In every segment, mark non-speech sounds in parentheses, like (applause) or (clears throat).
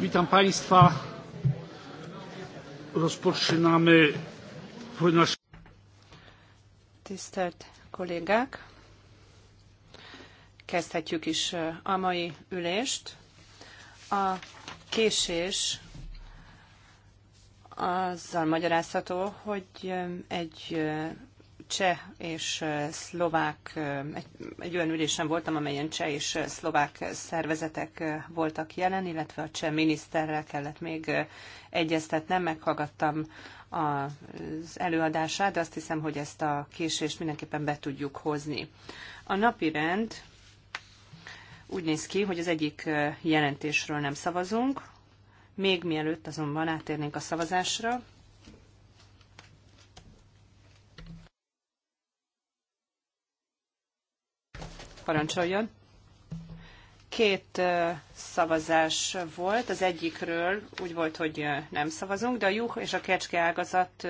Witam Państwa. Rozpoczynamy Tisztelt kollégák! Kezdhetjük is a mai ülést. A késés azzal magyarázható, hogy egy cseh és szlovák, egy, egy olyan ülésen voltam, amelyen cseh és szlovák szervezetek voltak jelen, illetve a cseh miniszterrel kellett még egyeztetnem, meghallgattam az előadását, de azt hiszem, hogy ezt a késést mindenképpen be tudjuk hozni. A napi rend úgy néz ki, hogy az egyik jelentésről nem szavazunk, még mielőtt azonban átérnénk a szavazásra, parancsoljon. Két szavazás volt, az egyikről úgy volt, hogy nem szavazunk, de a juh és a kecske ágazat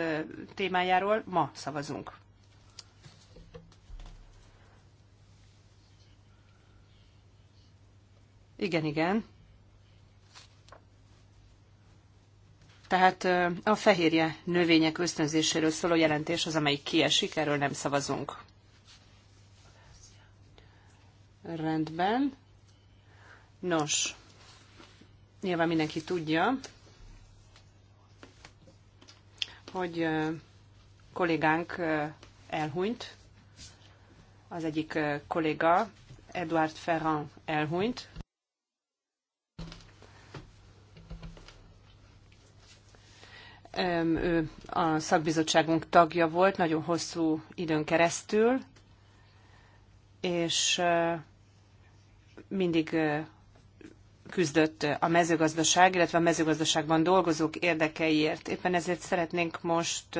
témájáról ma szavazunk. Igen, igen. Tehát a fehérje növények ösztönzéséről szóló jelentés az, amelyik kiesik, erről nem szavazunk. Rendben. Nos, nyilván mindenki tudja, hogy kollégánk elhunyt, az egyik kolléga, Eduard Ferrand elhunyt. Ő a szakbizottságunk tagja volt nagyon hosszú időn keresztül, és mindig küzdött a mezőgazdaság, illetve a mezőgazdaságban dolgozók érdekeiért. Éppen ezért szeretnénk most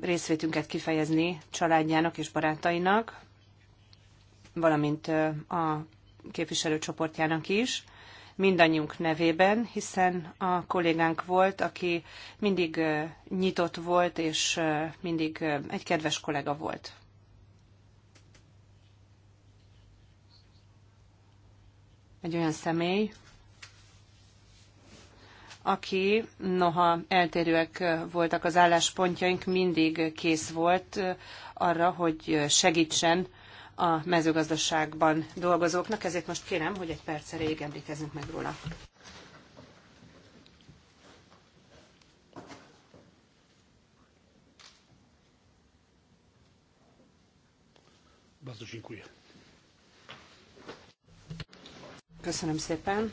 részvétünket kifejezni családjának és barátainak, valamint a képviselőcsoportjának is, mindannyiunk nevében, hiszen a kollégánk volt, aki mindig nyitott volt, és mindig egy kedves kollega volt. egy olyan személy, aki, noha eltérőek voltak az álláspontjaink, mindig kész volt arra, hogy segítsen a mezőgazdaságban dolgozóknak, ezért most kérem, hogy egy perc erejéig emlékezzünk meg róla. Bardzo dziękuję. Köszönöm szépen.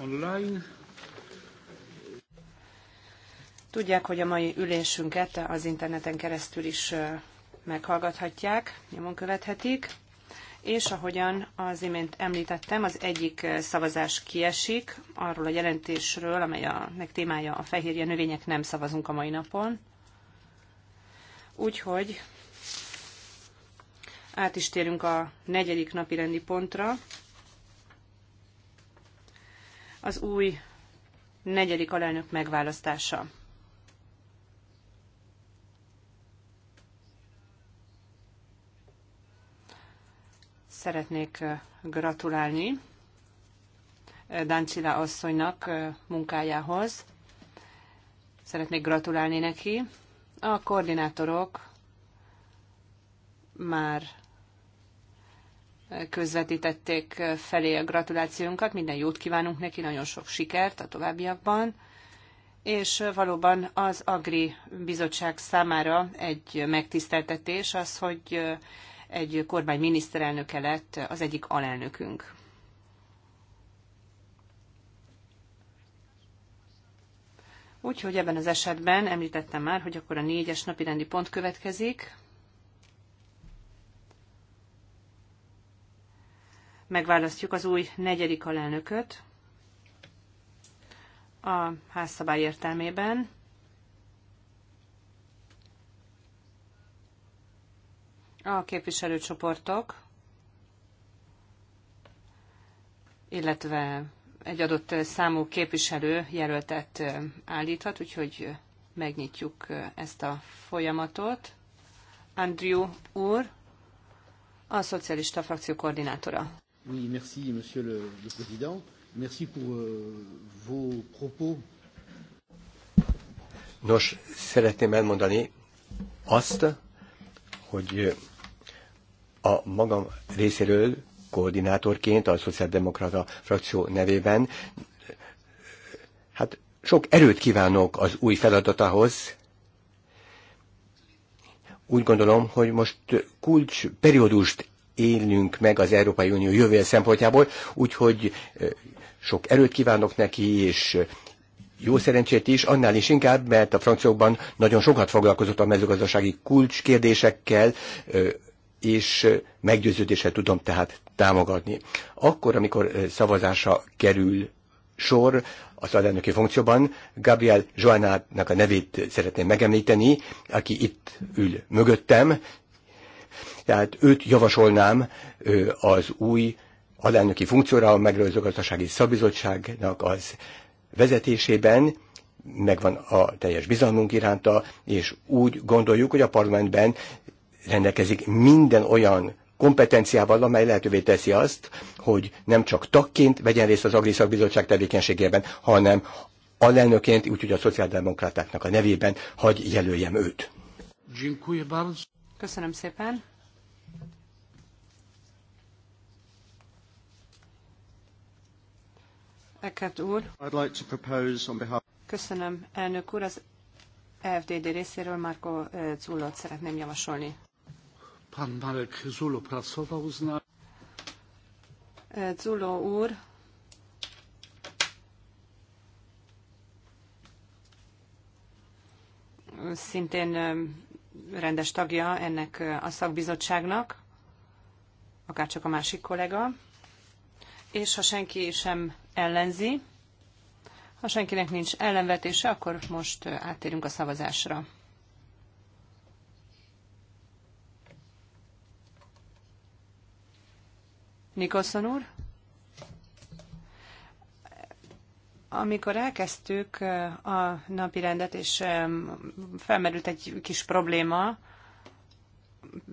online. Tudják, hogy a mai ülésünket az interneten keresztül is meghallgathatják, nyomon követhetik, és ahogyan az imént említettem, az egyik szavazás kiesik arról a jelentésről, amely a témája a fehérje növények, nem szavazunk a mai napon. Úgyhogy át is térünk a negyedik napi rendi pontra. Az új negyedik alelnök megválasztása. Szeretnék gratulálni Dancila asszonynak munkájához. Szeretnék gratulálni neki. A koordinátorok már közvetítették felé a gratulációnkat. Minden jót kívánunk neki, nagyon sok sikert a továbbiakban. És valóban az Agri Bizottság számára egy megtiszteltetés az, hogy egy kormány miniszterelnöke lett az egyik alelnökünk. Úgyhogy ebben az esetben említettem már, hogy akkor a négyes napi rendi pont következik. megválasztjuk az új negyedik alelnököt a házszabály értelmében. A képviselőcsoportok, illetve egy adott számú képviselő jelöltet állíthat, úgyhogy megnyitjuk ezt a folyamatot. Andrew úr, a szocialista frakció koordinátora. Oui, merci, Monsieur le, le Président. Merci pour euh, vos propos. Nos, szeretném elmondani azt, hogy a magam részéről koordinátorként a Szociáldemokrata frakció nevében hát sok erőt kívánok az új feladatához. Úgy gondolom, hogy most kulcs periódust Élnünk meg az Európai Unió jövője szempontjából, úgyhogy sok erőt kívánok neki, és jó szerencsét is, annál is inkább, mert a franciákban nagyon sokat foglalkozott a mezőgazdasági kulcskérdésekkel, és meggyőződéssel tudom tehát támogatni. Akkor, amikor szavazása kerül sor az alelnöki funkcióban, Gabriel Joannának a nevét szeretném megemlíteni, aki itt ül mögöttem, tehát őt javasolnám az új alelnöki funkcióra, a gazdasági szabizottságnak az vezetésében, megvan a teljes bizalmunk iránta, és úgy gondoljuk, hogy a parlamentben rendelkezik minden olyan kompetenciával, amely lehetővé teszi azt, hogy nem csak tagként vegyen részt az Agriszak Bizottság tevékenységében, hanem alelnöként, úgyhogy a szociáldemokratáknak a nevében hagy jelöljem őt. Köszönöm szépen. Eckert úr. I'd like to propose on behalf... Köszönöm, elnök úr. Az FDD részéről Marko Zullot szeretném javasolni. Pan Marek Zulo pracował z nami. Zulo úr, szintén rendes tagja ennek a szakbizottságnak, akárcsak a másik kollega, és ha senki sem ellenzi. Ha senkinek nincs ellenvetése, akkor most áttérünk a szavazásra. Nikolson úr? Amikor elkezdtük a napi rendet, és felmerült egy kis probléma,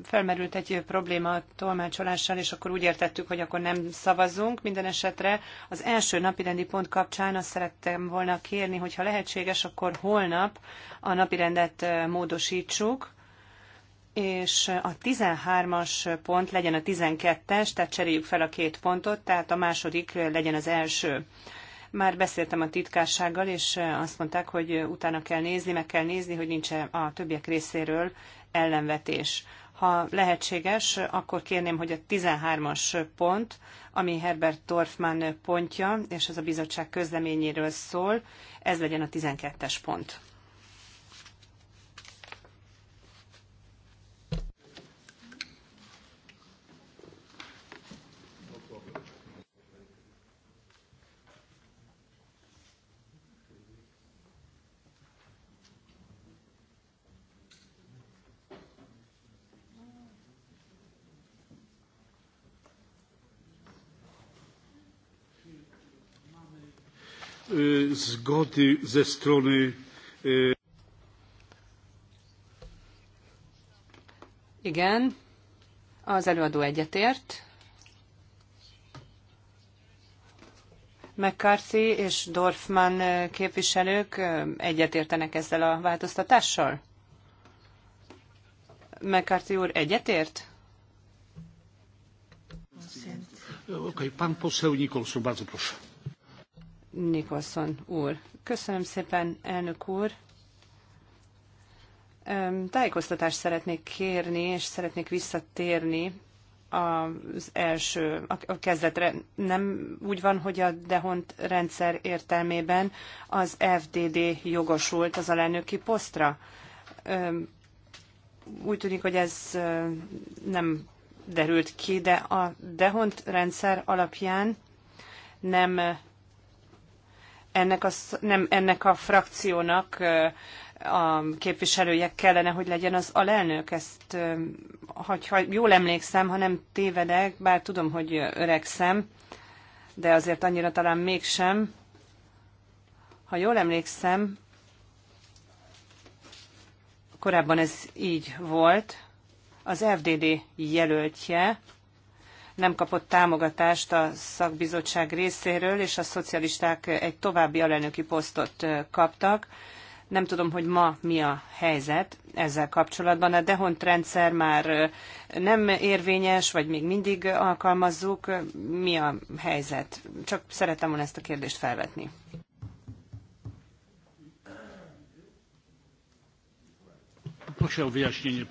felmerült egy probléma a tolmácsolással, és akkor úgy értettük, hogy akkor nem szavazunk. Minden esetre az első napirendi pont kapcsán azt szerettem volna kérni, hogy ha lehetséges, akkor holnap a napirendet módosítsuk, és a 13-as pont legyen a 12-es, tehát cseréljük fel a két pontot, tehát a második legyen az első. Már beszéltem a titkársággal, és azt mondták, hogy utána kell nézni, meg kell nézni, hogy nincs -e a többiek részéről ellenvetés. Ha lehetséges, akkor kérném, hogy a 13-as pont, ami Herbert Dorfman pontja, és ez a bizottság közleményéről szól, ez legyen a 12-es pont. zgody ze strony. Igen, az előadó egyetért. McCarthy és Dorfman képviselők egyetértenek ezzel a változtatással? McCarthy úr egyetért? Oké, okay, pán poseł Nikolson, bardzo proszę. Nicholson úr. Köszönöm szépen, elnök úr. Tájékoztatást szeretnék kérni, és szeretnék visszatérni az első, a kezdetre. Nem úgy van, hogy a Dehont rendszer értelmében az FDD jogosult az alelnöki posztra. Úgy tűnik, hogy ez nem derült ki, de a Dehont rendszer alapján nem ennek a, nem ennek a frakciónak a képviselője kellene, hogy legyen az alelnök. Ezt, ha jól emlékszem, ha nem tévedek, bár tudom, hogy öregszem, de azért annyira talán mégsem. Ha jól emlékszem, korábban ez így volt. Az FDD jelöltje nem kapott támogatást a szakbizottság részéről, és a szocialisták egy további alelnöki posztot kaptak. Nem tudom, hogy ma mi a helyzet ezzel kapcsolatban. A dehont rendszer már nem érvényes, vagy még mindig alkalmazzuk. Mi a helyzet? Csak szeretem volna ezt a kérdést felvetni. Köszönöm, o wyjaśnienie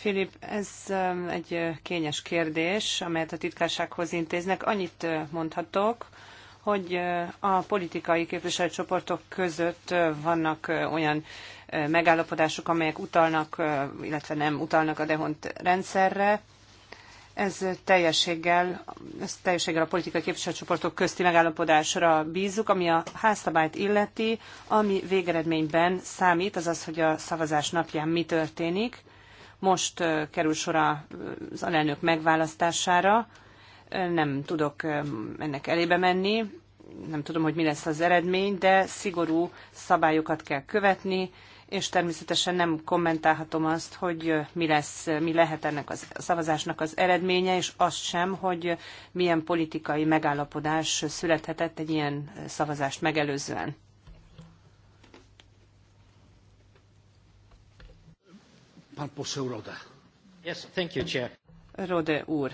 Philip, ez um, egy uh, kényes kérdés, amelyet a titkársághoz intéznek. Annyit uh, mondhatok, hogy uh, a politikai képviselőcsoportok között vannak olyan megállapodások, amelyek utalnak, illetve nem utalnak a dehont rendszerre. Ez teljességgel, ez teljességgel a politikai képviselőcsoportok közti megállapodásra bízuk, ami a házszabályt illeti, ami végeredményben számít, az az, hogy a szavazás napján mi történik. Most kerül sor az alelnök megválasztására. Nem tudok ennek elébe menni, nem tudom, hogy mi lesz az eredmény, de szigorú szabályokat kell követni, és természetesen nem kommentálhatom azt, hogy mi lesz, mi lehet ennek az, a szavazásnak az eredménye, és azt sem, hogy milyen politikai megállapodás születhetett egy ilyen szavazást megelőzően. Pan poseł Yes, thank you, Chair. Rode úr.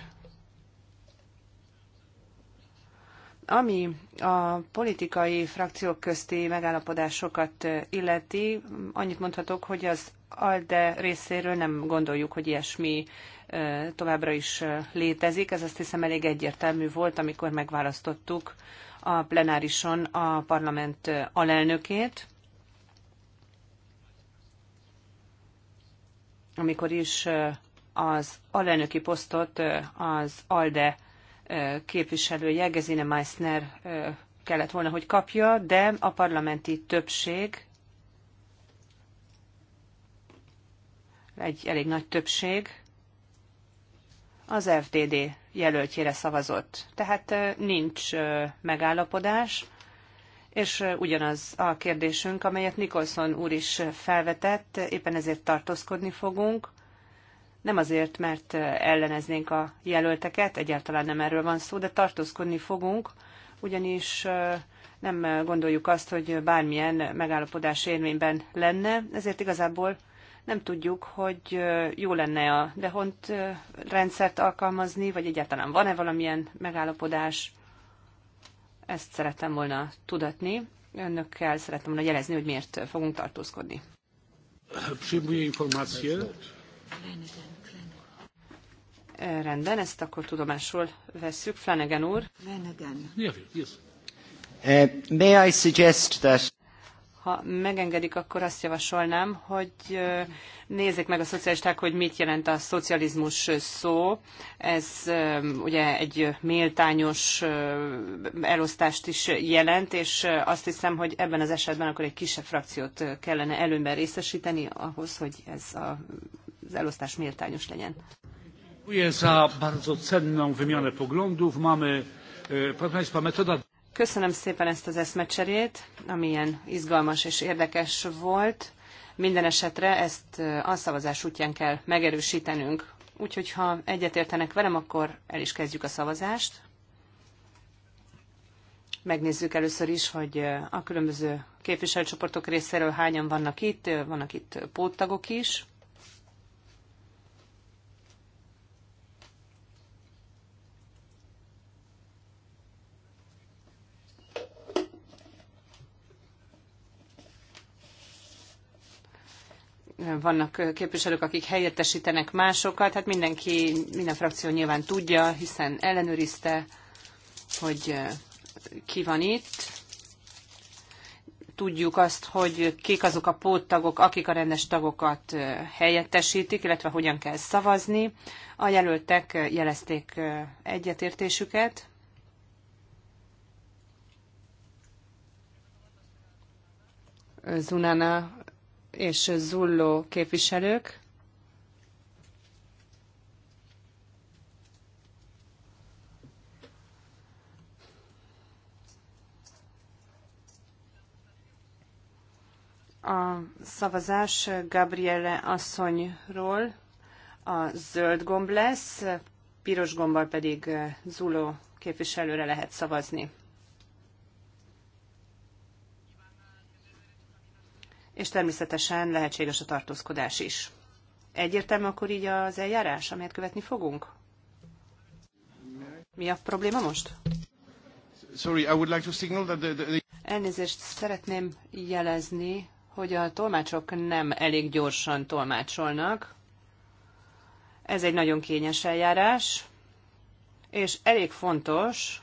Ami a politikai frakciók közti megállapodásokat illeti, annyit mondhatok, hogy az ALDE részéről nem gondoljuk, hogy ilyesmi továbbra is létezik. Ez azt hiszem elég egyértelmű volt, amikor megválasztottuk a plenárison a parlament alelnökét, amikor is az alelnöki posztot az ALDE képviselő Gezine Meissner kellett volna, hogy kapja, de a parlamenti többség, egy elég nagy többség, az FDD jelöltjére szavazott. Tehát nincs megállapodás, és ugyanaz a kérdésünk, amelyet Nikolson úr is felvetett, éppen ezért tartózkodni fogunk nem azért, mert elleneznénk a jelölteket, egyáltalán nem erről van szó, de tartózkodni fogunk, ugyanis nem gondoljuk azt, hogy bármilyen megállapodás érvényben lenne, ezért igazából nem tudjuk, hogy jó lenne a dehont rendszert alkalmazni, vagy egyáltalán van-e valamilyen megállapodás. Ezt szerettem volna tudatni. Önökkel szerettem volna jelezni, hogy miért fogunk tartózkodni. Przyjmuję informację. Rendben, ezt akkor tudomásul vesszük. Flanagan úr. Flanagan. Yes. Uh, may I suggest that ha megengedik, akkor azt javasolnám, hogy eh, nézzék meg a szocialisták, hogy mit jelent a szocializmus szó. Ez eh, ugye egy méltányos elosztást is jelent, és azt hiszem, hogy ebben az esetben akkor egy kisebb frakciót kellene előnben részesíteni ahhoz, hogy ez a, az elosztás méltányos legyen. E, Köszönöm szépen ezt az eszmecserét, ami ilyen izgalmas és érdekes volt. Mindenesetre ezt e, a szavazás útján kell megerősítenünk. Úgyhogy ha egyetértenek velem, akkor el is kezdjük a szavazást. Megnézzük először is, hogy e, a különböző képviselőcsoportok részéről hányan vannak itt, vannak itt póttagok is. vannak képviselők, akik helyettesítenek másokat, hát mindenki, minden frakció nyilván tudja, hiszen ellenőrizte, hogy ki van itt. Tudjuk azt, hogy kik azok a póttagok, akik a rendes tagokat helyettesítik, illetve hogyan kell szavazni. A jelöltek jelezték egyetértésüket. Zunana és Zulló képviselők. A szavazás Gabriele asszonyról a zöld gomb lesz, piros gombbal pedig Zuló képviselőre lehet szavazni. és természetesen lehetséges a tartózkodás is. Egyértelmű akkor így az eljárás, amelyet követni fogunk? Mi a probléma most? Sorry, I would like to signal that the, the... Elnézést szeretném jelezni, hogy a tolmácsok nem elég gyorsan tolmácsolnak. Ez egy nagyon kényes eljárás, és elég fontos,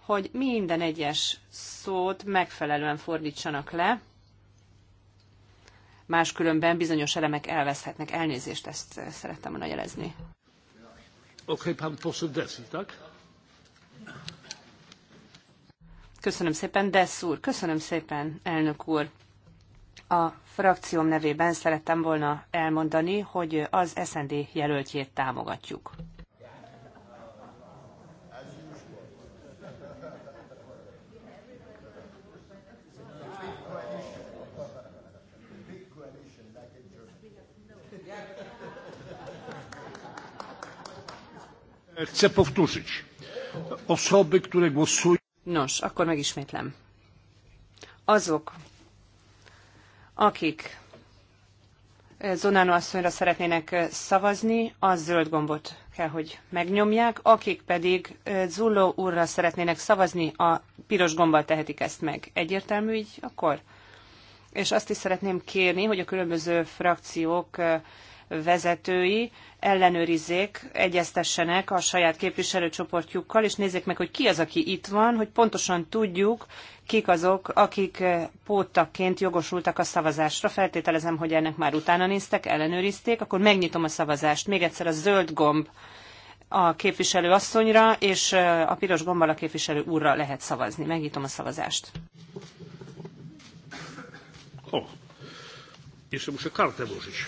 hogy minden egyes szót megfelelően fordítsanak le, máskülönben bizonyos elemek elveszhetnek. Elnézést, ezt szerettem volna jelezni. Oké, pán tak? Köszönöm szépen, Dessz úr. Köszönöm szépen, elnök úr. A frakcióm nevében szerettem volna elmondani, hogy az SND jelöltjét támogatjuk. Nos, akkor megismétlem. Azok, akik eh, Zonánó asszonyra szeretnének eh, szavazni, az zöld gombot kell, hogy megnyomják, akik pedig eh, Zulló úrra szeretnének szavazni, a piros gombbal tehetik ezt meg. Egyértelmű így akkor? És azt is szeretném kérni, hogy a különböző frakciók vezetői ellenőrizzék, egyeztessenek a saját képviselőcsoportjukkal, és nézzék meg, hogy ki az, aki itt van, hogy pontosan tudjuk, kik azok, akik eh, póttakként jogosultak a szavazásra. Feltételezem, hogy ennek már utána néztek, ellenőrizték, akkor megnyitom a szavazást. Még egyszer a zöld gomb a képviselő asszonyra, és eh, a piros gombbal a képviselő úrra lehet szavazni. Megnyitom a szavazást. O, oh. jeszcze a kartę włożyć.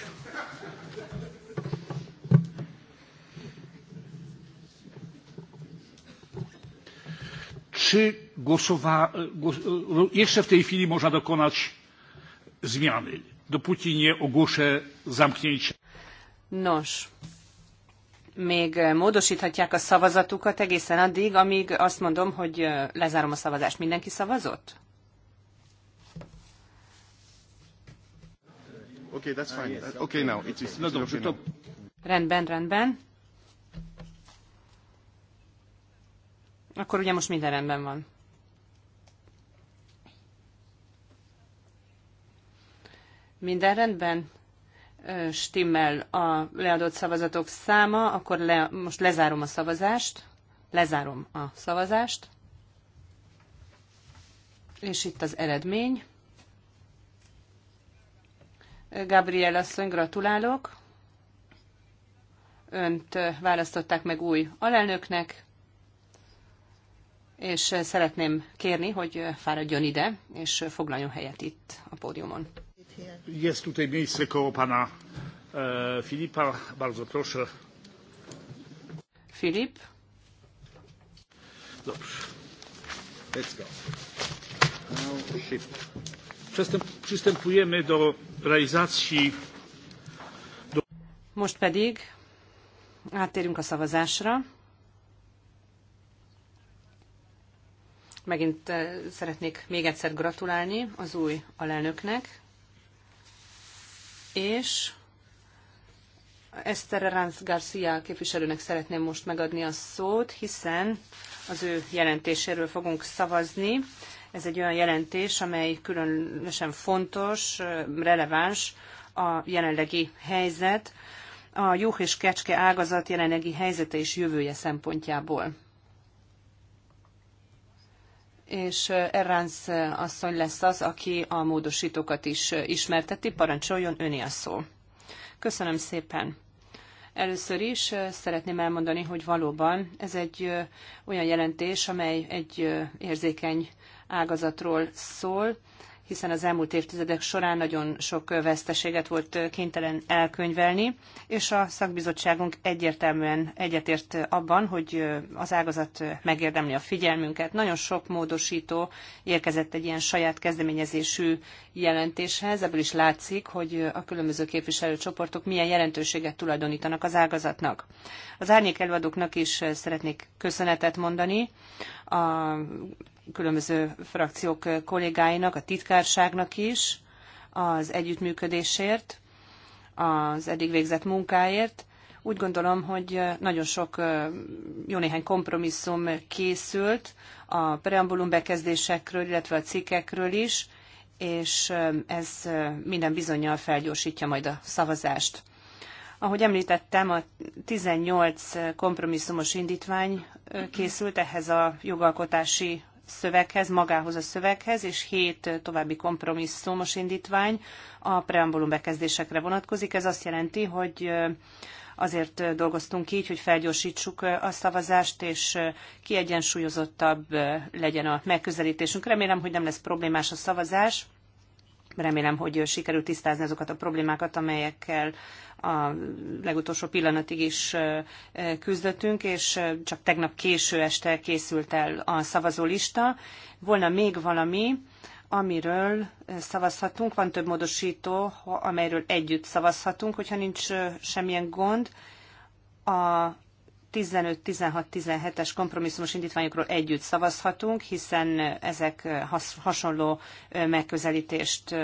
czy głosowa... jeszcze w tej chwili można dokonać zmiany, dopóki nie ogłoszę zamknięcia. Nos, még módosíthatják a szavazatukat egészen addig, amíg azt mondom, hogy lezárom a szavazást. Mindenki szavazott? Okay, that's fine. Ah, okay now. It's, it's, no, dobrze, to... Rendben, rendben. Akkor ugye most minden rendben van. Minden rendben? Stimmel a leadott szavazatok száma, akkor le, most lezárom a szavazást. Lezárom a szavazást. És itt az eredmény. Gabriel asszony, gratulálok. Önt választották meg új alelnöknek és eh, szeretném kérni, hogy eh, fáradjon ide, és eh, foglaljon helyet itt a pódiumon. Jest tutaj miejsce koło pana e, Filipa. Bardzo proszę. Filip. Dobrze. Let's go. Now shift. Przystęp, przystępujemy do realizacji. Do... Most pedig áttérünk a szavazásra. Megint eh, szeretnék még egyszer gratulálni az új alelnöknek, és Eszter Ranz Garcia képviselőnek szeretném most megadni a szót, hiszen az ő jelentéséről fogunk szavazni. Ez egy olyan jelentés, amely különösen fontos, eh, releváns a jelenlegi helyzet, a juh és kecske ágazat jelenlegi helyzete és jövője szempontjából és Erránc asszony lesz az, aki a módosítókat is ismerteti. Parancsoljon, öné a szó. Köszönöm szépen. Először is szeretném elmondani, hogy valóban ez egy olyan jelentés, amely egy érzékeny ágazatról szól, hiszen az elmúlt évtizedek során nagyon sok veszteséget volt kénytelen elkönyvelni, és a szakbizottságunk egyértelműen egyetért abban, hogy az ágazat megérdemli a figyelmünket. Nagyon sok módosító érkezett egy ilyen saját kezdeményezésű jelentéshez, ebből is látszik, hogy a különböző képviselőcsoportok milyen jelentőséget tulajdonítanak az ágazatnak. Az árnyék előadóknak is szeretnék köszönetet mondani. A különböző frakciók kollégáinak, a titkárságnak is az együttműködésért, az eddig végzett munkáért. Úgy gondolom, hogy nagyon sok, jó néhány kompromisszum készült a preambulum bekezdésekről, illetve a cikkekről is, és ez minden bizonyal felgyorsítja majd a szavazást. Ahogy említettem, a 18 kompromisszumos indítvány készült ehhez a jogalkotási szöveghez, magához a szöveghez, és hét további kompromisszumos indítvány a preambulum bekezdésekre vonatkozik. Ez azt jelenti, hogy azért dolgoztunk így, hogy felgyorsítsuk a szavazást, és kiegyensúlyozottabb legyen a megközelítésünk. Remélem, hogy nem lesz problémás a szavazás remélem, hogy sikerült tisztázni azokat a problémákat, amelyekkel a legutolsó pillanatig is küzdöttünk, és csak tegnap késő este készült el a szavazólista. Volna még valami, amiről szavazhatunk, van több módosító, amelyről együtt szavazhatunk, hogyha nincs semmilyen gond. A 15-16-17-es kompromisszumos indítványokról együtt szavazhatunk, hiszen ezek hasonló megközelítést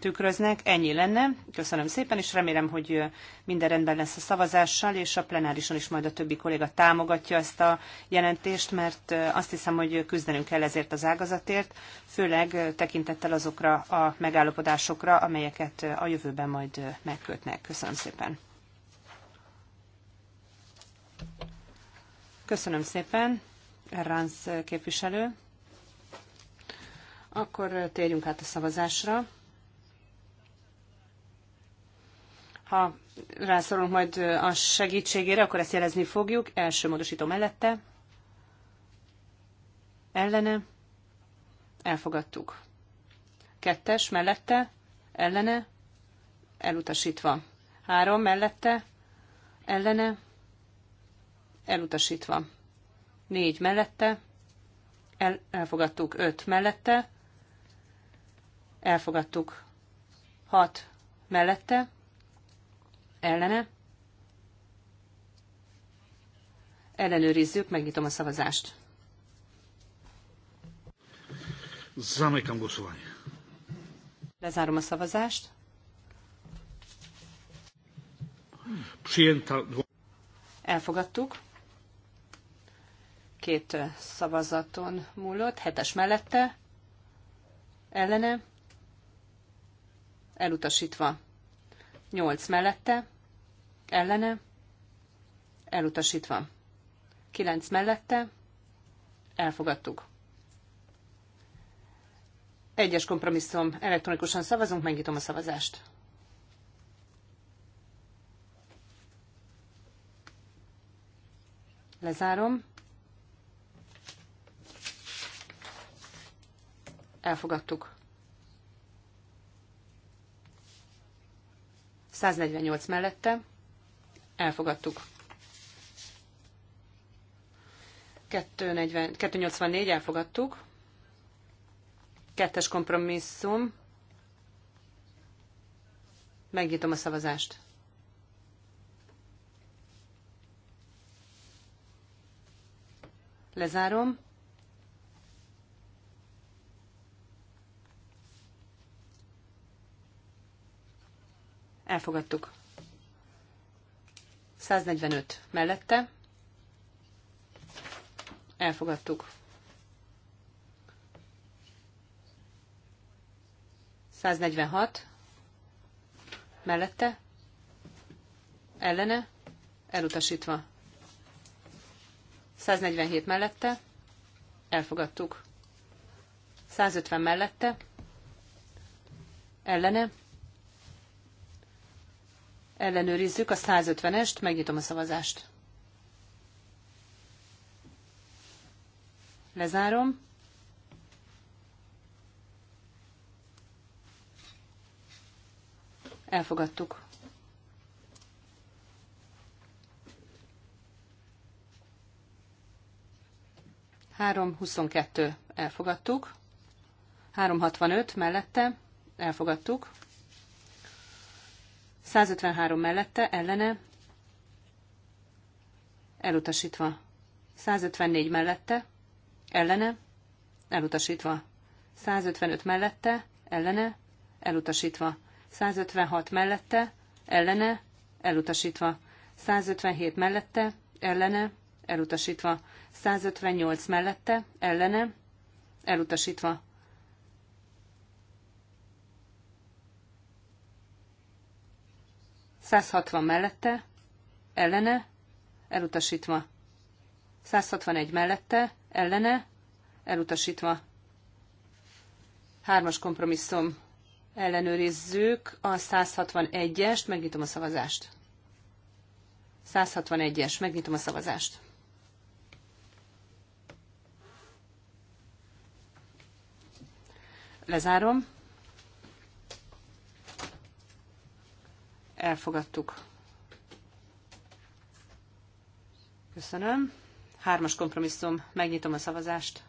tükröznek. Ennyi lenne. Köszönöm szépen, és remélem, hogy minden rendben lesz a szavazással, és a plenárison is majd a többi kolléga támogatja ezt a jelentést, mert azt hiszem, hogy küzdenünk kell ezért az ágazatért, főleg tekintettel azokra a megállapodásokra, amelyeket a jövőben majd megkötnek. Köszönöm szépen. Köszönöm szépen, Ránc képviselő. Akkor térjünk át a szavazásra. Ha rászorulunk majd a segítségére, akkor ezt jelezni fogjuk. Első módosító mellette. Ellene. Elfogadtuk. Kettes mellette. Ellene. Elutasítva. Három mellette. Ellene elutasítva. Négy mellette, el, elfogadtuk öt mellette, elfogadtuk hat mellette, ellene, ellenőrizzük, megnyitom a szavazást. Zamykam głosowanie. Lezárom a szavazást. Elfogadtuk két szavazaton múlott, hetes mellette, ellene, elutasítva. Nyolc mellette, ellene, elutasítva. Kilenc mellette, elfogadtuk. Egyes kompromisszum, elektronikusan szavazunk, megnyitom a szavazást. Lezárom. Elfogadtuk. 148 mellette. Elfogadtuk. 240, 284 elfogadtuk. Kettes kompromisszum. Megnyitom a szavazást. Lezárom. Elfogadtuk. 145 mellette. Elfogadtuk. 146 mellette. Ellene. Elutasítva. 147 mellette. Elfogadtuk. 150 mellette. Ellene Ellenőrizzük a 150-est, megnyitom a szavazást. Lezárom. Elfogadtuk. Három huszonkettő elfogadtuk. hatvanöt, mellette elfogadtuk. 153 mellette, ellene, elutasítva. 154 mellette, ellene, elutasítva. 155 mellette, ellene, elutasítva. 156 mellette, ellene, elutasítva. 157 mellette, ellene, elutasítva. 158 mellette, ellene, elutasítva. 160 mellette, ellene, elutasítva. 161 mellette, ellene, elutasítva. Hármas kompromisszum. Ellenőrizzük a 161-est, megnyitom a szavazást. 161-es, megnyitom a szavazást. Lezárom. Elfogadtuk. Köszönöm. Hármas kompromisszum. Megnyitom a szavazást.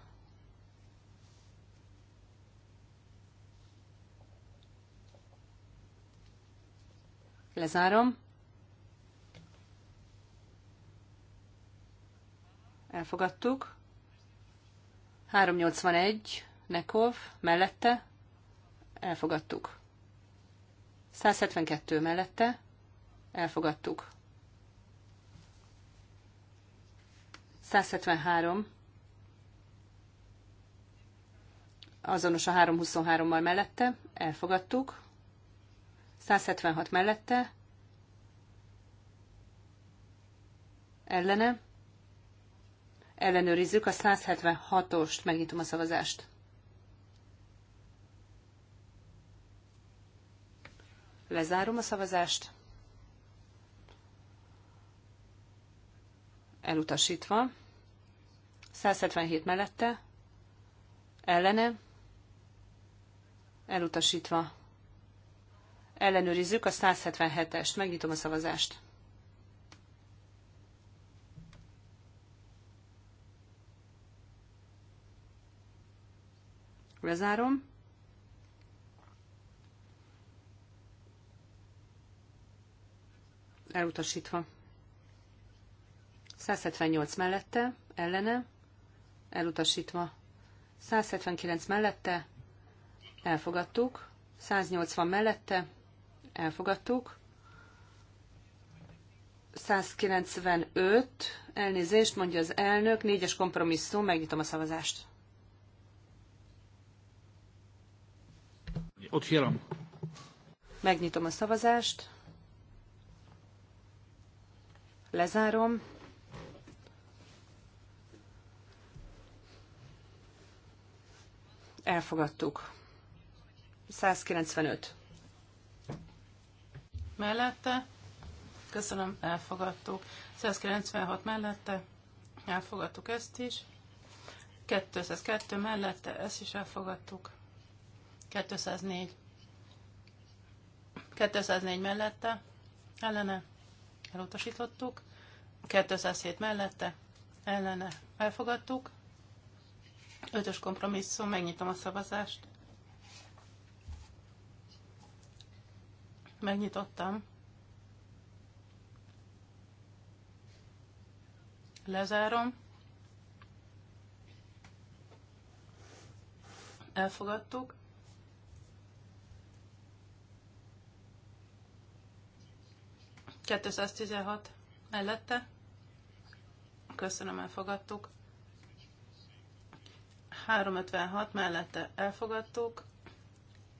Lezárom. Elfogadtuk. 381. Nekov. Mellette. Elfogadtuk. 172 mellette elfogadtuk. 173 azonos a 323-mal mellette, elfogadtuk. 176 mellette, ellene, ellenőrizzük a 176-ost, megnyitom a szavazást. Lezárom a szavazást. Elutasítva. 177 mellette. Ellene. Elutasítva. Ellenőrizzük a 177-est. Megnyitom a szavazást. Lezárom. elutasítva. 178 mellette, ellene, elutasítva. 179 mellette, elfogadtuk. 180 mellette, elfogadtuk. 195, elnézést, mondja az elnök, négyes kompromisszum, megnyitom a szavazást. Ott hírom. Megnyitom a szavazást. Lezárom. Elfogadtuk. 195. Mellette. Köszönöm, elfogadtuk. 196 mellette. Elfogadtuk ezt is. 202 mellette, ezt is elfogadtuk. 204. 204 mellette, ellene, elutasítottuk, 207 mellette, ellene elfogadtuk, Ötös kompromisszum, megnyitom a szavazást, megnyitottam, lezárom, elfogadtuk, 216 mellette. Köszönöm, elfogadtuk. 356 mellette elfogadtuk.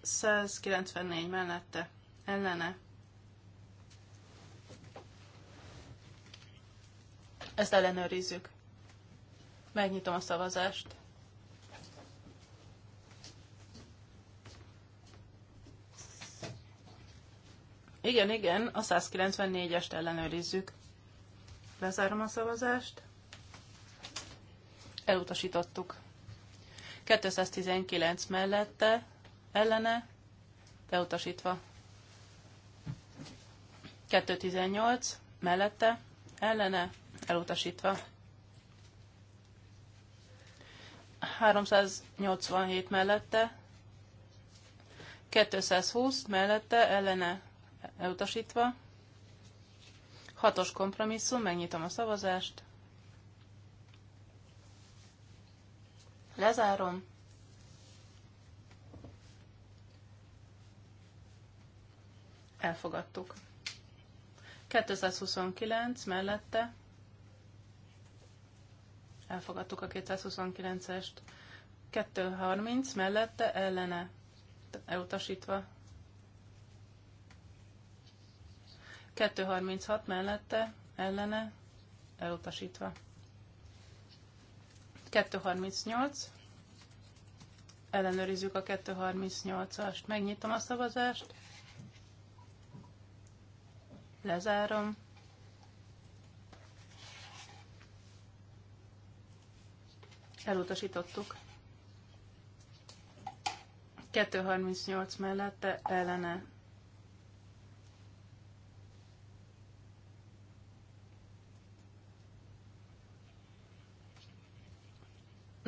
194 mellette ellene. Ezt ellenőrizzük. Megnyitom a szavazást. Igen, igen, a 194-est ellenőrizzük. Lezárom a szavazást. Elutasítottuk. 219 mellette, ellene, elutasítva. 218 mellette, ellene, elutasítva. 387 mellette, 220 mellette, ellene, elutasítva. Hatos kompromisszum, megnyitom a szavazást. Lezárom. Elfogadtuk. 229 mellette elfogadtuk a 229-est. 230 mellette ellene elutasítva. 236 mellette, ellene, elutasítva. 238. Ellenőrizzük a 238-ast. Megnyitom a szavazást. Lezárom. Elutasítottuk. 238 mellette ellene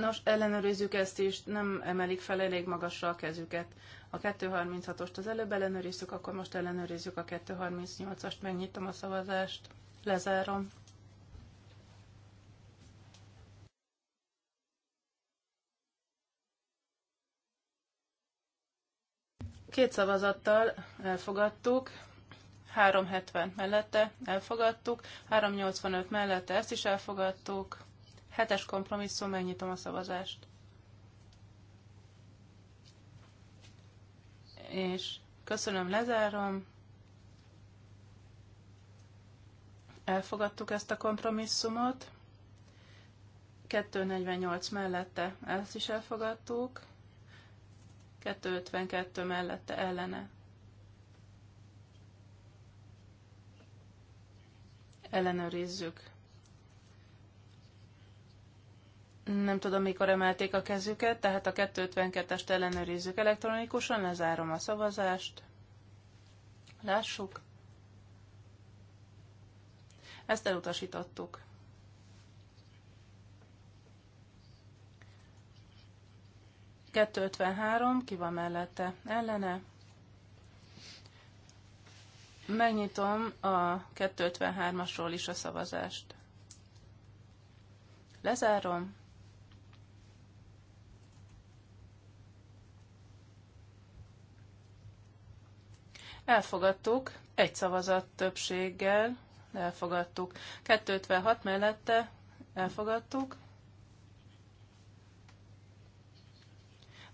Nos, ellenőrizzük ezt is, nem emelik fel elég magasra a kezüket. A 236-ost az előbb ellenőrizzük, akkor most ellenőrizzük a 238-ast, megnyitom a szavazást, lezárom. Két szavazattal elfogadtuk, 370 mellette elfogadtuk, 385 mellette ezt is elfogadtuk, Hetes kompromisszum, megnyitom a szavazást. És köszönöm, lezárom. Elfogadtuk ezt a kompromisszumot. 248 mellette ezt is elfogadtuk. 252 mellette ellene. Ellenőrizzük. Nem tudom, mikor emelték a kezüket, tehát a 252-est ellenőrizzük elektronikusan, lezárom a szavazást. Lássuk. Ezt elutasítottuk. Kettő ki van mellette? Ellene. Megnyitom a 253-asról is a szavazást. Lezárom. Elfogadtuk egy szavazat többséggel, elfogadtuk. 256 mellette elfogadtuk.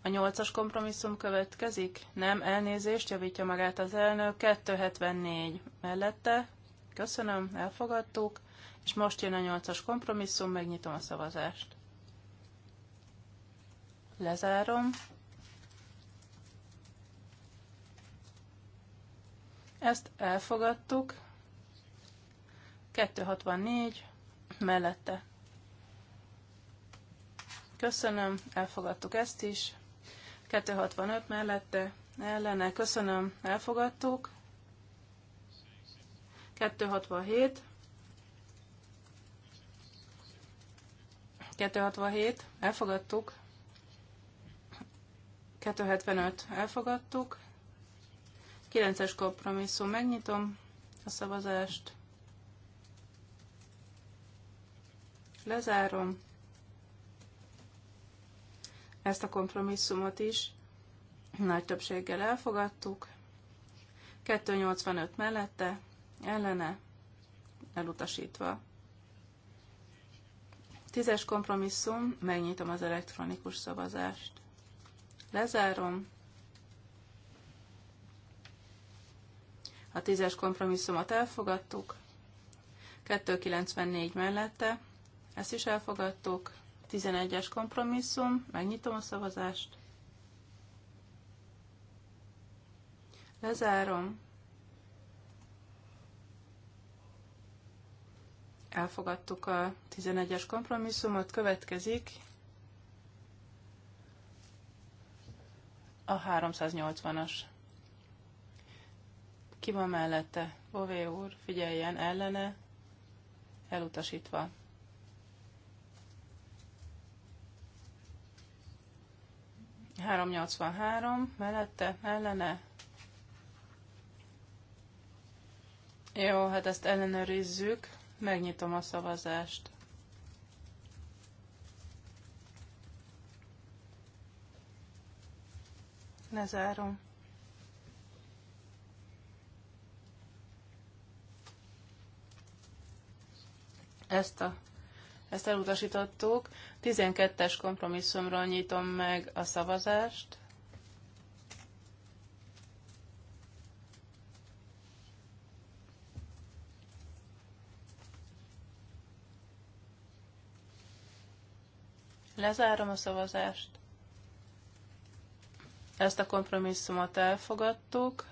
A nyolcas kompromisszum következik? Nem, elnézést, javítja magát az elnök. 274 mellette. Köszönöm, elfogadtuk. És most jön a nyolcas kompromisszum, megnyitom a szavazást. Lezárom. Ezt elfogadtuk. 264 mellette. Köszönöm, elfogadtuk ezt is. 265 mellette, ellene, köszönöm, elfogadtuk. 267. 267, elfogadtuk. 275, elfogadtuk. 9-es kompromisszum. Megnyitom a szavazást. Lezárom ezt a kompromisszumot is. Nagy többséggel elfogadtuk. 285 mellette, ellene, elutasítva. Tízes kompromisszum, megnyitom az elektronikus szavazást. Lezárom. A tízes kompromisszumot elfogadtuk. 294 mellette. Ezt is elfogadtuk. 11-es kompromisszum. Megnyitom a szavazást. Lezárom. Elfogadtuk a 11-es kompromisszumot. Következik a 380-as ki van mellette? Bové úr, figyeljen ellene, elutasítva. Három három mellette, ellene. Jó, hát ezt ellenőrizzük. Megnyitom a szavazást. Lezárom. Ezt, a, ezt elutasítottuk. 12-es kompromisszumról nyitom meg a szavazást. Lezárom a szavazást. Ezt a kompromisszumot elfogadtuk.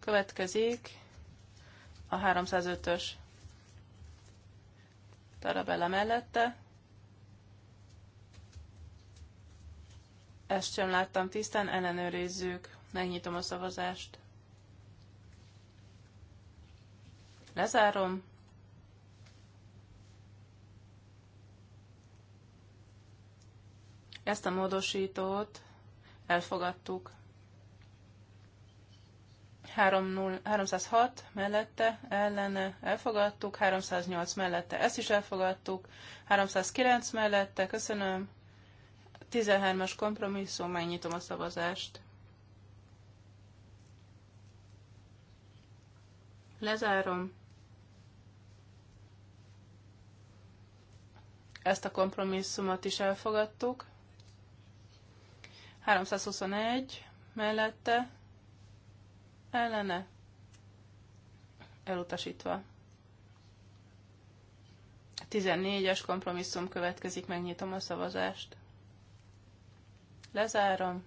Következik a 305-ös Tarabella mellette. Ezt sem láttam tisztán, ellenőrizzük. Megnyitom a szavazást. Lezárom. Ezt a módosítót elfogadtuk. 306 mellette ellene elfogadtuk, 308 mellette ezt is elfogadtuk, 309 mellette, köszönöm, 13-as kompromisszum, megnyitom a szavazást. Lezárom. Ezt a kompromisszumot is elfogadtuk. 321 mellette ellene elutasítva. 14-es kompromisszum következik, megnyitom a szavazást. Lezárom.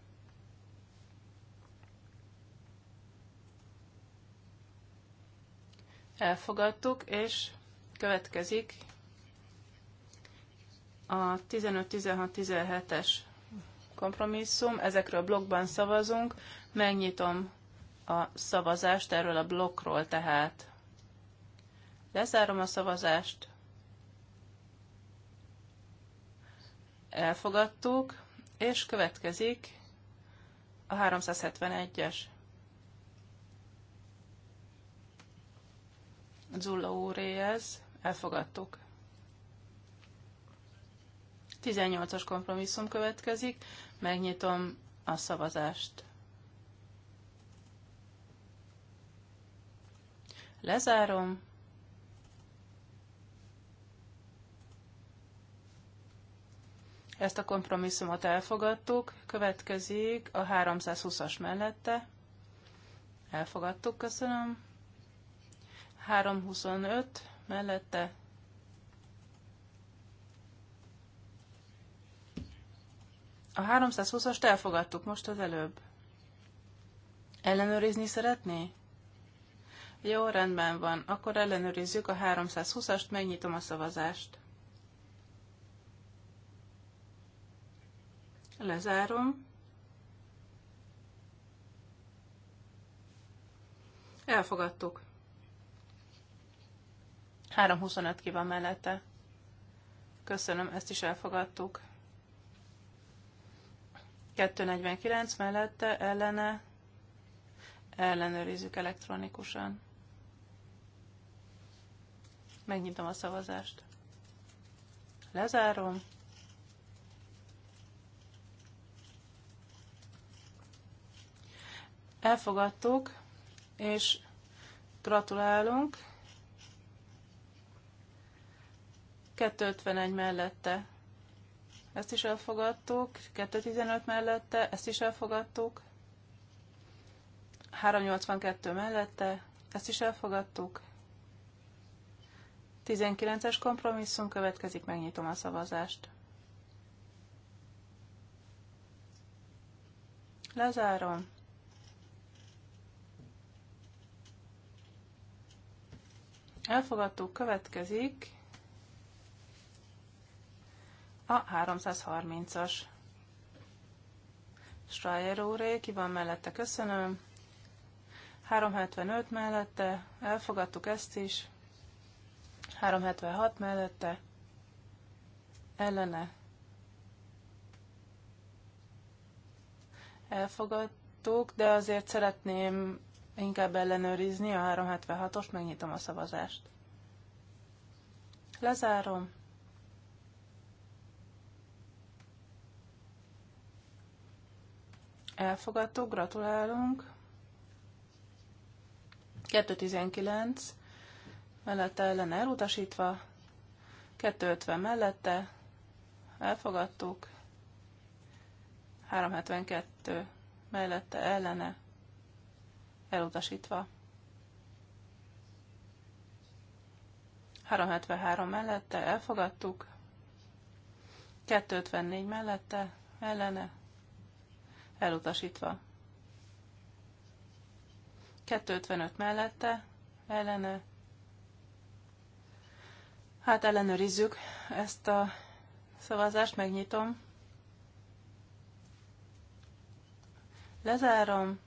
Elfogadtuk, és következik a 15-16-17-es kompromisszum. Ezekről a blogban szavazunk. Megnyitom a szavazást erről a blokkról tehát. Lezárom a szavazást. Elfogadtuk, és következik a 371-es. Zulla úréhez Elfogadtuk. 18-as kompromisszum következik. Megnyitom a szavazást. Lezárom. Ezt a kompromisszumot elfogadtuk, következik a 320-as mellette. Elfogadtuk, köszönöm. 325 mellette. A 320-ast elfogadtuk most az előbb. Ellenőrizni szeretné? Jó, rendben van. Akkor ellenőrizzük a 320-ast, megnyitom a szavazást. Lezárom. Elfogadtuk. 3.25 ki van mellette. Köszönöm, ezt is elfogadtuk. 2.49 mellette, ellene. Ellenőrizzük elektronikusan. Megnyitom a szavazást. Lezárom. Elfogadtuk, és gratulálunk. 251 mellette ezt is elfogadtuk, 215 mellette ezt is elfogadtuk, 382 mellette ezt is elfogadtuk, 19-es kompromisszum következik, megnyitom a szavazást. Lezárom. Elfogadtuk, következik a 330-as. Schreier úré, ki van mellette, köszönöm. 375 mellette, elfogadtuk ezt is. 376 mellette, ellene elfogadtuk, de azért szeretném inkább ellenőrizni a 376-ost, megnyitom a szavazást. Lezárom. Elfogadtuk, gratulálunk. 219 mellette ellen elutasítva, 250 mellette elfogadtuk, 372 mellette ellene elutasítva. 373 mellette elfogadtuk, 254 mellette ellene elutasítva. 255 mellette ellene Hát ellenőrizzük ezt a szavazást, megnyitom. Lezárom.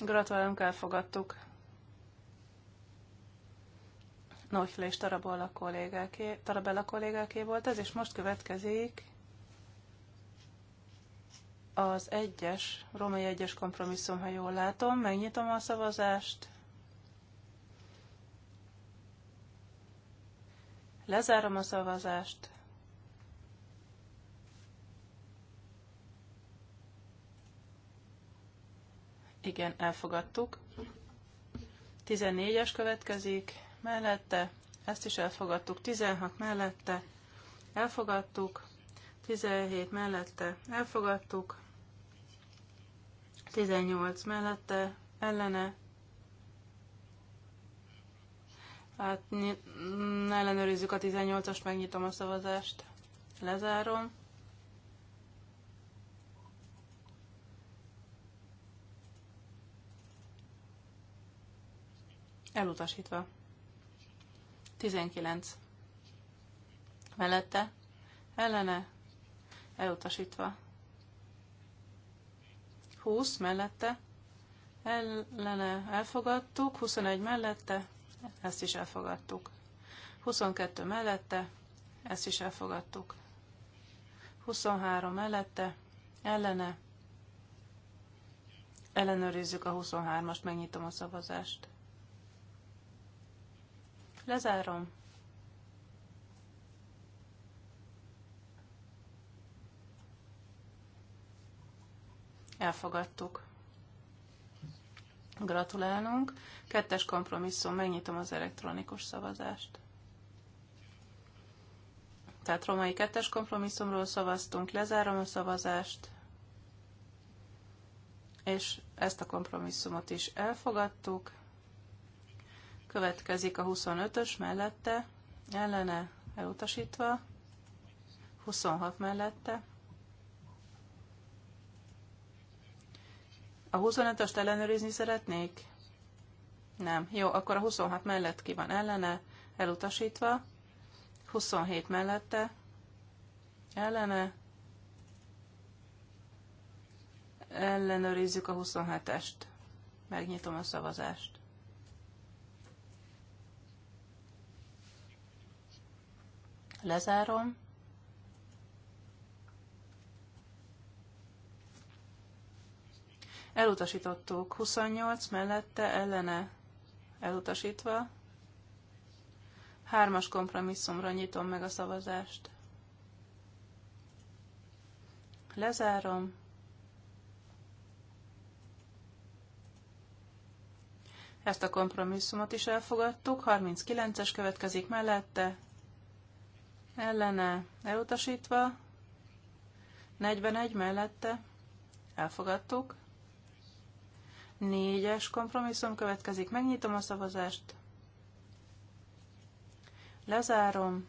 Gratulálunk, elfogadtuk. Nohil és Tarabella kollégáké, Tarabella kollégáké volt ez, és most következik az egyes, romai egyes kompromisszum, ha jól látom. Megnyitom a szavazást. Lezárom a szavazást. Igen, elfogadtuk. 14-es következik, mellette, ezt is elfogadtuk, 16 mellette, elfogadtuk, 17 mellette, elfogadtuk, 18 mellette ellene Hát mm, ellenőrizzük a 18-ast, megnyitom a szavazást, lezárom. Elutasítva. 19. Mellette, ellene, elutasítva. 20 mellette, ellene elfogadtuk, 21 mellette, ezt is elfogadtuk. 22 mellette, ezt is elfogadtuk. 23 mellette, ellene, ellenőrizzük a 23-ast, megnyitom a szavazást. Lezárom. Elfogadtuk. Gratulálunk. Kettes kompromisszum, megnyitom az elektronikus szavazást. Tehát romai kettes kompromisszumról szavaztunk, lezárom a szavazást, és ezt a kompromisszumot is elfogadtuk. Következik a 25-ös mellette, ellene elutasítva, 26 mellette, A 25-öst ellenőrizni szeretnék? Nem. Jó, akkor a 26 mellett ki van ellene, elutasítva. 27 mellette, ellene. Ellenőrizzük a 27-est. Megnyitom a szavazást. Lezárom. Elutasítottuk 28 mellette ellene elutasítva. Hármas kompromisszumra nyitom meg a szavazást. Lezárom. Ezt a kompromisszumot is elfogadtuk. 39-es következik mellette. Ellene elutasítva. 41 mellette. Elfogadtuk. Négyes kompromisszum következik. Megnyitom a szavazást. Lezárom.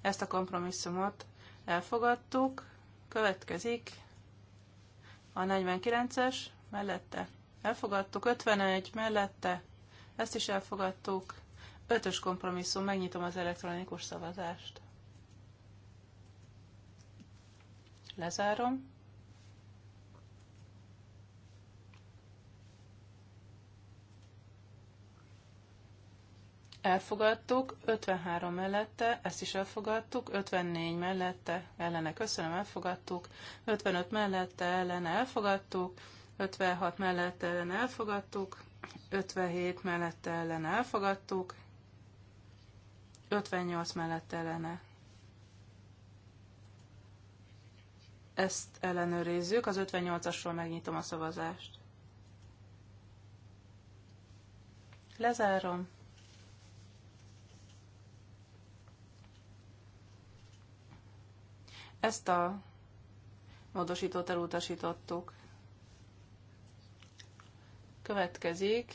Ezt a kompromisszumot elfogadtuk. Következik a 49-es mellette. Elfogadtuk 51 mellette. Ezt is elfogadtuk. Ötös kompromisszum. Megnyitom az elektronikus szavazást. Lezárom. elfogadtuk, 53 mellette, ezt is elfogadtuk, 54 mellette, ellene köszönöm, elfogadtuk, 55 mellette, ellene elfogadtuk, 56 mellette, ellene elfogadtuk, 57 mellette, ellene elfogadtuk, 58 mellette, ellene. Ezt ellenőrizzük, az 58-asról megnyitom a szavazást. Lezárom. Ezt a módosítót elutasítottuk. Következik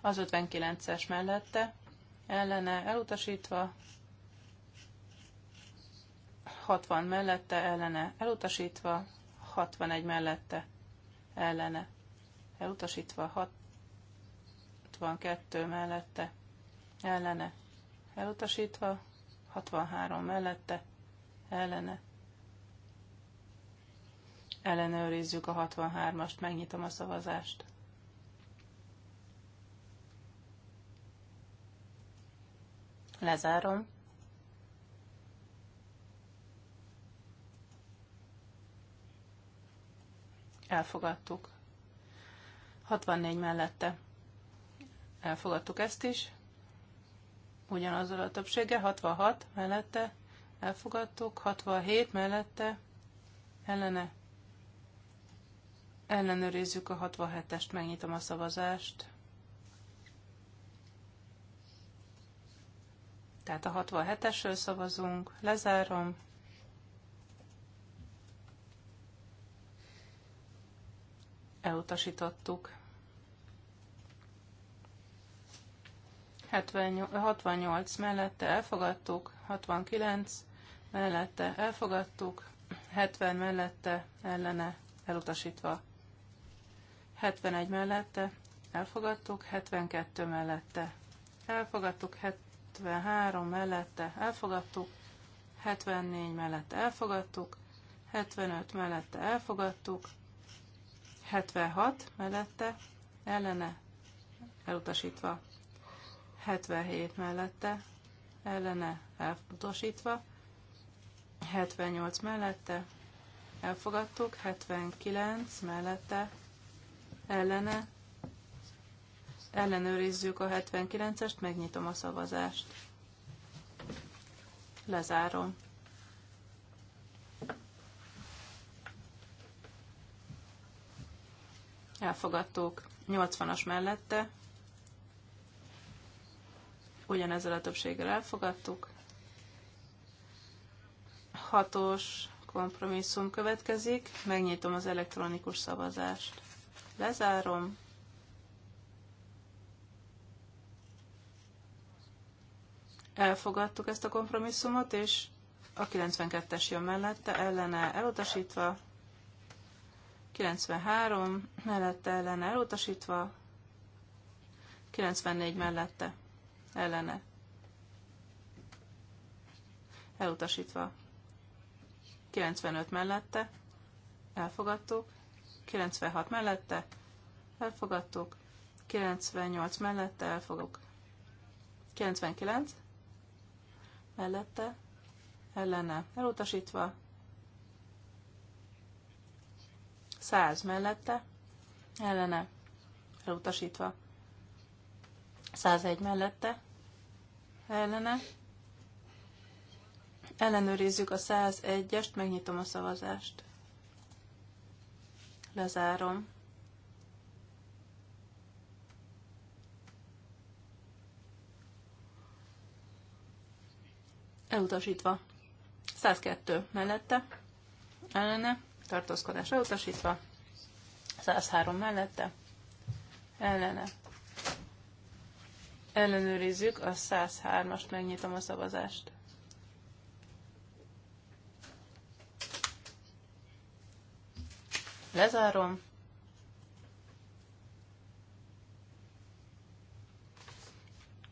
az 59-es mellette, ellene elutasítva, 60 mellette, ellene elutasítva, 61 mellette, ellene elutasítva, 62 mellette, ellene elutasítva, 63 mellette, ellene. Ellenőrizzük a 63-ast, megnyitom a szavazást. Lezárom. Elfogadtuk. 64 mellette. Elfogadtuk ezt is ugyanazzal a többséggel, 66 mellette elfogadtuk, 67 mellette ellene. Ellenőrizzük a 67-est, megnyitom a szavazást. Tehát a 67-esről szavazunk, lezárom. Elutasítottuk. 68 mellette elfogadtuk, 69 mellette elfogadtuk, 70 mellette ellene elutasítva. 71 mellette elfogadtuk, 72 mellette elfogadtuk, 73 mellette elfogadtuk, 74 mellette elfogadtuk, 75 mellette elfogadtuk, 76 mellette ellene elutasítva. 77 mellette ellene elutasítva, 78 mellette elfogadtuk, 79 mellette ellene ellenőrizzük a 79-est, megnyitom a szavazást. Lezárom. Elfogadtuk 80-as mellette, ugyanezzel a többséggel elfogadtuk. Hatos kompromisszum következik, megnyitom az elektronikus szavazást. Lezárom. Elfogadtuk ezt a kompromisszumot, és a 92-es jön mellette, ellene elutasítva, 93 mellette ellene elutasítva, 94 mellette ellene elutasítva. 95 mellette elfogadtuk, 96 mellette elfogadtuk, 98 mellette elfogadtuk, 99 mellette ellene elutasítva, 100 mellette ellene elutasítva. 101 mellette ellene. Ellenőrizzük a 101-est, megnyitom a szavazást. Lezárom. Elutasítva. 102 mellette, ellene, tartózkodás elutasítva. 103 mellette, ellene, Ellenőrizzük a 103-ast, megnyitom a szavazást. Lezárom.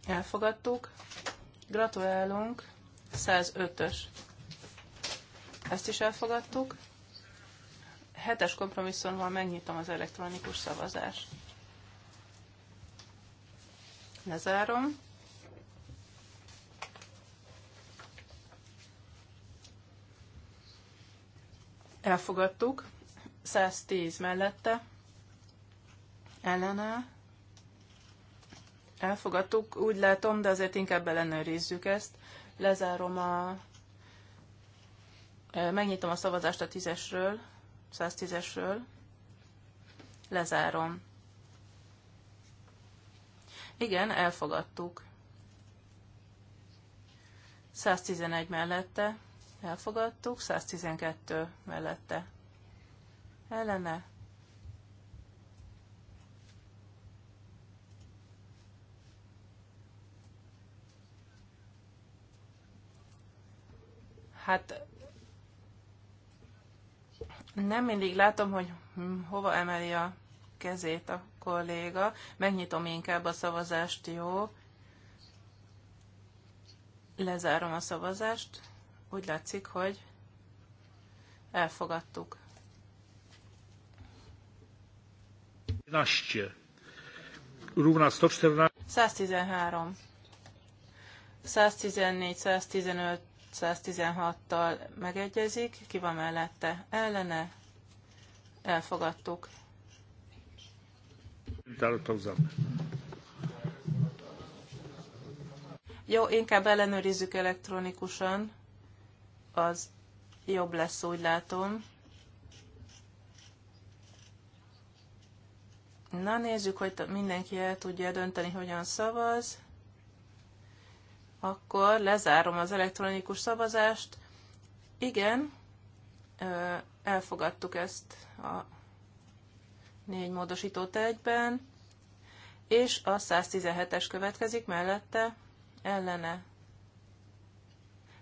Elfogadtuk. Gratulálunk. 105-ös. Ezt is elfogadtuk. Hetes kompromisszummal megnyitom az elektronikus szavazást. Lezárom. Elfogadtuk. 110 mellette. Ellene. Elfogadtuk, úgy látom, de azért inkább ellenőrizzük ezt. Lezárom a... Megnyitom a szavazást a 10-esről, 110-esről. Lezárom. Igen, elfogadtuk. 111 mellette elfogadtuk, 112 mellette ellene. Hát nem mindig látom, hogy hm, hova emeli a kezét a kolléga. Megnyitom inkább a szavazást, jó? Lezárom a szavazást. Úgy látszik, hogy elfogadtuk. 113. 114, 115, 116-tal megegyezik, ki van mellette ellene, elfogadtuk. Vitáló pauzam. Jó, inkább ellenőrizzük elektronikusan. Az jobb lesz, úgy látom. Na, nézzük, hogy mindenki el tudja dönteni, hogyan szavaz. Akkor lezárom az elektronikus szavazást. Igen, elfogadtuk ezt a négy módosítót egyben és a 117-es következik mellette, ellene.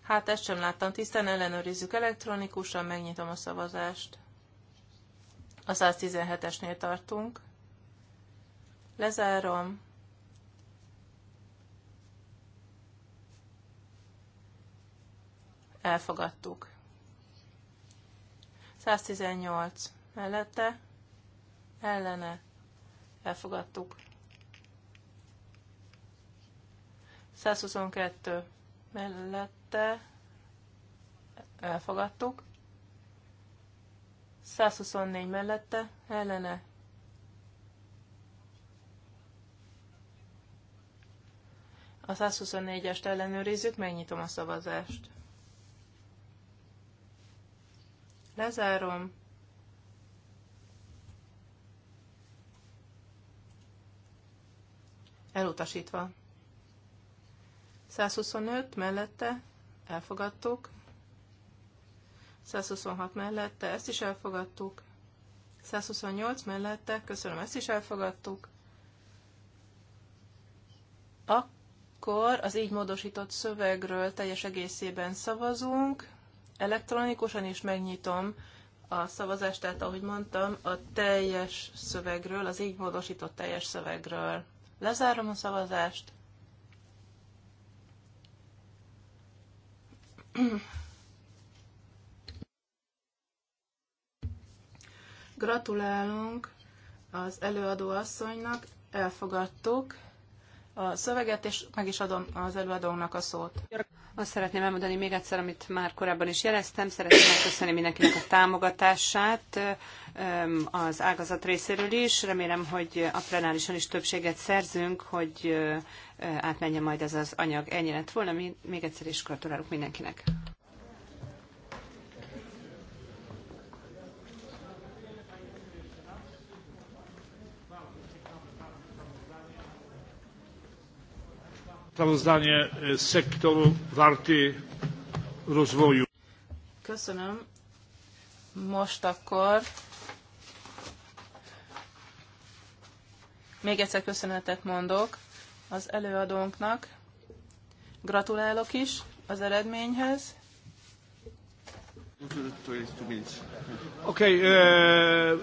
Hát ezt sem láttam tisztán, ellenőrizzük elektronikusan, megnyitom a szavazást. A 117-esnél tartunk. Lezárom. Elfogadtuk. 118 mellette, ellene, elfogadtuk. 122 mellette elfogadtuk. 124 mellette ellene A 124-est ellenőrizzük, megnyitom a szavazást. Lezárom. Elutasítva. 125 mellette elfogadtuk. 126 mellette ezt is elfogadtuk. 128 mellette, köszönöm, ezt is elfogadtuk. Akkor az így módosított szövegről teljes egészében szavazunk. Elektronikusan is megnyitom a szavazást, tehát ahogy mondtam, a teljes szövegről, az így módosított teljes szövegről. Lezárom a szavazást. Gratulálunk az előadó asszonynak, elfogadtuk a szöveget, és meg is adom az előadónak a szót. Azt szeretném elmondani még egyszer, amit már korábban is jeleztem, szeretném megköszönni mindenkinek a támogatását az ágazat részéről is. Remélem, hogy a plenárison is többséget szerzünk, hogy átmenjen majd ez az anyag. Ennyi lett volna. Még egyszer is gratulálok mindenkinek. sprawozdanie e, sektoru warty rozwoju. Köszönöm. Most akkor még egyszer köszönetet mondok az előadónknak. Gratulálok is az eredményhez. Okej, okay, e, uh,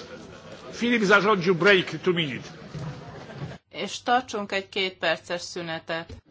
Filip zarządził break two minute. És tartsunk egy két perces szünetet.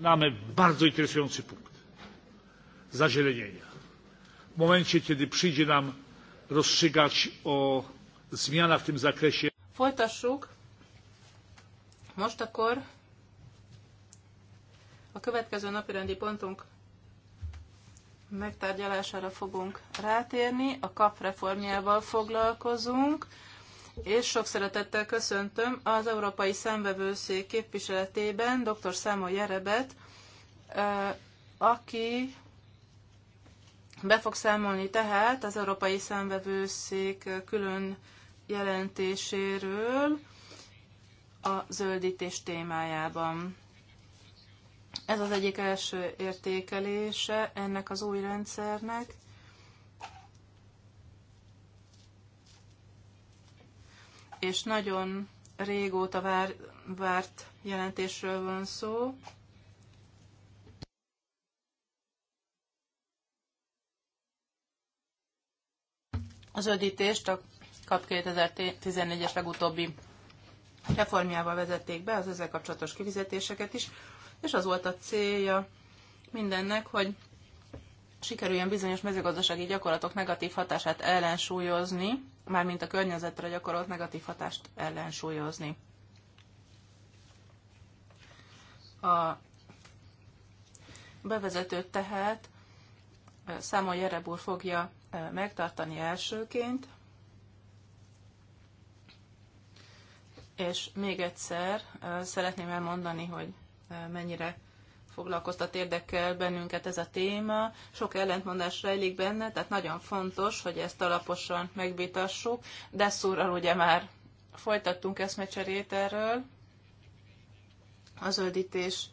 mamy bardzo interesujący punkt zazielenienia. W momencie, kiedy przyjdzie nam rozstrzygać o zmianach w tym zakresie. Folytassuk. Most akkor a következő napirendi pontunk megtárgyalására fogunk rátérni. A kap reformjával foglalkozunk és sok szeretettel köszöntöm az Európai Szemvevőszék képviseletében dr. Számo Jerebet, aki be fog számolni tehát az Európai Szemvevőszék külön jelentéséről a zöldítés témájában. Ez az egyik első értékelése ennek az új rendszernek. és nagyon régóta vár, várt jelentésről van szó. Az ödítést a KAP 2014-es legutóbbi reformjával vezették be az ezzel kapcsolatos kivizetéseket is, és az volt a célja mindennek, hogy sikerüljön bizonyos mezőgazdasági gyakorlatok negatív hatását ellensúlyozni, mármint a környezetre gyakorolt negatív hatást ellensúlyozni. A bevezetőt tehát Számon Jerebúr fogja megtartani elsőként, és még egyszer szeretném elmondani, hogy mennyire foglalkoztat, érdekel bennünket ez a téma. Sok ellentmondás rejlik benne, tehát nagyon fontos, hogy ezt alaposan megvitassuk. De szóral ugye már folytattunk eszmecserét erről, a zöldítés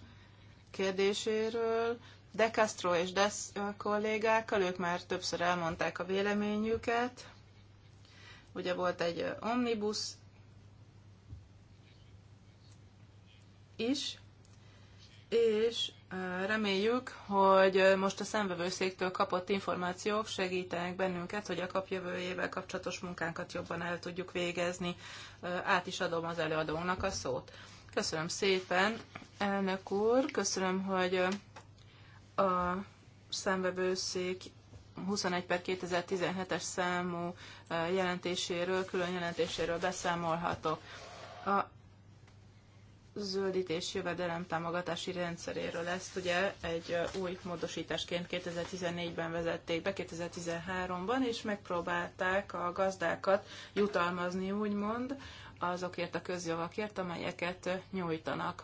kérdéséről. De Castro és Desz kollégákkal, ők már többször elmondták a véleményüket. Ugye volt egy omnibus is, és reméljük, hogy most a szemvevőszéktől kapott információk segítenek bennünket, hogy a kap jövőjével kapcsolatos munkánkat jobban el tudjuk végezni. Át is adom az előadónak a szót. Köszönöm szépen, elnök úr, köszönöm, hogy a szemvevőszék 21 per 2017-es számú jelentéséről, külön jelentéséről beszámolhatok. A zöldítés jövedelem támogatási rendszeréről. Ezt ugye egy új módosításként 2014-ben vezették be, 2013-ban, és megpróbálták a gazdákat jutalmazni, úgymond, azokért a közjavakért, amelyeket nyújtanak.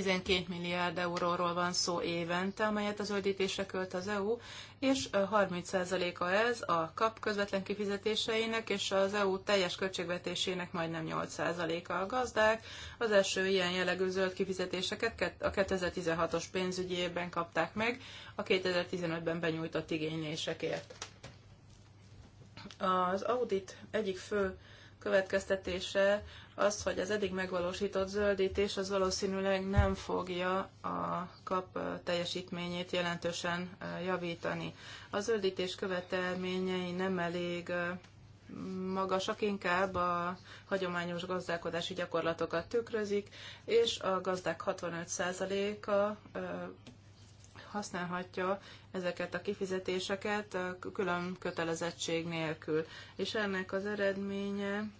12 milliárd euróról van szó évente, amelyet a zöldítésre költ az EU, és 30%-a ez a kap közvetlen kifizetéseinek, és az EU teljes költségvetésének majdnem 8%-a a gazdák. Az első ilyen jellegű zöld kifizetéseket a 2016-os pénzügyi évben kapták meg, a 2015-ben benyújtott igénylésekért. Az audit egyik fő következtetése az, hogy az eddig megvalósított zöldítés az valószínűleg nem fogja a kap teljesítményét jelentősen javítani. A zöldítés követelményei nem elég magasak, inkább a hagyományos gazdálkodási gyakorlatokat tükrözik, és a gazdák 65%-a használhatja ezeket a kifizetéseket külön kötelezettség nélkül. És ennek az eredménye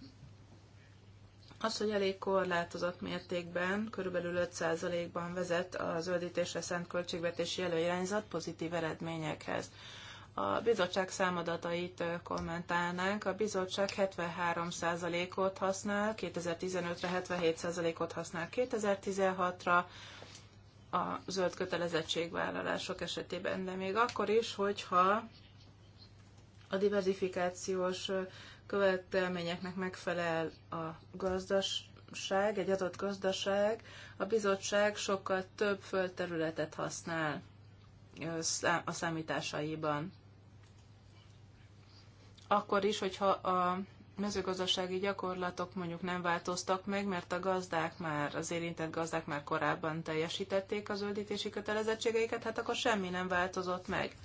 az, hogy elég korlátozott mértékben, körülbelül 5%-ban vezet a zöldítésre szánt költségvetési előirányzat pozitív eredményekhez. A bizottság számadatait kommentálnánk. A bizottság 73%-ot használ, 2015-re 77%-ot használ 2016-ra, a zöld kötelezettségvállalások esetében, de még akkor is, hogyha a diversifikációs követelményeknek megfelel a gazdaság, egy adott gazdaság, a bizottság sokkal több földterületet használ a számításaiban. Akkor is, hogyha a mezőgazdasági gyakorlatok mondjuk nem változtak meg, mert a gazdák már, az érintett gazdák már korábban teljesítették az zöldítési kötelezettségeiket, hát akkor semmi nem változott meg.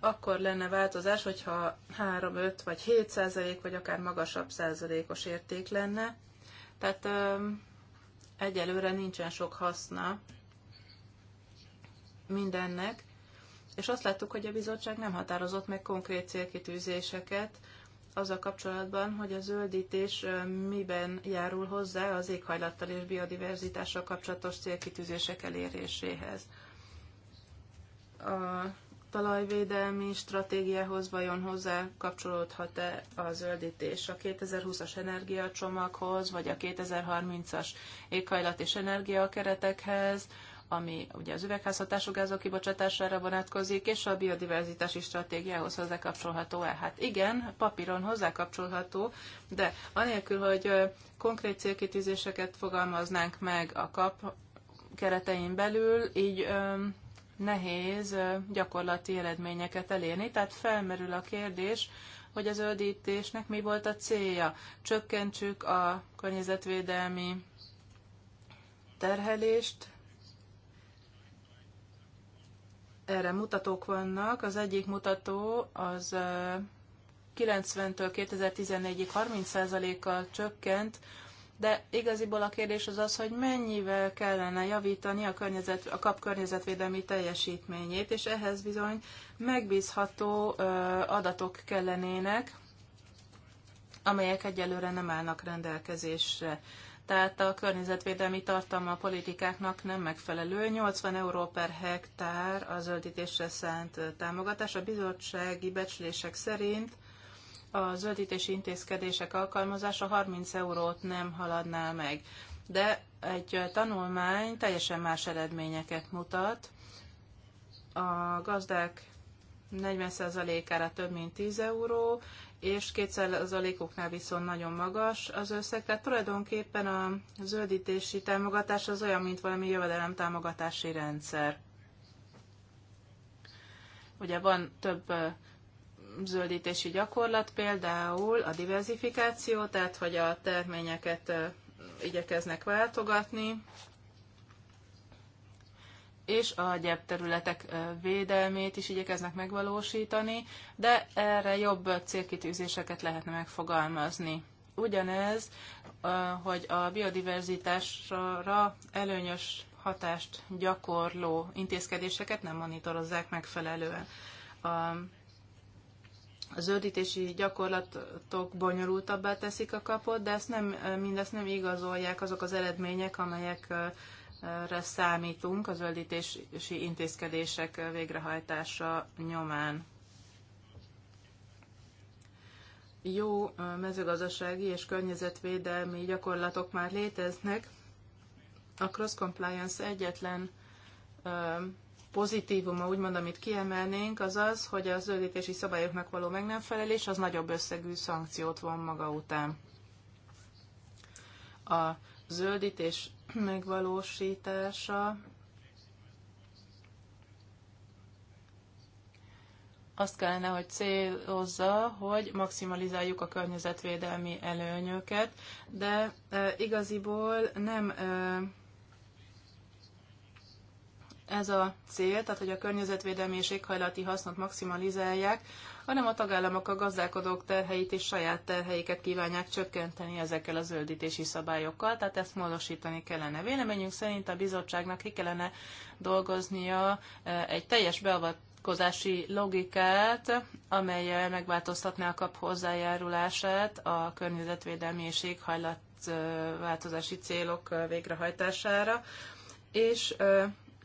akkor lenne változás, hogyha 3-5 vagy 7 százalék, vagy akár magasabb százalékos érték lenne. Tehát egyelőre nincsen sok haszna mindennek, és azt láttuk, hogy a bizottság nem határozott meg konkrét célkitűzéseket az a kapcsolatban, hogy a zöldítés miben járul hozzá az éghajlattal és biodiverzitással kapcsolatos célkitűzések eléréséhez. A talajvédelmi stratégiához vajon hozzá kapcsolódhat-e a zöldítés a 2020-as energiacsomaghoz, vagy a 2030-as éghajlat és energiakeretekhez, ami ugye az üvegházhatású gázok kibocsátására vonatkozik, és a biodiverzitási stratégiához hozzákapcsolható-e? Hát igen, papíron hozzákapcsolható, de anélkül, hogy konkrét célkitűzéseket fogalmaznánk meg a kap keretein belül, így öm, nehéz gyakorlati eredményeket elérni. Tehát felmerül a kérdés, hogy az öldítésnek mi volt a célja. Csökkentsük a környezetvédelmi terhelést. Erre mutatók vannak. Az egyik mutató az 90-től 2014-ig 30%-kal csökkent de igaziból a kérdés az az, hogy mennyivel kellene javítani a, környezet, a kap környezetvédelmi teljesítményét, és ehhez bizony megbízható adatok kellenének, amelyek egyelőre nem állnak rendelkezésre. Tehát a környezetvédelmi tartalma a politikáknak nem megfelelő. 80 euró per hektár a zöldítésre szánt támogatás. A bizottsági becslések szerint a zöldítési intézkedések alkalmazása 30 eurót nem haladná meg. De egy tanulmány teljesen más eredményeket mutat. A gazdák 40%-ára több mint 10 euró, és 2%-oknál viszont nagyon magas az összeg. Tehát tulajdonképpen a zöldítési támogatás az olyan, mint valami jövedelem támogatási rendszer. Ugye van több zöldítési gyakorlat például a diversifikáció, tehát hogy a terményeket igyekeznek váltogatni, és a gyep területek védelmét is igyekeznek megvalósítani, de erre jobb célkitűzéseket lehetne megfogalmazni. Ugyanez, hogy a biodiverzitásra előnyös hatást gyakorló intézkedéseket nem monitorozzák megfelelően. A a zöldítési gyakorlatok bonyolultabbá teszik a kapot, de ezt nem, mindezt nem igazolják azok az eredmények, amelyekre számítunk a zöldítési intézkedések végrehajtása nyomán. Jó mezőgazdasági és környezetvédelmi gyakorlatok már léteznek. A cross compliance egyetlen pozitívuma, úgymond, amit kiemelnénk, az az, hogy a zöldítési szabályoknak való meg nem felelés, az nagyobb összegű szankciót von maga után. A zöldítés megvalósítása azt kellene, hogy célozza, hogy maximalizáljuk a környezetvédelmi előnyöket, de e, igaziból nem e, ez a cél, tehát hogy a környezetvédelmi és éghajlati hasznot maximalizálják, hanem a tagállamok a gazdálkodók terheit és saját terheiket kívánják csökkenteni ezekkel a zöldítési szabályokkal, tehát ezt módosítani kellene. Véleményünk szerint a bizottságnak ki kellene dolgoznia e, egy teljes beavatkozási logikát, amelyel megváltoztatná a kap hozzájárulását a környezetvédelmi és éghajlatváltozási e, célok e, végrehajtására, és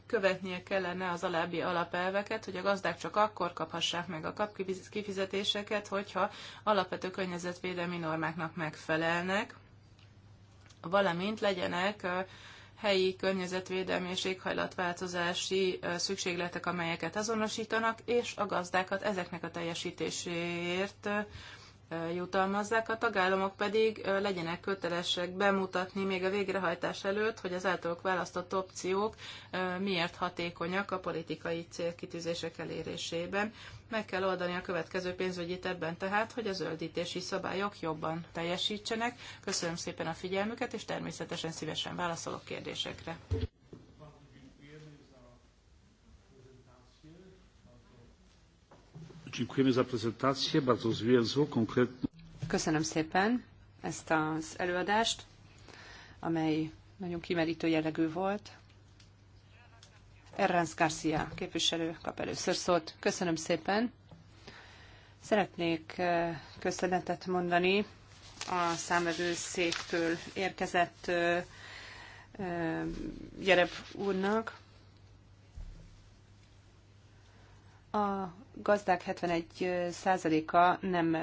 követnie kellene az alábbi alapelveket, hogy a gazdák csak akkor kaphassák meg a kap kifizetéseket, hogyha alapvető környezetvédelmi normáknak megfelelnek, valamint legyenek helyi környezetvédelmi és éghajlatváltozási szükségletek, amelyeket azonosítanak, és a gazdákat ezeknek a teljesítéséért jutalmazzák, a tagállamok pedig legyenek kötelesek bemutatni még a végrehajtás előtt, hogy az általuk választott opciók miért hatékonyak a politikai célkitűzések elérésében. Meg kell oldani a következő pénzügyi ebben tehát, hogy a zöldítési szabályok jobban teljesítsenek. Köszönöm szépen a figyelmüket, és természetesen szívesen válaszolok kérdésekre. Dziękujemy za prezentację, bardzo zwięzłą, konkretną. Köszönöm szépen ezt az előadást, amely nagyon kimerítő jellegű volt. Erránz Garcia képviselő kap először szót. Köszönöm szépen. Szeretnék eh, köszönetet mondani a számvevőszéktől érkezett eh, eh, Jereb úrnak. A gazdák 71%-a nem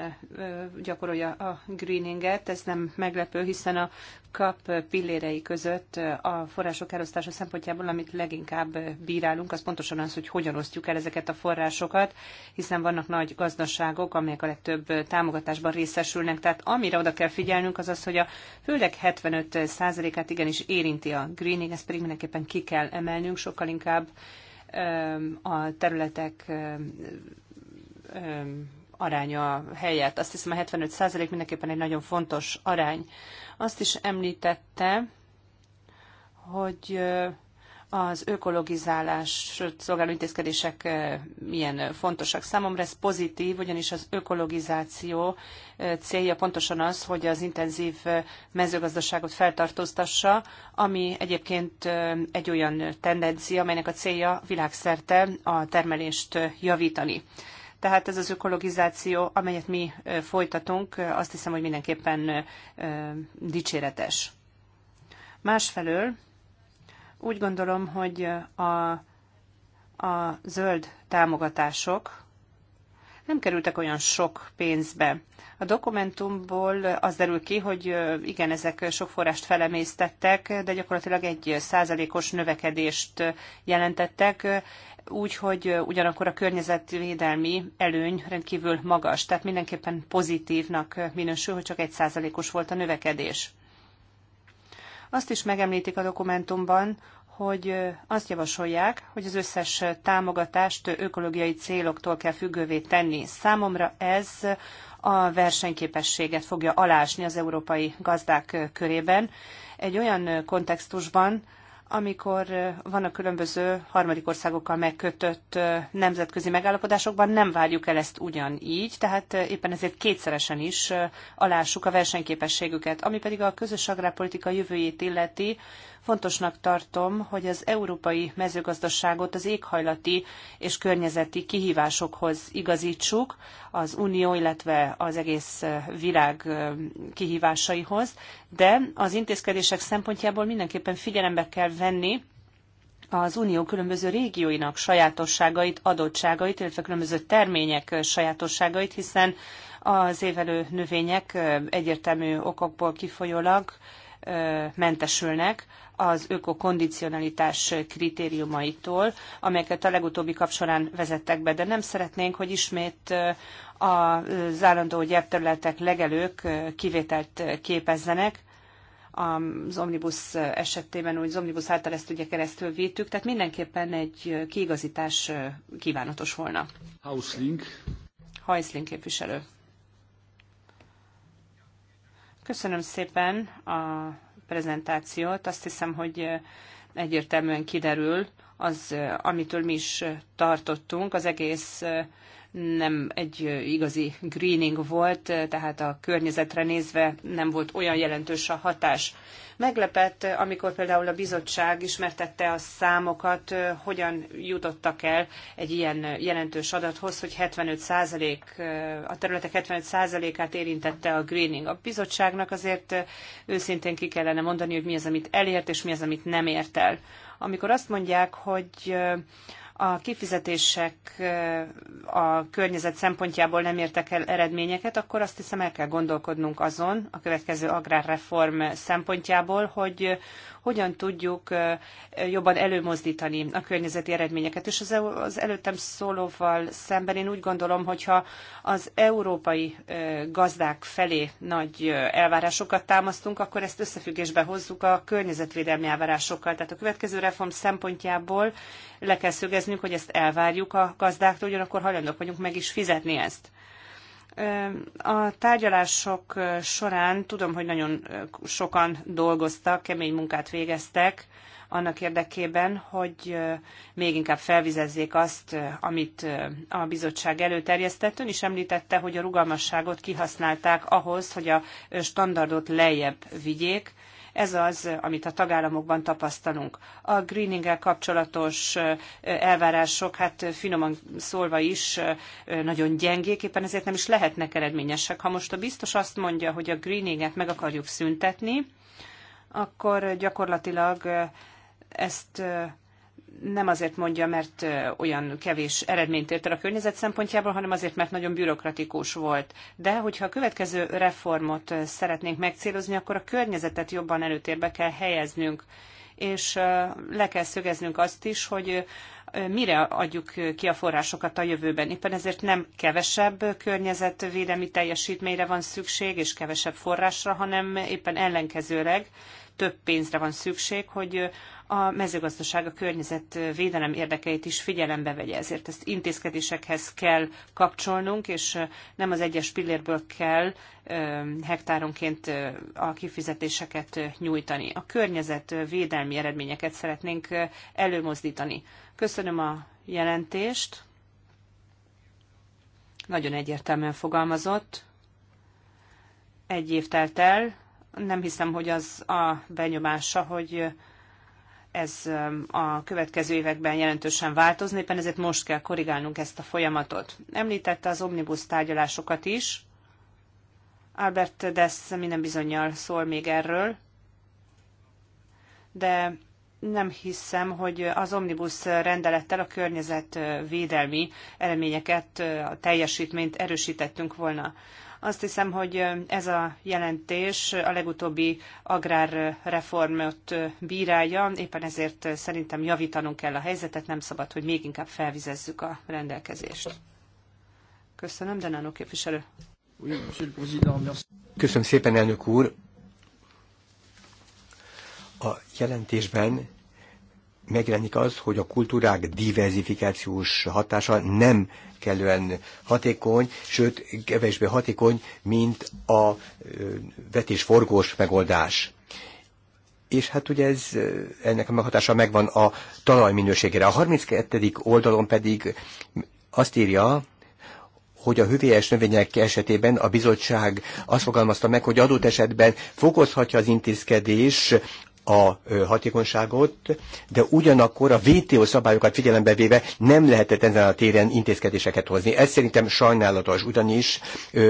gyakorolja a greeninget, ez nem meglepő, hiszen a kap pillérei között a források elosztása szempontjából, amit leginkább bírálunk, az pontosan az, hogy hogyan osztjuk el ezeket a forrásokat, hiszen vannak nagy gazdaságok, amelyek a legtöbb támogatásban részesülnek. Tehát amire oda kell figyelnünk, az az, hogy a földek 75%-át igenis érinti a greening, ezt pedig mindenképpen ki kell emelnünk, sokkal inkább a területek aránya helyett. Azt hiszem a 75 százalék mindenképpen egy nagyon fontos arány. Azt is említette, hogy az ökologizálás szolgáló intézkedések milyen fontosak számomra. Ez pozitív, ugyanis az ökologizáció célja pontosan az, hogy az intenzív mezőgazdaságot feltartóztassa, ami egyébként egy olyan tendencia, amelynek a célja világszerte a termelést javítani. Tehát ez az ökologizáció, amelyet mi folytatunk, azt hiszem, hogy mindenképpen dicséretes. Másfelől úgy gondolom, hogy a, a zöld támogatások nem kerültek olyan sok pénzbe. A dokumentumból az derül ki, hogy igen, ezek sok forrást felemésztettek, de gyakorlatilag egy százalékos növekedést jelentettek, úgy, hogy ugyanakkor a környezetvédelmi előny rendkívül magas, tehát mindenképpen pozitívnak minősül, hogy csak egy százalékos volt a növekedés. Azt is megemlítik a dokumentumban, hogy azt javasolják, hogy az összes támogatást ökológiai céloktól kell függővé tenni. Számomra ez a versenyképességet fogja alásni az európai gazdák körében, egy olyan kontextusban, amikor vannak különböző harmadik országokkal megkötött nemzetközi megállapodásokban, nem várjuk el ezt ugyanígy, tehát éppen ezért kétszeresen is alássuk a versenyképességüket. Ami pedig a közös agrárpolitika jövőjét illeti, Fontosnak tartom, hogy az európai mezőgazdaságot az éghajlati és környezeti kihívásokhoz igazítsuk, az unió, illetve az egész világ kihívásaihoz, de az intézkedések szempontjából mindenképpen figyelembe kell venni, az unió különböző régióinak sajátosságait, adottságait, illetve különböző termények sajátosságait, hiszen az évelő növények egyértelmű okokból kifolyólag mentesülnek az ökokondicionalitás kritériumaitól, amelyeket a legutóbbi kap során vezettek be, de nem szeretnénk, hogy ismét az állandó gyárterületek legelők kivételt képezzenek, az Omnibus esetében, hogy az Omnibus által ezt ugye keresztül vittük, tehát mindenképpen egy kiigazítás kívánatos volna. Hausling. Hausling képviselő. Köszönöm szépen a prezentációt. Azt hiszem, hogy egyértelműen kiderül az, amitől mi is tartottunk, az egész nem egy igazi greening volt, tehát a környezetre nézve nem volt olyan jelentős a hatás. Meglepett, amikor például a bizottság ismertette a számokat, hogyan jutottak el egy ilyen jelentős adathoz, hogy 75% a területek 75%-át érintette a greening. A bizottságnak azért őszintén ki kellene mondani, hogy mi az, amit elért, és mi az, amit nem ért el. Amikor azt mondják, hogy a kifizetések eh, a környezet szempontjából nem értek el eredményeket, akkor azt hiszem el kell gondolkodnunk azon a következő agrárreform szempontjából, hogy hogyan tudjuk jobban előmozdítani a környezeti eredményeket. És az előttem szólóval szemben én úgy gondolom, hogyha az európai gazdák felé nagy elvárásokat támasztunk, akkor ezt összefüggésbe hozzuk a környezetvédelmi elvárásokkal. Tehát a következő reform szempontjából le kell szögeznünk, hogy ezt elvárjuk a gazdáktól, ugyanakkor hajlandók vagyunk meg is fizetni ezt. A tárgyalások során tudom, hogy nagyon sokan dolgoztak, kemény munkát végeztek annak érdekében, hogy még inkább felvizezzék azt, amit a bizottság előterjesztett. Ön is említette, hogy a rugalmasságot kihasználták ahhoz, hogy a standardot lejjebb vigyék, ez az, amit a tagállamokban tapasztalunk. A greeninggel kapcsolatos elvárások, hát finoman szólva is nagyon gyengék, éppen ezért nem is lehetnek eredményesek. Ha most a biztos azt mondja, hogy a greeninget meg akarjuk szüntetni, akkor gyakorlatilag ezt nem azért mondja, mert olyan kevés eredményt ért el a környezet szempontjából, hanem azért, mert nagyon bürokratikus volt. De hogyha a következő reformot szeretnénk megcélozni, akkor a környezetet jobban előtérbe kell helyeznünk, és le kell szögeznünk azt is, hogy mire adjuk ki a forrásokat a jövőben. Éppen ezért nem kevesebb környezetvédelmi teljesítményre van szükség, és kevesebb forrásra, hanem éppen ellenkezőleg több pénzre van szükség, hogy a mezőgazdaság a környezetvédelem érdekeit is figyelembe vegye, ezért ezt intézkedésekhez kell kapcsolnunk, és nem az egyes pillérből kell hektáronként a kifizetéseket nyújtani. A környezetvédelmi eredményeket szeretnénk előmozdítani. Köszönöm a jelentést. Nagyon egyértelműen fogalmazott. Egy év telt el. Nem hiszem, hogy az a benyomása, hogy ez um, a következő években jelentősen változni, éppen ezért most kell korrigálnunk ezt a folyamatot. Említette az omnibus tárgyalásokat is. Albert Dess minden bizonyal szól még erről, de nem hiszem, hogy az omnibus rendelettel a környezetvédelmi eredményeket a teljesítményt erősítettünk volna. Azt hiszem, hogy ez a jelentés a legutóbbi agrárreformot bírálja, éppen ezért szerintem javítanunk kell a helyzetet, nem szabad, hogy még inkább felvizezzük a rendelkezést. Köszönöm, Denánó képviselő. Köszönöm szépen, elnök úr. A jelentésben megjelenik az, hogy a kultúrák diversifikációs hatása nem kellően hatékony, sőt, kevésbé hatékony, mint a vetésforgós megoldás és hát ugye ez, ennek a meghatása megvan a talajminőségére. A 32. oldalon pedig azt írja, hogy a hüvelyes növények esetében a bizottság azt fogalmazta meg, hogy adott esetben fokozhatja az intézkedés a hatékonyságot, de ugyanakkor a VTO szabályokat figyelembe véve nem lehetett ezen a téren intézkedéseket hozni. Ez szerintem sajnálatos, ugyanis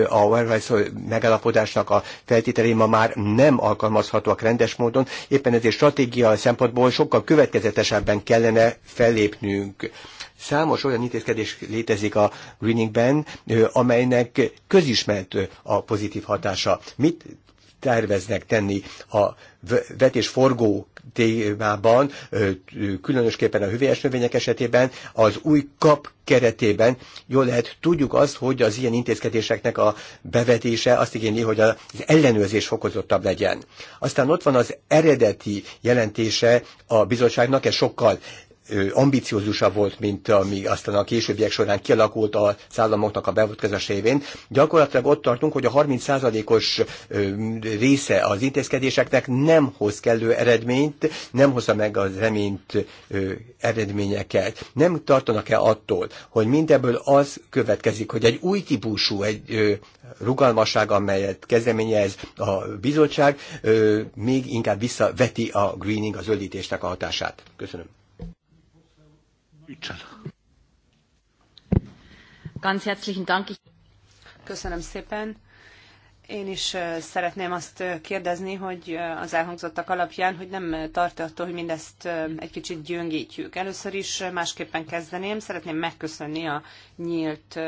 a Warehouse megállapodásnak a feltételei ma már nem alkalmazhatóak rendes módon, éppen ezért stratégia szempontból sokkal következetesebben kellene fellépnünk számos olyan intézkedés létezik a greeningben, amelynek közismert a pozitív hatása. Mit terveznek tenni a vetés forgó témában, különösképpen a hüvelyes növények esetében, az új kap keretében, jól lehet, tudjuk azt, hogy az ilyen intézkedéseknek a bevetése azt igényli, hogy az ellenőrzés fokozottabb legyen. Aztán ott van az eredeti jelentése a bizottságnak, ez sokkal ambiciózusabb volt, mint ami aztán a későbbiek során kialakult a államoknak a beavatkozás révén. Gyakorlatilag ott tartunk, hogy a 30%-os része az intézkedéseknek nem hoz kellő eredményt, nem hozza meg az reményt eredményeket. Nem tartanak el attól, hogy mindebből az következik, hogy egy új típusú, egy rugalmasság, amelyet kezdeményez a bizottság, még inkább visszaveti a greening, az öldítésnek a hatását. Köszönöm. Köszönöm szépen. Én is szeretném azt kérdezni, hogy az elhangzottak alapján, hogy nem tart attól, hogy mindezt egy kicsit gyöngítjük. Először is másképpen kezdeném. Szeretném megköszönni a nyílt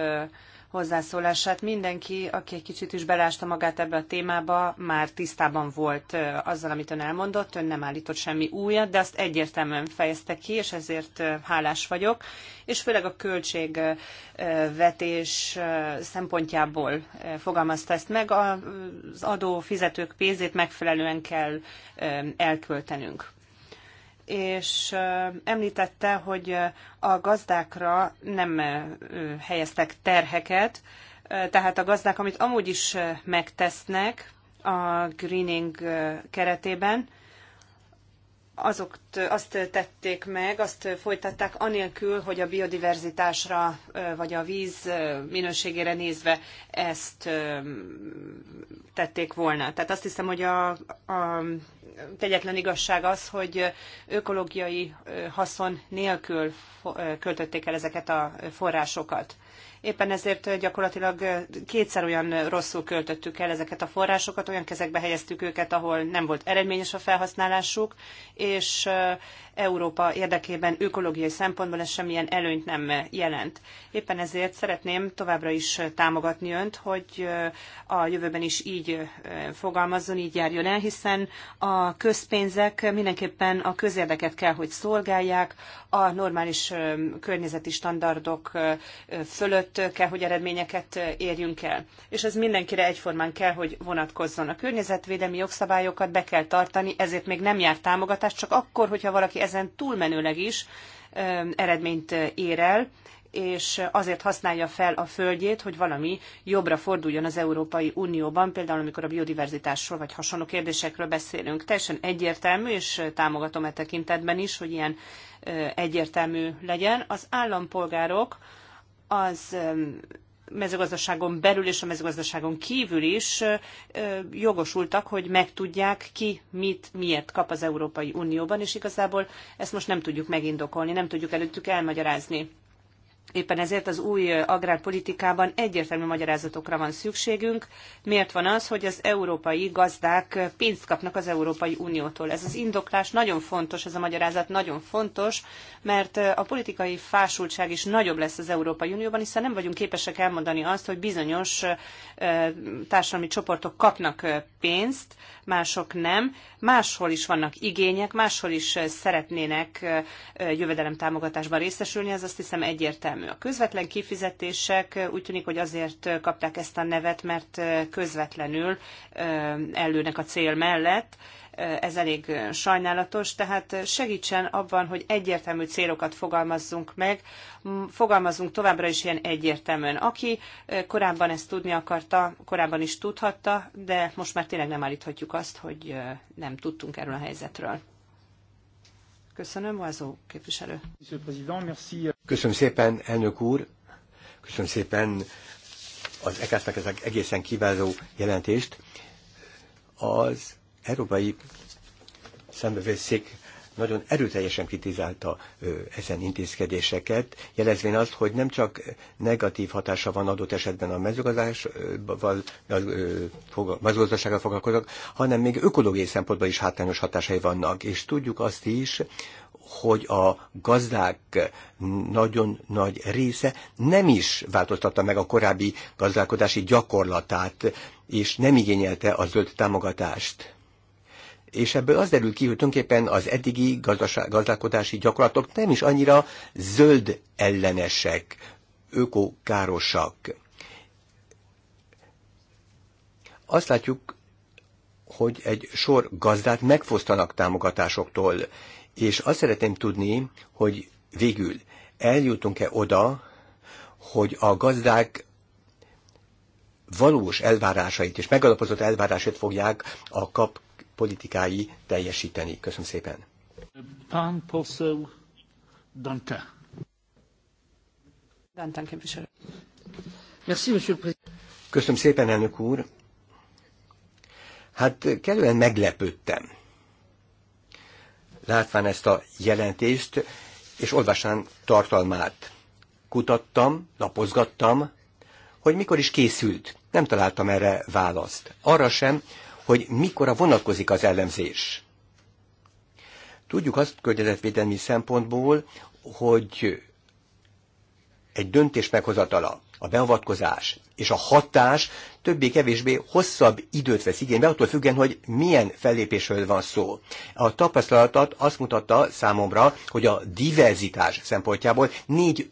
hozzászólását. Mindenki, aki egy kicsit is belásta magát ebbe a témába, már tisztában volt azzal, amit ön elmondott. Ön nem állított semmi újat, de azt egyértelműen fejezte ki, és ezért hálás vagyok. És főleg a költségvetés szempontjából fogalmazta ezt meg. Az adófizetők pénzét megfelelően kell elköltenünk és említette, hogy a gazdákra nem helyeztek terheket, tehát a gazdák, amit amúgy is megtesznek a greening keretében, azokt, azt tették meg, azt folytatták anélkül, hogy a biodiverzitásra vagy a víz minőségére nézve ezt tették volna. Tehát azt hiszem, hogy a, a igazság az, hogy ökológiai haszon nélkül költötték el ezeket a forrásokat. Éppen ezért gyakorlatilag kétszer olyan rosszul költöttük el ezeket a forrásokat, olyan kezekbe helyeztük őket, ahol nem volt eredményes a felhasználásuk, és Európa érdekében ökológiai szempontból ez semmilyen előnyt nem jelent. Éppen ezért szeretném továbbra is támogatni önt, hogy a jövőben is így fogalmazzon, így járjon el, hiszen a közpénzek mindenképpen a közérdeket kell, hogy szolgálják, a normális környezeti standardok fölött kell, hogy eredményeket érjünk el. És ez mindenkire egyformán kell, hogy vonatkozzon. A környezetvédelmi jogszabályokat be kell tartani, ezért még nem jár támogatás, csak akkor, hogyha valaki ezen túlmenőleg is eredményt ér el, és azért használja fel a földjét, hogy valami jobbra forduljon az Európai Unióban, például amikor a biodiverzitásról vagy hasonló kérdésekről beszélünk. Teljesen egyértelmű, és támogatom e tekintetben is, hogy ilyen egyértelmű legyen. Az állampolgárok az mezőgazdaságon belül és a mezőgazdaságon kívül is jogosultak, hogy megtudják ki, mit, miért kap az Európai Unióban, és igazából ezt most nem tudjuk megindokolni, nem tudjuk előttük elmagyarázni. Éppen ezért az új agrárpolitikában egyértelmű magyarázatokra van szükségünk. Miért van az, hogy az európai gazdák pénzt kapnak az Európai Uniótól? Ez az indoklás nagyon fontos, ez a magyarázat nagyon fontos, mert a politikai fásultság is nagyobb lesz az Európai Unióban, hiszen nem vagyunk képesek elmondani azt, hogy bizonyos társadalmi csoportok kapnak pénzt, mások nem. Máshol is vannak igények, máshol is szeretnének jövedelemtámogatásban részesülni, ez azt hiszem egyértelmű egyértelmű. A közvetlen kifizetések úgy tűnik, hogy azért kapták ezt a nevet, mert közvetlenül előnek a cél mellett. Ez elég sajnálatos, tehát segítsen abban, hogy egyértelmű célokat fogalmazzunk meg, fogalmazzunk továbbra is ilyen egyértelműen. Aki korábban ezt tudni akarta, korábban is tudhatta, de most már tényleg nem állíthatjuk azt, hogy nem tudtunk erről a helyzetről. Köszönöm, Vázó képviselő. Köszönöm szépen, elnök úr. Köszönöm szépen az EKSZ-nek ezek egészen kiváló jelentést. Az Európai Szembevőszék nagyon erőteljesen kritizálta ezen intézkedéseket, jelezvén azt, hogy nem csak negatív hatása van adott esetben a mezőgazdasággal foglalkozók, hanem még ökológiai szempontból is hátrányos hatásai vannak. És tudjuk azt is, hogy a gazdák nagyon nagy része nem is változtatta meg a korábbi gazdálkodási gyakorlatát, és nem igényelte a zöld támogatást és ebből az derül ki, hogy tulajdonképpen az eddigi gazdálkodási gyakorlatok nem is annyira zöld ellenesek, ökokárosak. Azt látjuk, hogy egy sor gazdát megfosztanak támogatásoktól, és azt szeretném tudni, hogy végül eljutunk-e oda, hogy a gazdák valós elvárásait és megalapozott elvárásait fogják a kap politikái teljesíteni. Köszönöm szépen. Pán poseł Dante. Dante képviselő. Köszönöm szépen, elnök úr. Hát kellően meglepődtem. Látván ezt a jelentést, és olvasán tartalmát. Kutattam, lapozgattam, hogy mikor is készült. Nem találtam erre választ. Arra sem, hogy mikora vonatkozik az elemzés. Tudjuk azt környezetvédelmi szempontból, hogy egy döntés meghozatala, a beavatkozás és a hatás többé-kevésbé hosszabb időt vesz igénybe, attól függően, hogy milyen fellépésről van szó. A tapasztalatot azt mutatta számomra, hogy a diverzitás szempontjából 4-5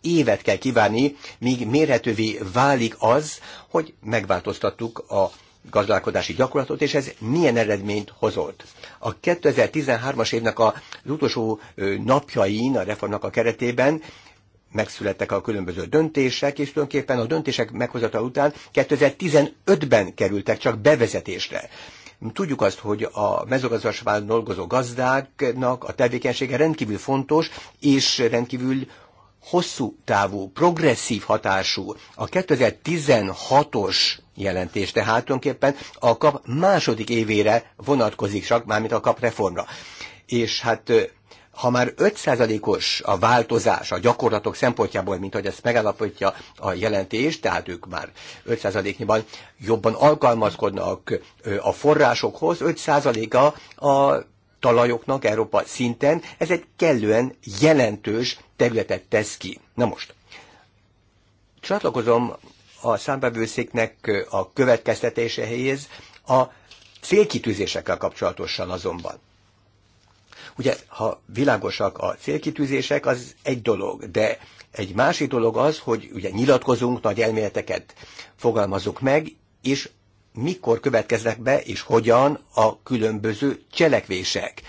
évet kell kívánni, míg mérhetővé válik az, hogy megváltoztattuk a gazdálkodási gyakorlatot, és ez milyen eredményt hozott. A 2013-as évnek az utolsó napjain a reformnak a keretében megszülettek a különböző döntések, és tulajdonképpen a döntések meghozata után 2015-ben kerültek csak bevezetésre. Tudjuk azt, hogy a mezőgazdaságban dolgozó gazdáknak a tevékenysége rendkívül fontos, és rendkívül hosszú távú, progresszív hatású. A 2016-os jelentés. Tehát tulajdonképpen a kap második évére vonatkozik csak, mármint a kap reformra. És hát ha már 5%-os a változás a gyakorlatok szempontjából, mint hogy ezt megállapítja a jelentés, tehát ők már 5%-nyiban jobban alkalmazkodnak a forrásokhoz, 5%-a a talajoknak Európa szinten, ez egy kellően jelentős területet tesz ki. Na most, csatlakozom a számbevőszéknek a helyez a célkitűzésekkel kapcsolatosan azonban. Ugye, ha világosak a célkitűzések, az egy dolog, de egy másik dolog az, hogy ugye nyilatkozunk, nagy elméleteket fogalmazunk meg, és mikor következnek be, és hogyan a különböző cselekvések.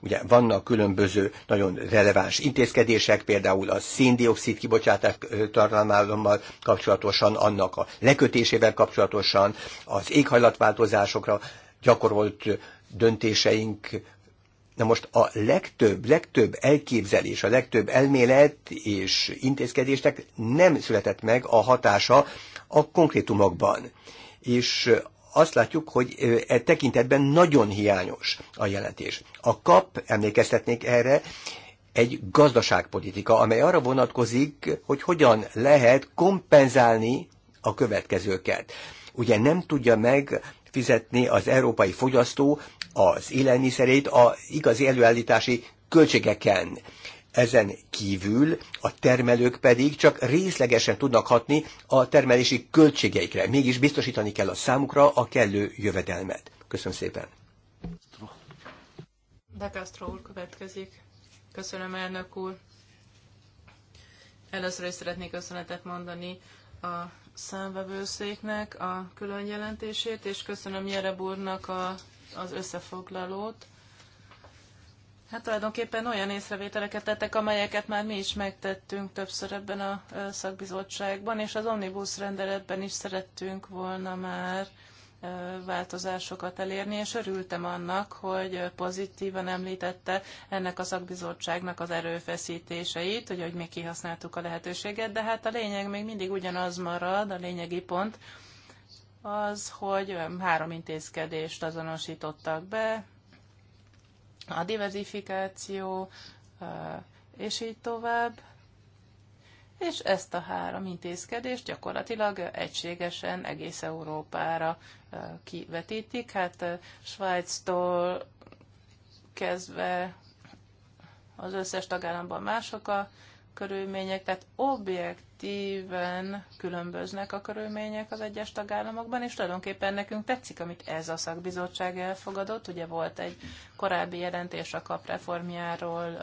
Ugye vannak különböző nagyon releváns intézkedések, például a széndiokszid kibocsátás tartalmával kapcsolatosan, annak a lekötésével kapcsolatosan, az éghajlatváltozásokra gyakorolt döntéseink Na most a legtöbb, legtöbb elképzelés, a legtöbb elmélet és intézkedésnek nem született meg a hatása a konkrétumokban. És azt látjuk, hogy e tekintetben nagyon hiányos a jelentés. A kap, emlékeztetnék erre, egy gazdaságpolitika, amely arra vonatkozik, hogy hogyan lehet kompenzálni a következőket. Ugye nem tudja meg fizetni az európai fogyasztó az élelmiszerét a igazi előállítási költségeken. Ezen kívül a termelők pedig csak részlegesen tudnak hatni a termelési költségeikre. Mégis biztosítani kell a számukra a kellő jövedelmet. Köszönöm szépen. De Castro úr következik. Köszönöm, elnök úr. Először is szeretnék köszönetet mondani a számvevőszéknek a külön jelentését, és köszönöm Jereb úrnak a, az összefoglalót. Hát tulajdonképpen olyan észrevételeket tettek, amelyeket már mi is megtettünk többször ebben a szakbizottságban, és az omnibus rendeletben is szerettünk volna már változásokat elérni, és örültem annak, hogy pozitívan említette ennek a szakbizottságnak az erőfeszítéseit, hogy, hogy mi kihasználtuk a lehetőséget, de hát a lényeg még mindig ugyanaz marad, a lényegi pont az, hogy három intézkedést azonosítottak be, a diversifikáció, és így tovább. És ezt a három intézkedést gyakorlatilag egységesen egész Európára kivetítik. Hát Svájctól kezdve az összes tagállamban mások a körülmények, tehát objektíven különböznek a körülmények az egyes tagállamokban, és tulajdonképpen nekünk tetszik, amit ez a szakbizottság elfogadott. Ugye volt egy korábbi jelentés a kapreformjáról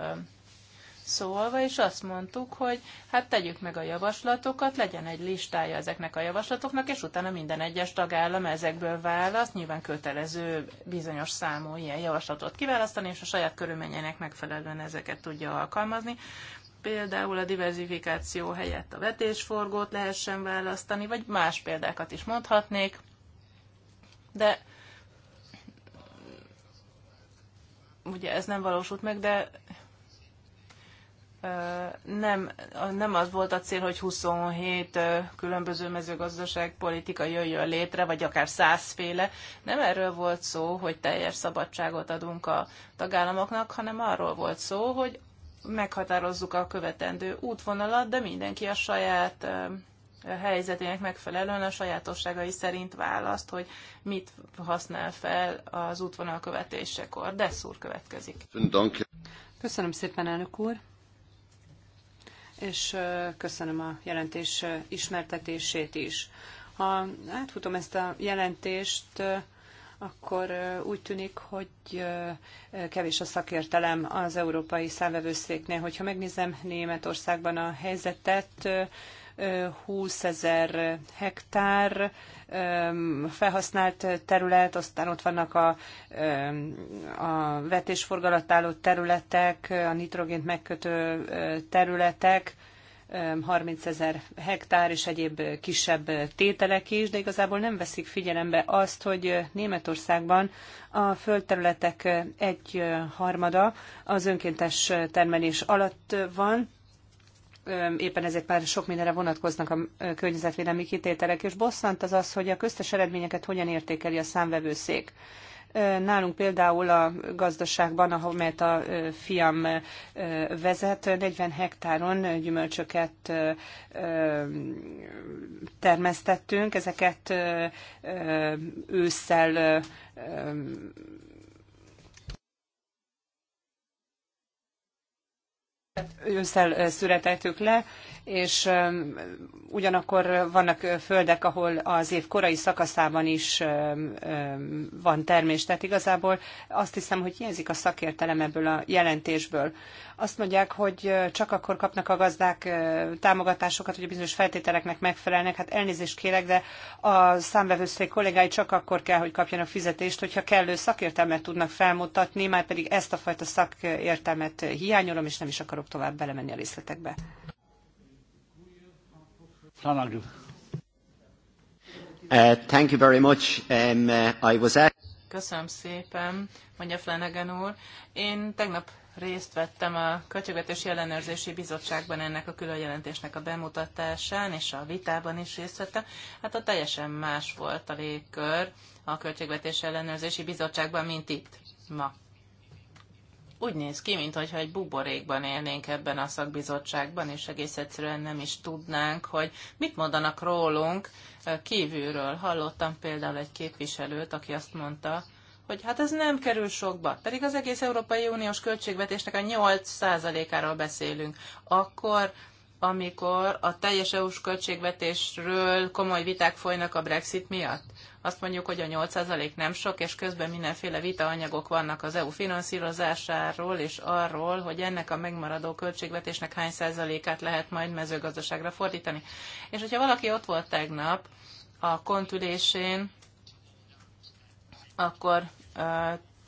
szólva, és azt mondtuk, hogy hát tegyük meg a javaslatokat, legyen egy listája ezeknek a javaslatoknak, és utána minden egyes tagállam ezekből választ, nyilván kötelező bizonyos számú ilyen javaslatot kiválasztani, és a saját körülményeinek megfelelően ezeket tudja alkalmazni például a diversifikáció helyett a vetésforgót lehessen választani, vagy más példákat is mondhatnék, de ugye ez nem valósult meg, de nem, nem az volt a cél, hogy 27 különböző mezőgazdaságpolitika jöjjön létre, vagy akár százféle. Nem erről volt szó, hogy teljes szabadságot adunk a tagállamoknak, hanem arról volt szó, hogy meghatározzuk a követendő útvonalat, de mindenki a saját helyzetének megfelelően a sajátosságai szerint választ, hogy mit használ fel az útvonal követésekor. De szúr következik. Köszönöm szépen, elnök úr, és köszönöm a jelentés ismertetését is. Ha átfutom ezt a jelentést, akkor úgy tűnik, hogy kevés a szakértelem az európai számvevőszéknél. Hogyha megnézem Németországban a helyzetet, 20 ezer hektár felhasznált terület, aztán ott vannak a, a vetés álló területek, a nitrogént megkötő területek, 30 ezer hektár és egyéb kisebb tételek is, de igazából nem veszik figyelembe azt, hogy Németországban a földterületek egy harmada az önkéntes termelés alatt van, éppen ezért már sok mindenre vonatkoznak a környezetvédelmi kitételek, és bosszant az az, hogy a köztes eredményeket hogyan értékeli a számvevőszék. Nálunk például a gazdaságban, amelyet a fiam vezet, 40 hektáron gyümölcsöket termesztettünk, ezeket ősszel ősszel születettük le, és ugyanakkor vannak földek, ahol az év korai szakaszában is van termés. Tehát igazából azt hiszem, hogy hiányzik a szakértelem ebből a jelentésből. Azt mondják, hogy csak akkor kapnak a gazdák támogatásokat, hogy a bizonyos feltételeknek megfelelnek. Hát elnézést kérek, de a számvevőszék kollégái csak akkor kell, hogy kapjanak fizetést, hogyha kellő szakértelmet tudnak felmutatni, már pedig ezt a fajta szakértelmet hiányolom, és nem is akarok tovább belemenni a részletekbe. Uh, thank you very much. Um, uh, I was Köszönöm szépen, mondja Flanagan úr. Én tegnap részt vettem a Költségvetési Ellenőrzési Bizottságban ennek a külön jelentésnek a bemutatásán, és a vitában is részt vettem. Hát ott teljesen más volt a légkör a Költségvetési Ellenőrzési Bizottságban, mint itt ma. Úgy néz ki, mintha egy buborékban élnénk ebben a szakbizottságban, és egész egyszerűen nem is tudnánk, hogy mit mondanak rólunk eh, kívülről. Hallottam például egy képviselőt, aki azt mondta, hogy hát ez nem kerül sokba, pedig az egész Európai Uniós költségvetésnek a 8%-áról beszélünk, akkor amikor a teljes EU-s költségvetésről komoly viták folynak a Brexit miatt? Azt mondjuk, hogy a 8% nem sok, és közben mindenféle vitaanyagok vannak az EU finanszírozásáról, és arról, hogy ennek a megmaradó költségvetésnek hány százalékát lehet majd mezőgazdaságra fordítani. És hogyha valaki ott volt tegnap a kontülésén, akkor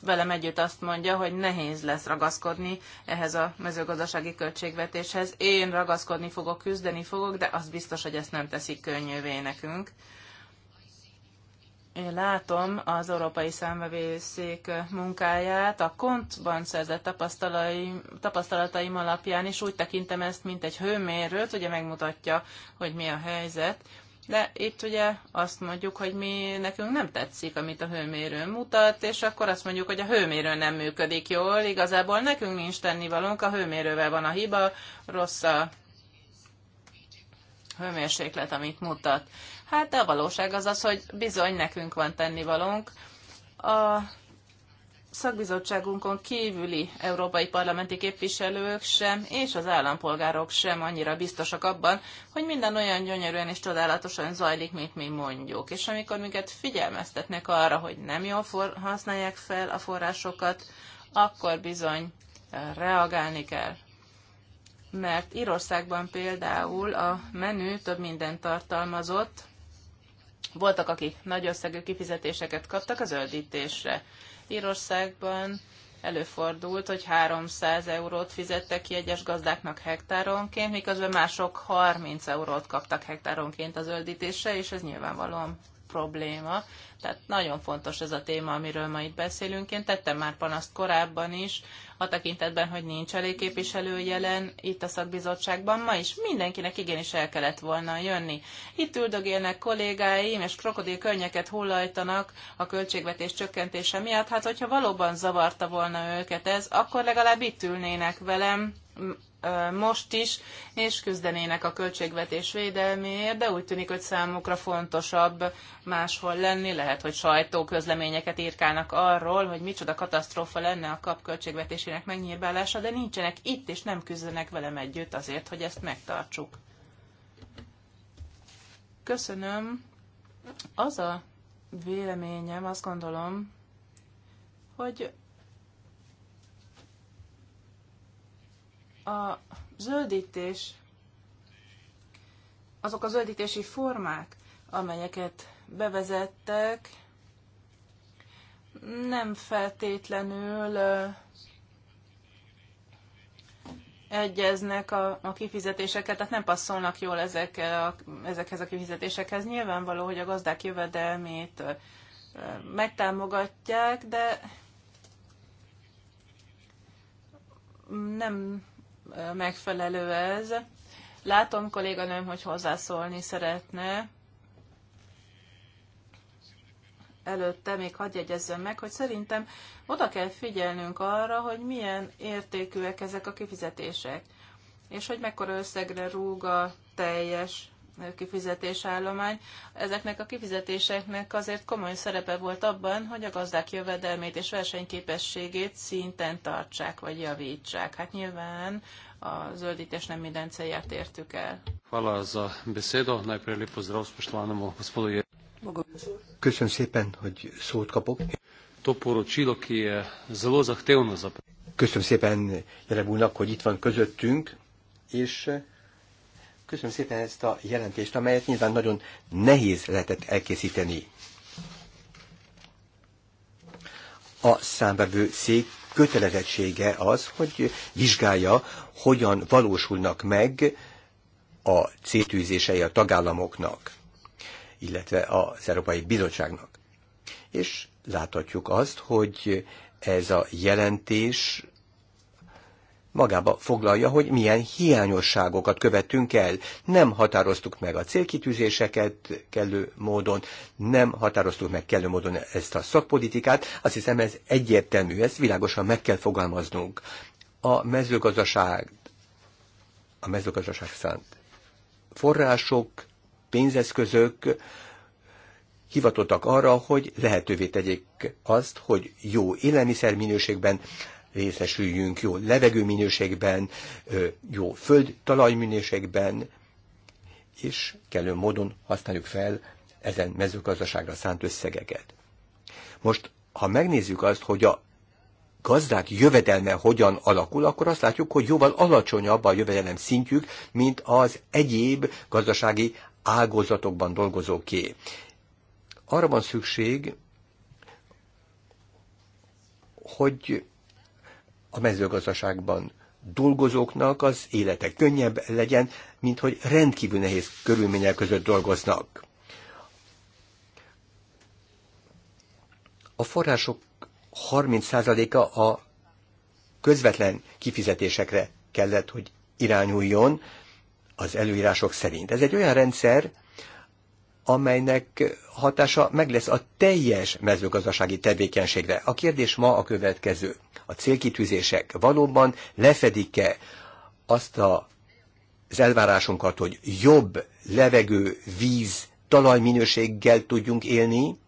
velem együtt azt mondja, hogy nehéz lesz ragaszkodni ehhez a mezőgazdasági költségvetéshez. Én ragaszkodni fogok, küzdeni fogok, de az biztos, hogy ezt nem teszik könnyűvé nekünk. Én látom az Európai Számvevészék munkáját, a kontban szerzett tapasztalataim alapján is úgy tekintem ezt, mint egy hőmérőt, ugye megmutatja, hogy mi a helyzet, de itt ugye azt mondjuk, hogy mi nekünk nem tetszik, amit a hőmérő mutat, és akkor azt mondjuk, hogy a hőmérő nem működik jól. Igazából nekünk nincs tennivalónk, a hőmérővel van a hiba, rossz a hőmérséklet, amit mutat. Hát de a valóság az az, hogy bizony nekünk van tennivalónk. A szakbizottságunkon kívüli európai parlamenti képviselők sem, és az állampolgárok sem annyira biztosak abban, hogy minden olyan gyönyörűen és csodálatosan zajlik, mint mi mondjuk. És amikor minket figyelmeztetnek arra, hogy nem jól használják fel a forrásokat, akkor bizony eh, reagálni kell. Mert Írországban például a menü több mindent tartalmazott, voltak, akik nagy összegű kifizetéseket kaptak az zöldítésre. Írországban előfordult, hogy 300 eurót fizettek ki egyes gazdáknak hektáronként, miközben mások 30 eurót kaptak hektáronként az öldítésre, és ez nyilvánvalóan probléma. Tehát nagyon fontos ez a téma, amiről ma itt beszélünk. Én tettem már panaszt korábban is, a tekintetben, hogy nincs elég képviselő jelen itt a szakbizottságban ma is. Mindenkinek igenis el kellett volna jönni. Itt üldögélnek kollégáim, és krokodil könnyeket hullajtanak a költségvetés csökkentése miatt. Hát, hogyha valóban zavarta volna őket ez, akkor legalább itt ülnének velem, most is, és küzdenének a költségvetés védelméért, de úgy tűnik, hogy számukra fontosabb máshol lenni. Lehet, hogy sajtóközleményeket írkálnak arról, hogy micsoda katasztrófa lenne a kap költségvetésének megnyírbálása, de nincsenek itt, és nem küzdenek velem együtt azért, hogy ezt megtartsuk. Köszönöm. Az a véleményem, azt gondolom, hogy a zöldítés, azok a zöldítési formák, amelyeket bevezettek, nem feltétlenül egyeznek a, a kifizetéseket, tehát nem passzolnak jól ezek a, ezekhez a kifizetésekhez. Nyilvánvaló, hogy a gazdák jövedelmét megtámogatják, de nem megfelelő ez. Látom kolléganőm, hogy hozzászólni szeretne. Előtte még hagyj jegyezzem meg, hogy szerintem oda kell figyelnünk arra, hogy milyen értékűek ezek a kifizetések, és hogy mekkora összegre rúg a teljes kifizetésállomány. Ezeknek a kifizetéseknek azért komoly szerepe volt abban, hogy a gazdák jövedelmét és versenyképességét szinten tartsák vagy javítsák. Hát nyilván a zöldítés nem minden célját értük el. Köszönöm szépen, hogy szót kapok. Köszönöm szépen Jereb hogy itt van közöttünk, és Köszönöm szépen ezt a jelentést, amelyet nyilván nagyon nehéz lehetett elkészíteni. A számbevő szék kötelezettsége az, hogy vizsgálja, hogyan valósulnak meg a céltűzései a tagállamoknak, illetve az Európai Bizottságnak. És láthatjuk azt, hogy ez a jelentés magába foglalja, hogy milyen hiányosságokat követünk el. Nem határoztuk meg a célkitűzéseket kellő módon, nem határoztuk meg kellő módon ezt a szakpolitikát. Azt hiszem ez egyértelmű, ezt világosan meg kell fogalmaznunk. A mezőgazdaság, a mezőgazdaság szánt források, pénzeszközök, hivatottak arra, hogy lehetővé tegyék azt, hogy jó élelmiszer minőségben részesüljünk jó levegőminőségben, jó föld talajminőségben, és kellő módon használjuk fel ezen mezőgazdaságra szánt összegeket. Most, ha megnézzük azt, hogy a gazdák jövedelme hogyan alakul, akkor azt látjuk, hogy jóval alacsonyabb a jövedelem szintjük, mint az egyéb gazdasági ágazatokban dolgozóké. Arra van szükség, hogy a mezőgazdaságban dolgozóknak az élete könnyebb legyen, mint hogy rendkívül nehéz körülmények között dolgoznak. A források 30%-a a közvetlen kifizetésekre kellett, hogy irányuljon az előírások szerint. Ez egy olyan rendszer, amelynek hatása meg lesz a teljes mezőgazdasági tevékenységre. A kérdés ma a következő. A célkitűzések valóban lefedik-e azt a, az elvárásunkat, hogy jobb levegő, víz, talajminőséggel tudjunk élni?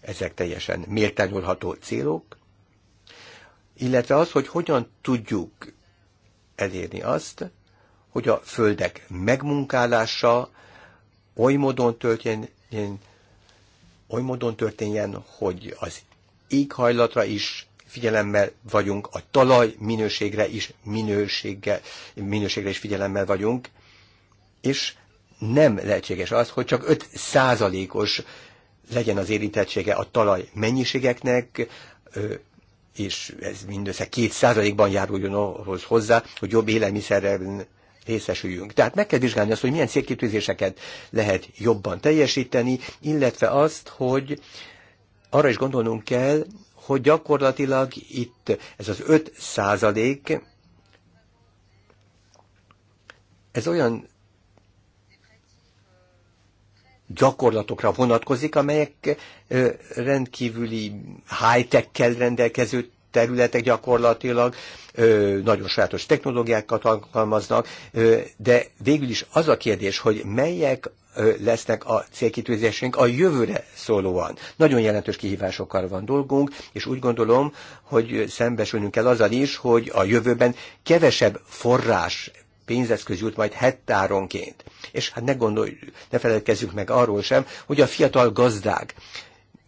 Ezek teljesen méltányolható célok, illetve az, hogy hogyan tudjuk elérni azt, hogy a földek megmunkálása oly módon történjen, oly módon történjen, hogy az éghajlatra is figyelemmel vagyunk, a talaj minőségre is minőségre minőségre is figyelemmel vagyunk, és nem lehetséges az, hogy csak 5 százalékos legyen az érintettsége a talaj mennyiségeknek, és ez mindössze két százalékban járuljon ahhoz hozzá, hogy jobb élelmiszerrel részesüljünk. Tehát meg kell vizsgálni azt, hogy milyen célkitűzéseket lehet jobban teljesíteni, illetve azt, hogy arra is gondolnunk kell, hogy gyakorlatilag itt ez az 5 százalék, ez olyan gyakorlatokra vonatkozik, amelyek rendkívüli high-tech-kel rendelkező területek gyakorlatilag, nagyon sajátos technológiákat alkalmaznak, de végül is az a kérdés, hogy melyek lesznek a célkitűzésünk a jövőre szólóan. Nagyon jelentős kihívásokkal van dolgunk, és úgy gondolom, hogy szembesülnünk kell azzal is, hogy a jövőben kevesebb forrás pénzeszköz jut majd hettáronként. És hát ne gondolj, ne feledkezzünk meg arról sem, hogy a fiatal gazdák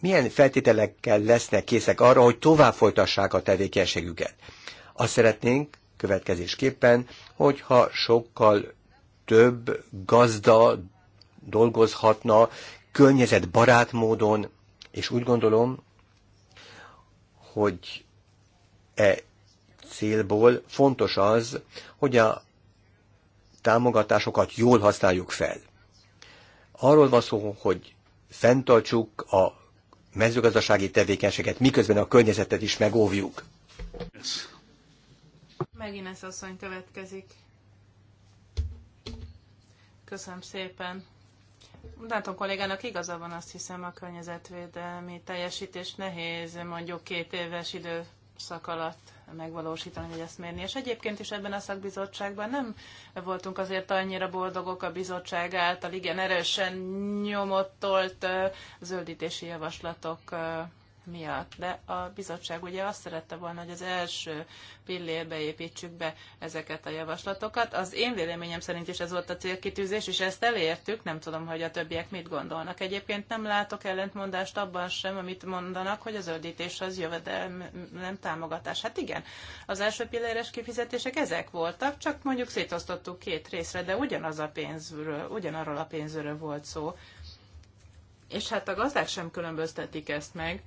milyen feltételekkel lesznek készek arra, hogy tovább folytassák a tevékenységüket. Azt szeretnénk következésképpen, hogyha sokkal több gazda dolgozhatna környezetbarát módon, és úgy gondolom, hogy e célból fontos az, hogy a támogatásokat jól használjuk fel. Arról van szó, hogy fenntartsuk a mezőgazdasági tevékenységet, miközben a környezetet is megóvjuk. Yes. Megint ez asszony következik. Köszönöm szépen. Látom kollégának igaza van, azt hiszem a környezetvédelmi teljesítés nehéz, mondjuk két éves idő időszak alatt megvalósítani, hogy ezt mérni. És egyébként is ebben a szakbizottságban nem voltunk azért annyira boldogok a bizottság által igen erősen nyomottolt zöldítési javaslatok miatt. De a bizottság ugye azt szerette volna, hogy az első pillérbe építsük be ezeket a javaslatokat. Az én véleményem szerint is ez volt a célkitűzés, és ezt elértük. Nem tudom, hogy a többiek mit gondolnak. Egyébként nem látok ellentmondást abban sem, amit mondanak, hogy az öldítés az jövedelem támogatás. Hát igen, az első pilléres kifizetések ezek voltak, csak mondjuk szétosztottuk két részre, de ugyanaz a pénzről, ugyanarról a pénzről volt szó. És hát a gazdák sem különböztetik ezt meg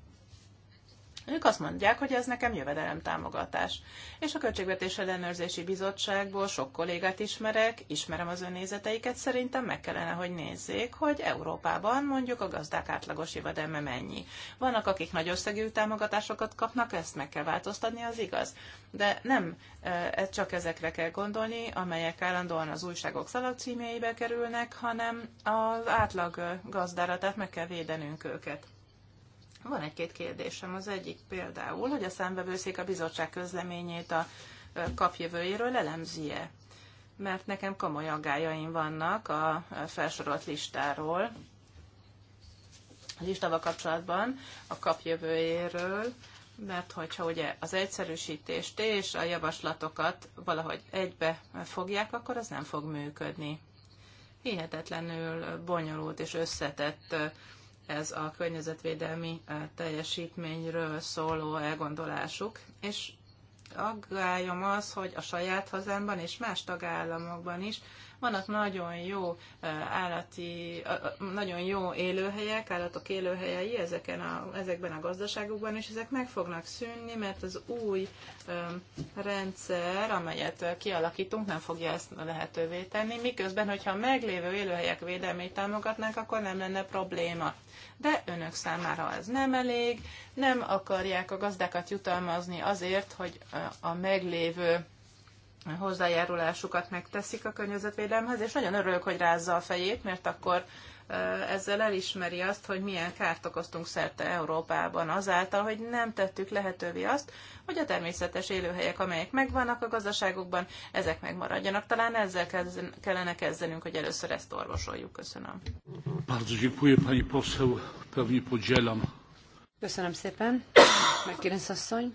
ők azt mondják, hogy ez nekem támogatás. És a Költségvetés Ellenőrzési Bizottságból sok kollégát ismerek, ismerem az önnézeteiket, szerintem meg kellene, hogy nézzék, hogy Európában mondjuk a gazdák átlagos jövedelme mennyi. Vannak, akik nagy összegű támogatásokat kapnak, ezt meg kell változtatni, az igaz. De nem e, csak ezekre kell gondolni, amelyek állandóan az újságok szalagcímjeibe kerülnek, hanem az átlag gazdára, tehát meg kell védenünk őket. Van egy-két kérdésem. Az egyik például, hogy a számbevőszék a bizottság közleményét a kapjövőjéről e Mert nekem komoly aggájaim vannak a felsorolt listáról, a listával kapcsolatban a kapjövőjéről, mert hogyha ugye az egyszerűsítést és a javaslatokat valahogy egybe fogják, akkor az nem fog működni. Hihetetlenül bonyolult és összetett ez a környezetvédelmi eh, teljesítményről szóló elgondolásuk, és aggályom az, hogy a saját hazámban és más tagállamokban is vannak nagyon jó állati, nagyon jó élőhelyek, állatok élőhelyei ezeken a, ezekben a gazdaságokban, és ezek meg fognak szűnni, mert az új rendszer, amelyet kialakítunk, nem fogja ezt lehetővé tenni, miközben, hogyha a meglévő élőhelyek védelmét támogatnánk, akkor nem lenne probléma. De önök számára ez nem elég, nem akarják a gazdákat jutalmazni azért, hogy a meglévő hozzájárulásukat megteszik a környezetvédelemhez, és nagyon örülök, hogy rázza a fejét, mert akkor ezzel elismeri azt, hogy milyen kárt okoztunk szerte Európában azáltal, hogy nem tettük lehetővé azt, hogy a természetes élőhelyek, amelyek megvannak a gazdaságokban, ezek megmaradjanak. Talán ezzel kellene kezdenünk, hogy először ezt orvosoljuk. Köszönöm. Bardzo dziękuję, pani poseł. Pewnie podzielam. Köszönöm szépen. megkérdez asszony.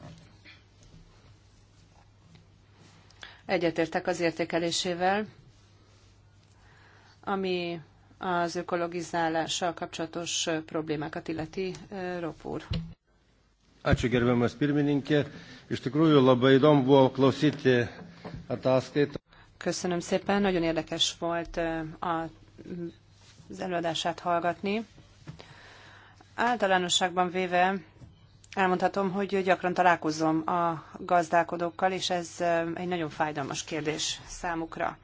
Egyetértek az értékelésével, ami az ökologizálással kapcsolatos problémákat illeti Rop úr. Ačiū gerbiamas pirmininkė. Iš tikrųjų labai įdomu buvo klausyti ataskaitą. Köszönöm szépen, nagyon érdekes volt a, az előadását hallgatni. Általánosságban véve elmondhatom, hogy gyakran találkozom a gazdálkodókkal, és ez egy nagyon fájdalmas kérdés számukra.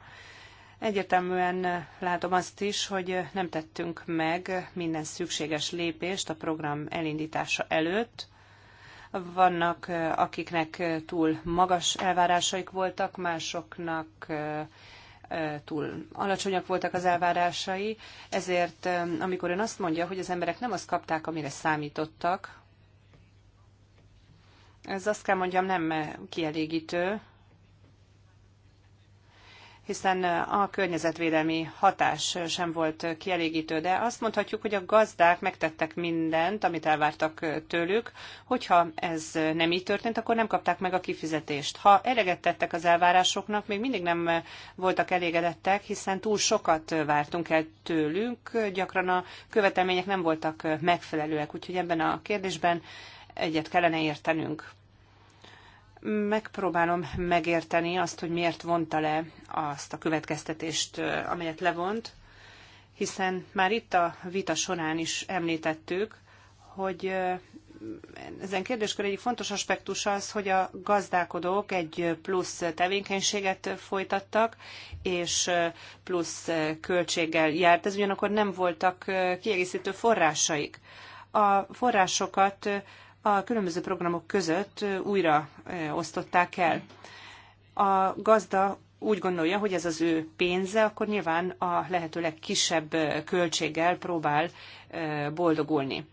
Egyértelműen látom azt is, hogy nem tettünk meg minden szükséges lépést a program elindítása előtt. Vannak, akiknek túl magas elvárásaik voltak, másoknak túl alacsonyak voltak az elvárásai, ezért amikor ön azt mondja, hogy az emberek nem azt kapták, amire számítottak, ez azt kell mondjam nem kielégítő, hiszen a környezetvédelmi hatás sem volt kielégítő, de azt mondhatjuk, hogy a gazdák megtettek mindent, amit elvártak tőlük. Hogyha ez nem így történt, akkor nem kapták meg a kifizetést. Ha eleget tettek az elvárásoknak, még mindig nem voltak elégedettek, hiszen túl sokat vártunk el tőlünk, gyakran a követelmények nem voltak megfelelőek, úgyhogy ebben a kérdésben egyet kellene értenünk. Megpróbálom megérteni azt, hogy miért vonta le azt a következtetést, amelyet levont, hiszen már itt a vita során is említettük, hogy ezen kérdéskör egyik fontos aspektus az, hogy a gazdálkodók egy plusz tevékenységet folytattak, és plusz költséggel járt. Ez ugyanakkor nem voltak kiegészítő forrásaik. A forrásokat a különböző programok között újra osztották el. A gazda úgy gondolja, hogy ez az ő pénze, akkor nyilván a lehető legkisebb költséggel próbál boldogulni.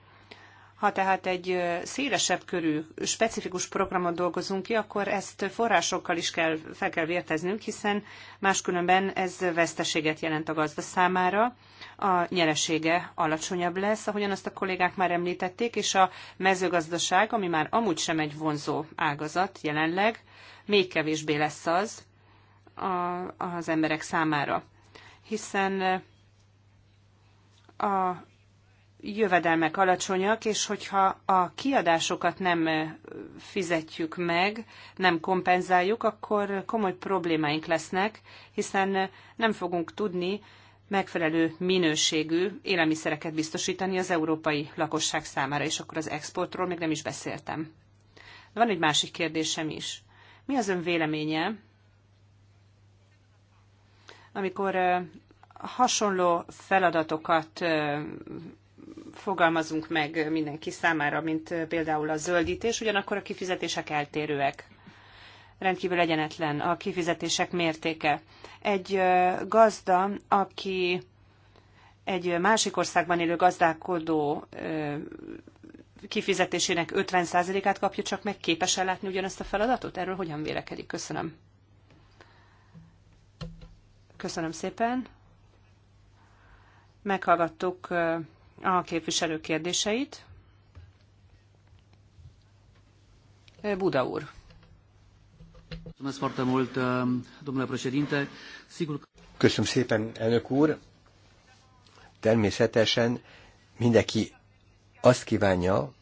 Ha tehát egy szélesebb körű, specifikus programot dolgozunk ki, akkor ezt forrásokkal is kell, fel kell vérteznünk, hiszen máskülönben ez veszteséget jelent a gazda számára, a nyeresége alacsonyabb lesz, ahogyan azt a kollégák már említették, és a mezőgazdaság, ami már amúgy sem egy vonzó ágazat jelenleg, még kevésbé lesz az az emberek számára. Hiszen a jövedelmek alacsonyak, és hogyha a kiadásokat nem fizetjük meg, nem kompenzáljuk, akkor komoly problémáink lesznek, hiszen nem fogunk tudni megfelelő minőségű élelmiszereket biztosítani az európai lakosság számára, és akkor az exportról még nem is beszéltem. De van egy másik kérdésem is. Mi az ön véleménye, amikor hasonló feladatokat fogalmazunk meg mindenki számára, mint például a zöldítés, ugyanakkor a kifizetések eltérőek rendkívül egyenetlen a kifizetések mértéke. Egy gazda, aki egy másik országban élő gazdálkodó kifizetésének 50%-át kapja, csak meg képes ellátni ugyanazt a feladatot? Erről hogyan vélekedik? Köszönöm. Köszönöm szépen. Meghallgattuk a képviselő kérdéseit. Buda úr. Um, Köszönöm szépen, elnök úr. Természetesen mindenki azt kívánja,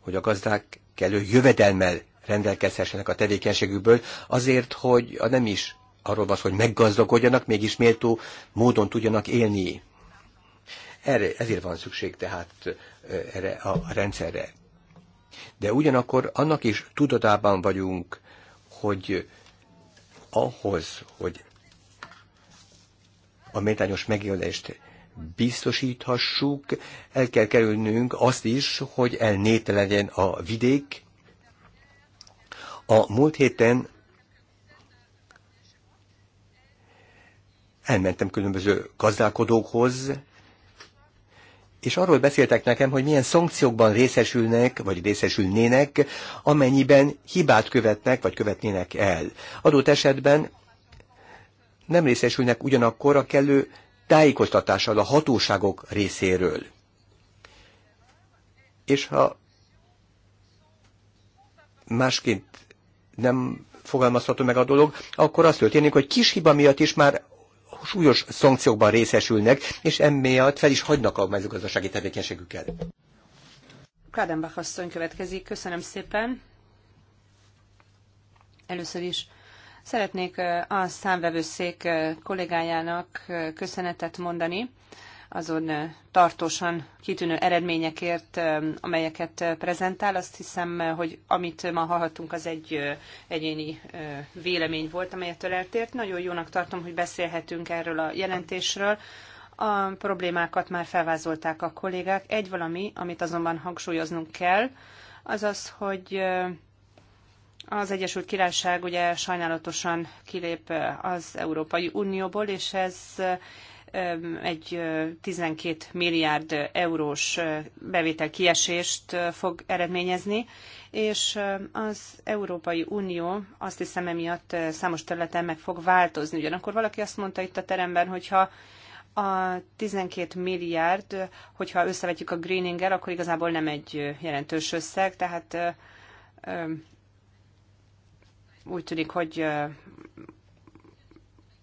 hogy a gazdák kellő jövedelmel rendelkezhessenek a tevékenységükből, azért, hogy a nem is arról van hogy meggazdagodjanak, mégis méltó módon tudjanak élni. Erre, ezért van szükség tehát erre a rendszerre. De ugyanakkor annak is tudatában vagyunk, hogy ahhoz, hogy a méltányos megélést biztosíthassuk, el kell kerülnünk azt is, hogy elnéte legyen a vidék. A múlt héten elmentem különböző gazdálkodókhoz, és arról beszéltek nekem, hogy milyen szankciókban részesülnek, vagy részesülnének, amennyiben hibát követnek, vagy követnének el. Adott esetben nem részesülnek ugyanakkor a kellő tájékoztatással a hatóságok részéről. És ha másként nem fogalmazható meg a dolog, akkor az történik, hogy kis hiba miatt is már súlyos szankciókban részesülnek, és emiatt fel is hagynak a mezőgazdasági tevékenységükkel. Kádenbach asszony következik. Köszönöm szépen. Először is szeretnék eh, a számvevőszék eh, kollégájának eh, köszönetet mondani azon tartósan kitűnő eredményekért, amelyeket prezentál. Azt hiszem, hogy amit ma hallhattunk, az egy egyéni vélemény volt, amelyet eltért. Nagyon jónak tartom, hogy beszélhetünk erről a jelentésről. A problémákat már felvázolták a kollégák. Egy valami, amit azonban hangsúlyoznunk kell, az az, hogy az Egyesült Királyság ugye sajnálatosan kilép az Európai Unióból, és ez egy 12 milliárd eurós bevétel kiesést fog eredményezni, és az Európai Unió azt hiszem emiatt számos területen meg fog változni. Ugyanakkor valaki azt mondta itt a teremben, hogyha a 12 milliárd, hogyha összevetjük a greeninggel, akkor igazából nem egy jelentős összeg, tehát úgy tűnik, hogy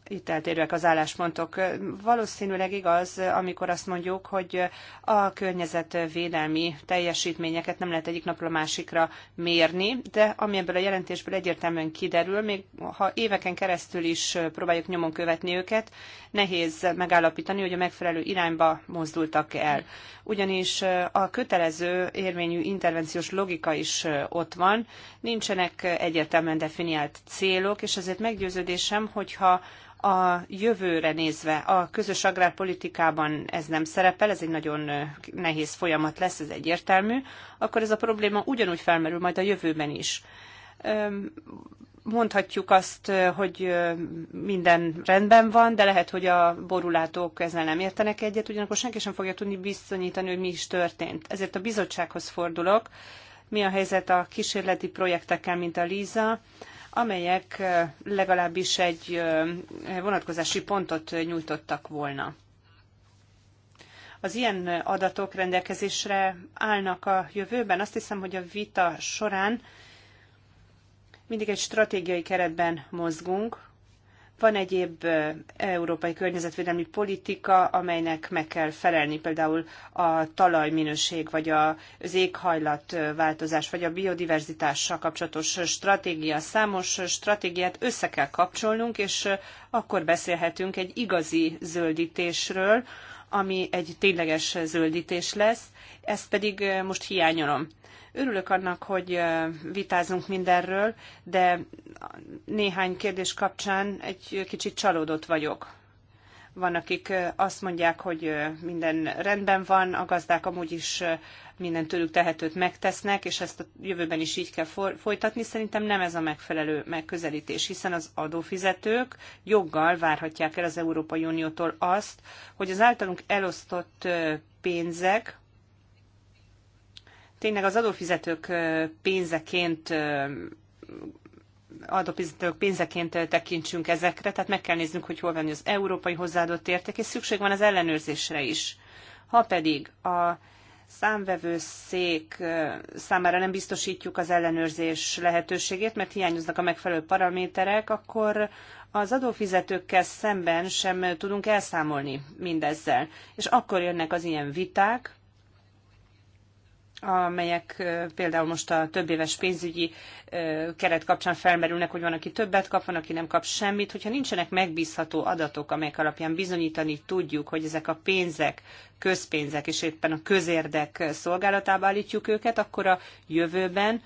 itt eltérőek az álláspontok. Valószínűleg igaz, amikor azt mondjuk, hogy a környezetvédelmi teljesítményeket nem lehet egyik napról a másikra mérni, de ami ebből a jelentésből egyértelműen kiderül, még ha éveken keresztül is próbáljuk nyomon követni őket, nehéz megállapítani, hogy a megfelelő irányba mozdultak el. Ugyanis a kötelező érvényű intervenciós logika is ott van, nincsenek egyértelműen definiált célok, és ezért meggyőződésem, hogyha a jövőre nézve a közös agrárpolitikában ez nem szerepel, ez egy nagyon nehéz folyamat lesz, ez egyértelmű, akkor ez a probléma ugyanúgy felmerül majd a jövőben is. Mondhatjuk azt, hogy minden rendben van, de lehet, hogy a borulátók ezzel nem értenek egyet, ugyanakkor senki sem fogja tudni bizonyítani, hogy mi is történt. Ezért a bizottsághoz fordulok. Mi a helyzet a kísérleti projektekkel, mint a Líza? amelyek legalábbis egy vonatkozási pontot nyújtottak volna. Az ilyen adatok rendelkezésre állnak a jövőben. Azt hiszem, hogy a vita során mindig egy stratégiai keretben mozgunk, van egyéb európai környezetvédelmi politika, amelynek meg kell felelni, például a talajminőség, vagy az éghajlatváltozás, vagy a biodiverzitással kapcsolatos stratégia. Számos stratégiát össze kell kapcsolnunk, és akkor beszélhetünk egy igazi zöldítésről, ami egy tényleges zöldítés lesz, ezt pedig most hiányolom. Örülök annak, hogy vitázunk mindenről, de néhány kérdés kapcsán egy kicsit csalódott vagyok. Van, akik azt mondják, hogy minden rendben van, a gazdák amúgy is minden tőlük tehetőt megtesznek, és ezt a jövőben is így kell folytatni. Szerintem nem ez a megfelelő megközelítés, hiszen az adófizetők joggal várhatják el az Európai Uniótól azt, hogy az általunk elosztott pénzek, tényleg az adófizetők pénzeként adófizetők pénzeként tekintsünk ezekre, tehát meg kell néznünk, hogy hol van az európai hozzáadott érték, és szükség van az ellenőrzésre is. Ha pedig a számvevőszék számára nem biztosítjuk az ellenőrzés lehetőségét, mert hiányoznak a megfelelő paraméterek, akkor az adófizetőkkel szemben sem tudunk elszámolni mindezzel. És akkor jönnek az ilyen viták, amelyek például most a több éves pénzügyi keret kapcsán felmerülnek, hogy van, aki többet kap, van, aki nem kap semmit. Hogyha nincsenek megbízható adatok, amelyek alapján bizonyítani tudjuk, hogy ezek a pénzek közpénzek, és éppen a közérdek szolgálatába állítjuk őket, akkor a jövőben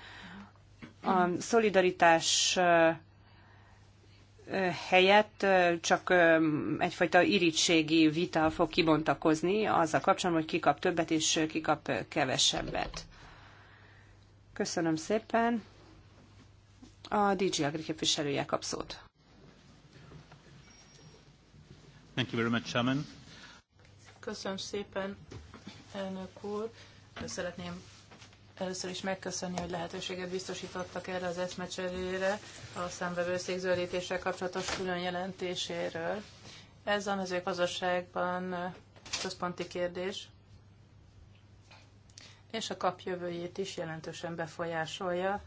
a szolidaritás helyett csak egyfajta irítségi vita fog kibontakozni azzal kapcsolatban, hogy ki kap többet és ki kap kevesebbet. Köszönöm szépen. A DJ Agri képviselője kap szót. Thank you very much, Köszönöm szépen, elnök úr. Szeretném először is megköszönni, hogy lehetőséget biztosítottak erre az eszmecserére a számbevőszék zöldítéssel kapcsolatos külön jelentéséről. Ez a mezőgazdaságban központi kérdés, és a kap jövőjét is jelentősen befolyásolja,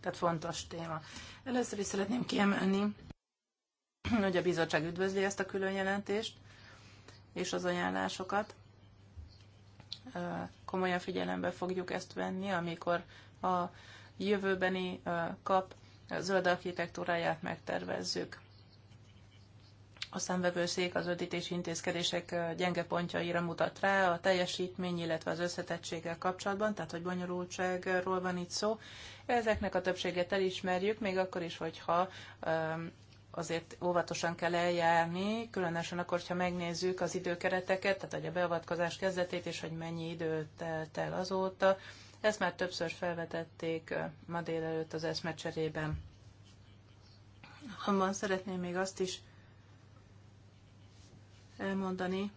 tehát fontos téma. Először is szeretném kiemelni, hogy a bizottság üdvözli ezt a külön jelentést és az ajánlásokat komolyan figyelembe fogjuk ezt venni, amikor a jövőbeni kap zöld architektúráját megtervezzük. A számvevőszék az ödítési intézkedések gyenge pontjaira mutat rá, a teljesítmény, illetve az összetettséggel kapcsolatban, tehát hogy bonyolultságról van itt szó. Ezeknek a többséget elismerjük, még akkor is, hogyha azért óvatosan kell eljárni, különösen akkor, ha megnézzük az időkereteket, tehát hogy a beavatkozás kezdetét és hogy mennyi idő telt el azóta. Ezt már többször felvetették ma délelőtt az eszmecserében. Hamban szeretném még azt is elmondani,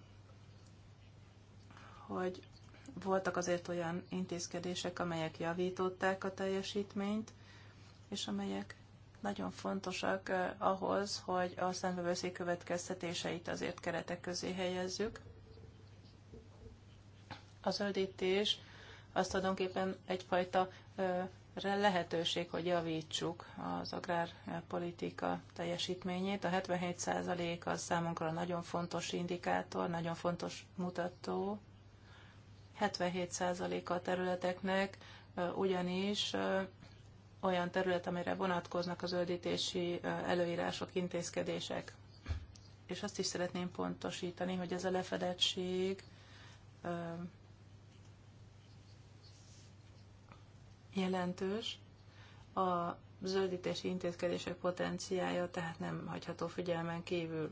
hogy voltak azért olyan intézkedések, amelyek javították a teljesítményt, és amelyek nagyon fontosak ahhoz, hogy a számvevőszék következtetéseit azért keretek közé helyezzük. A zöldítés az tulajdonképpen egyfajta lehetőség, hogy javítsuk az agrárpolitika teljesítményét. A 77% az számunkra nagyon fontos indikátor, nagyon fontos mutató. 77% a területeknek ugyanis olyan terület, amire vonatkoznak az öldítési előírások, intézkedések. És azt is szeretném pontosítani, hogy ez a lefedettség jelentős. A zöldítési intézkedések potenciája tehát nem hagyható figyelmen kívül.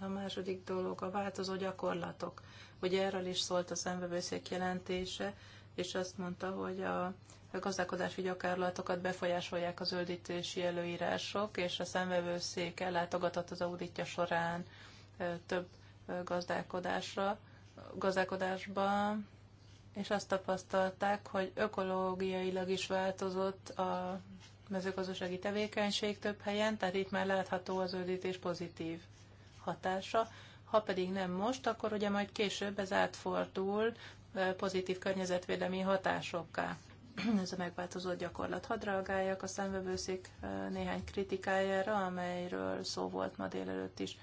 A második dolog a változó gyakorlatok. Ugye erről is szólt a szemvevőszék jelentése, és azt mondta, hogy a gazdálkodási gyakorlatokat befolyásolják az öldítési előírások, és a szemvevőszék ellátogatott az auditja során több gazdálkodásra, gazdálkodásba, és azt tapasztalták, hogy ökológiailag is változott a mezőgazdasági tevékenység több helyen, tehát itt már látható az öldítés pozitív hatása. Ha pedig nem most, akkor ugye majd később ez átfordul pozitív környezetvédelmi hatásokká. (clears throat) Ez a megváltozott gyakorlat. Hadd reagáljak a szemvevőszék néhány kritikájára, amelyről szó volt ma délelőtt is.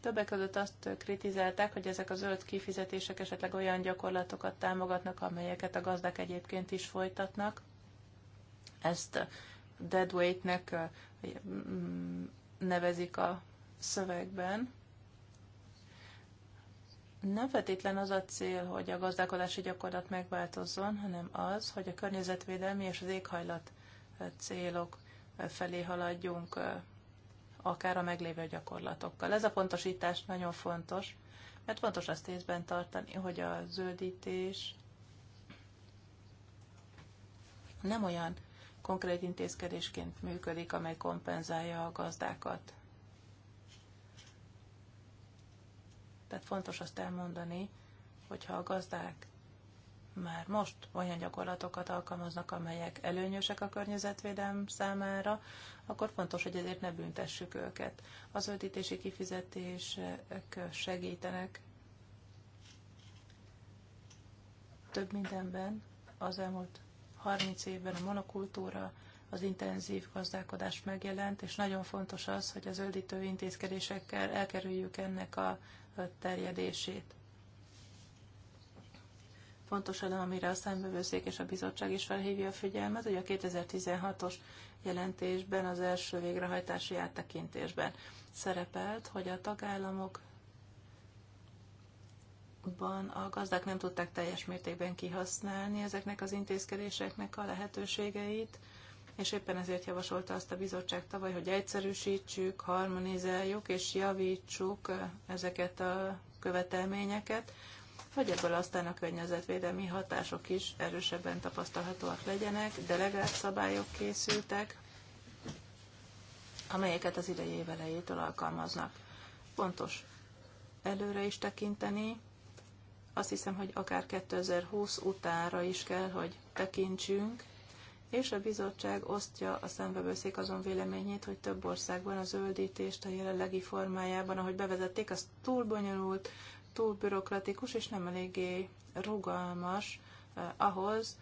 Többek között azt kritizálták, hogy ezek a zöld kifizetések esetleg olyan gyakorlatokat támogatnak, amelyeket a gazdák egyébként is folytatnak. Ezt deadweightnek mm, nevezik a szövegben nem feltétlen az a cél, hogy a gazdálkodási gyakorlat megváltozzon, hanem az, hogy a környezetvédelmi és az éghajlat eh, célok eh, felé haladjunk eh, akár a meglévő gyakorlatokkal. Ez a pontosítás nagyon fontos, mert fontos azt észben tartani, hogy a zöldítés nem olyan konkrét intézkedésként működik, amely kompenzálja a gazdákat. Tehát fontos azt elmondani, hogyha a gazdák már most olyan gyakorlatokat alkalmaznak, amelyek előnyösek a környezetvédelem számára, akkor fontos, hogy ezért ne büntessük őket. Az öltítési kifizetések segítenek több mindenben. Az elmúlt 30 évben a monokultúra, az intenzív gazdálkodás megjelent, és nagyon fontos az, hogy az öldítő intézkedésekkel elkerüljük ennek a terjedését. Fontos elem, amire a számbevőszék és a bizottság is felhívja a figyelmet, hogy a 2016-os jelentésben, az első végrehajtási áttekintésben szerepelt, hogy a tagállamok ban a gazdák nem tudták teljes mértékben kihasználni ezeknek az intézkedéseknek a lehetőségeit, és éppen ezért javasolta azt a bizottság tavaly, hogy egyszerűsítsük, harmonizáljuk és javítsuk ezeket a követelményeket, hogy ebből aztán a környezetvédelmi hatások is erősebben tapasztalhatóak legyenek, delegált szabályok készültek, amelyeket az idei év elejétől alkalmaznak. Pontos előre is tekinteni, azt hiszem, hogy akár 2020 utára is kell, hogy tekintsünk, és a bizottság osztja a számvevőszék azon véleményét, hogy több országban a zöldítést a jelenlegi formájában, ahogy bevezették, az túl bonyolult, túl bürokratikus és nem eléggé rugalmas eh, ahhoz,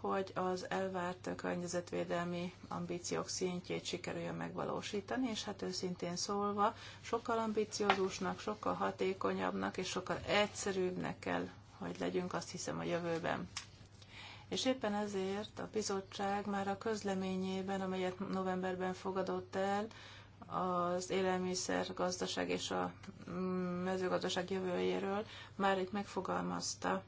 hogy az elvárt környezetvédelmi ambíciók szintjét sikerüljön megvalósítani, és hát őszintén szólva sokkal ambiciózusnak, sokkal hatékonyabbnak és sokkal egyszerűbbnek kell, hogy legyünk azt hiszem a jövőben. És éppen ezért a bizottság már a közleményében, amelyet novemberben fogadott el, az élelmiszer gazdaság és a mezőgazdaság jövőjéről már itt megfogalmazta,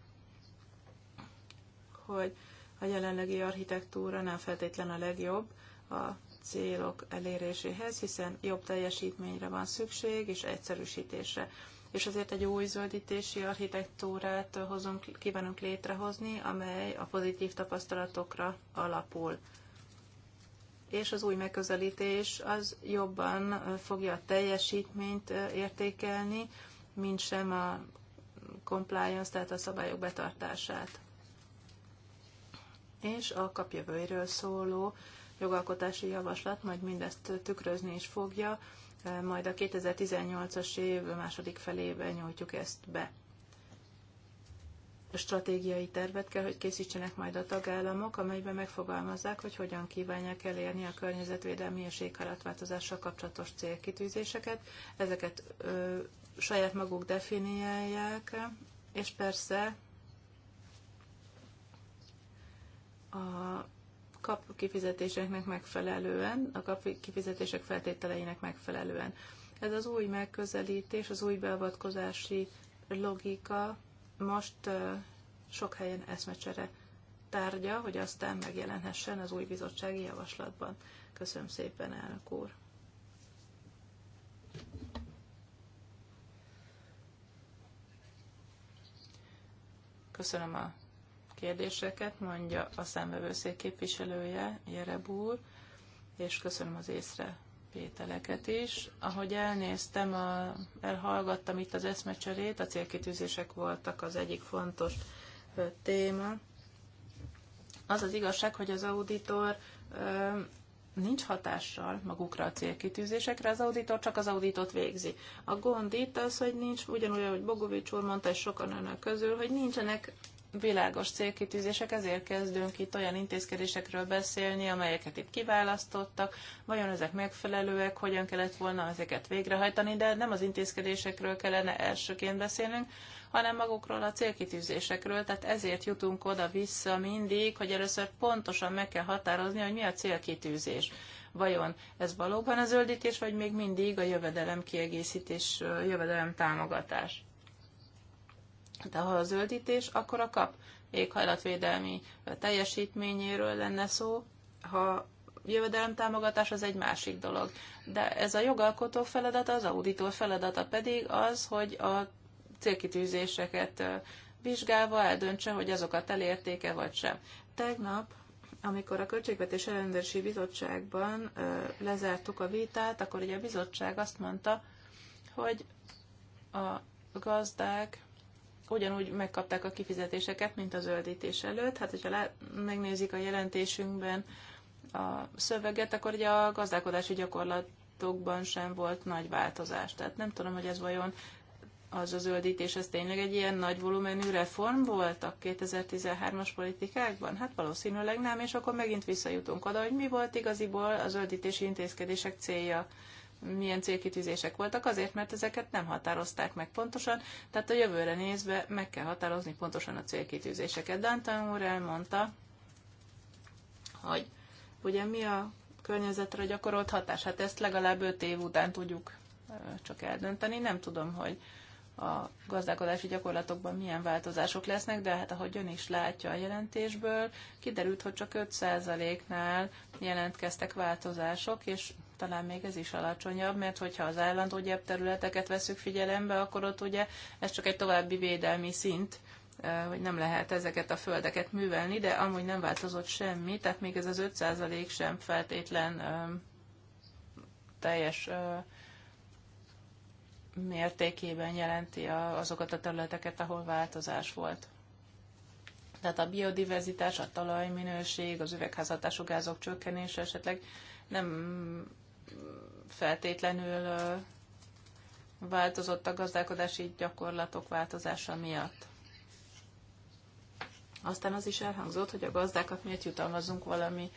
hogy a jelenlegi architektúra nem feltétlen a legjobb a célok eléréséhez, hiszen jobb teljesítményre van szükség és egyszerűsítésre és azért egy új zöldítési architektúrát hozunk, kívánunk létrehozni, amely a pozitív tapasztalatokra alapul. És az új megközelítés az jobban fogja a teljesítményt értékelni, mint sem a compliance, tehát a szabályok betartását. És a kapjövőiről szóló jogalkotási javaslat majd mindezt tükrözni is fogja, majd a 2018-as év második felében nyújtjuk ezt be. A stratégiai tervet kell, hogy készítsenek majd a tagállamok, amelyben megfogalmazzák, hogy hogyan kívánják elérni a környezetvédelmi és éghajlatváltozással kapcsolatos célkitűzéseket. Ezeket ö, saját maguk definiálják, és persze a kap kifizetéseknek megfelelően, a kap kifizetések feltételeinek megfelelően. Ez az új megközelítés, az új beavatkozási logika most sok helyen eszmecsere tárgya, hogy aztán megjelenhessen az új bizottsági javaslatban. Köszönöm szépen, elnök úr! Köszönöm a kérdéseket, mondja a számvevőszék képviselője, Jereb úr, és köszönöm az észre Pételeket is. Ahogy elnéztem, a, elhallgattam itt az eszmecserét, a célkitűzések voltak az egyik fontos ö, téma. Az az igazság, hogy az auditor ö, nincs hatással magukra a célkitűzésekre, az auditor csak az auditot végzi. A gond itt az, hogy nincs, ugyanúgy, ahogy Bogovics úr mondta, és sokan önök közül, hogy nincsenek világos célkitűzések, ezért kezdünk itt olyan intézkedésekről beszélni, amelyeket itt kiválasztottak, vajon ezek megfelelőek, hogyan kellett volna ezeket végrehajtani, de nem az intézkedésekről kellene elsőként beszélnünk, hanem magukról a célkitűzésekről, tehát ezért jutunk oda-vissza mindig, hogy először pontosan meg kell határozni, hogy mi a célkitűzés. Vajon ez valóban a zöldítés, vagy még mindig a jövedelem kiegészítés, jövedelem támogatás? De ha a zöldítés, akkor a kap éghajlatvédelmi teljesítményéről lenne szó, ha jövedelemtámogatás az egy másik dolog. De ez a jogalkotó feladata, az auditor feladata pedig az, hogy a célkitűzéseket vizsgálva eldöntse, hogy azokat elértéke vagy sem. Tegnap, amikor a Költségvetés Ellenőrzési Bizottságban lezártuk a vitát, akkor ugye a bizottság azt mondta, hogy a gazdák ugyanúgy megkapták a kifizetéseket, mint az öldítés előtt. Hát, hogyha le, megnézik a jelentésünkben a szöveget, akkor ugye a gazdálkodási gyakorlatokban sem volt nagy változás. Tehát nem tudom, hogy ez vajon az az öldítés, ez tényleg egy ilyen nagy volumenű reform volt a 2013-as politikákban? Hát valószínűleg nem, és akkor megint visszajutunk oda, hogy mi volt igaziból az öldítési intézkedések célja milyen célkitűzések voltak, azért, mert ezeket nem határozták meg pontosan, tehát a jövőre nézve meg kell határozni pontosan a célkitűzéseket. Dantan úr elmondta, hogy ugye mi a környezetre gyakorolt hatás, hát ezt legalább 5 év után tudjuk csak eldönteni. Nem tudom, hogy a gazdálkodási gyakorlatokban milyen változások lesznek, de hát ahogy ön is látja a jelentésből, kiderült, hogy csak 5%-nál jelentkeztek változások, és talán még ez is alacsonyabb, mert hogyha az állandó területeket veszük figyelembe, akkor ott ugye ez csak egy további védelmi szint, hogy nem lehet ezeket a földeket művelni, de amúgy nem változott semmi, tehát még ez az 5% sem feltétlen teljes mértékében jelenti azokat a területeket, ahol változás volt. Tehát a biodiverzitás, a talajminőség, az üvegházhatású gázok csökkenése esetleg nem feltétlenül változott a gazdálkodási gyakorlatok változása miatt. Aztán az is elhangzott, hogy a gazdákat miért jutalmazunk valami,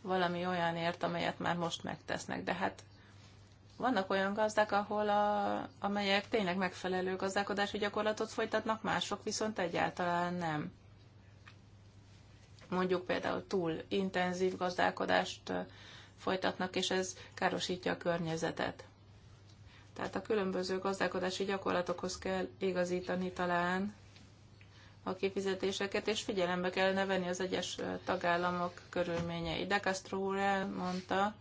valami olyanért, amelyet már most megtesznek. De hát vannak olyan gazdák, ahol a, amelyek tényleg megfelelő gazdálkodási gyakorlatot folytatnak, mások viszont egyáltalán nem. Mondjuk például túl intenzív gazdálkodást folytatnak, és ez károsítja a környezetet. Tehát a különböző gazdálkodási gyakorlatokhoz kell igazítani talán a kifizetéseket, és figyelembe kell venni az egyes tagállamok körülményei. De Castro úr elmondta,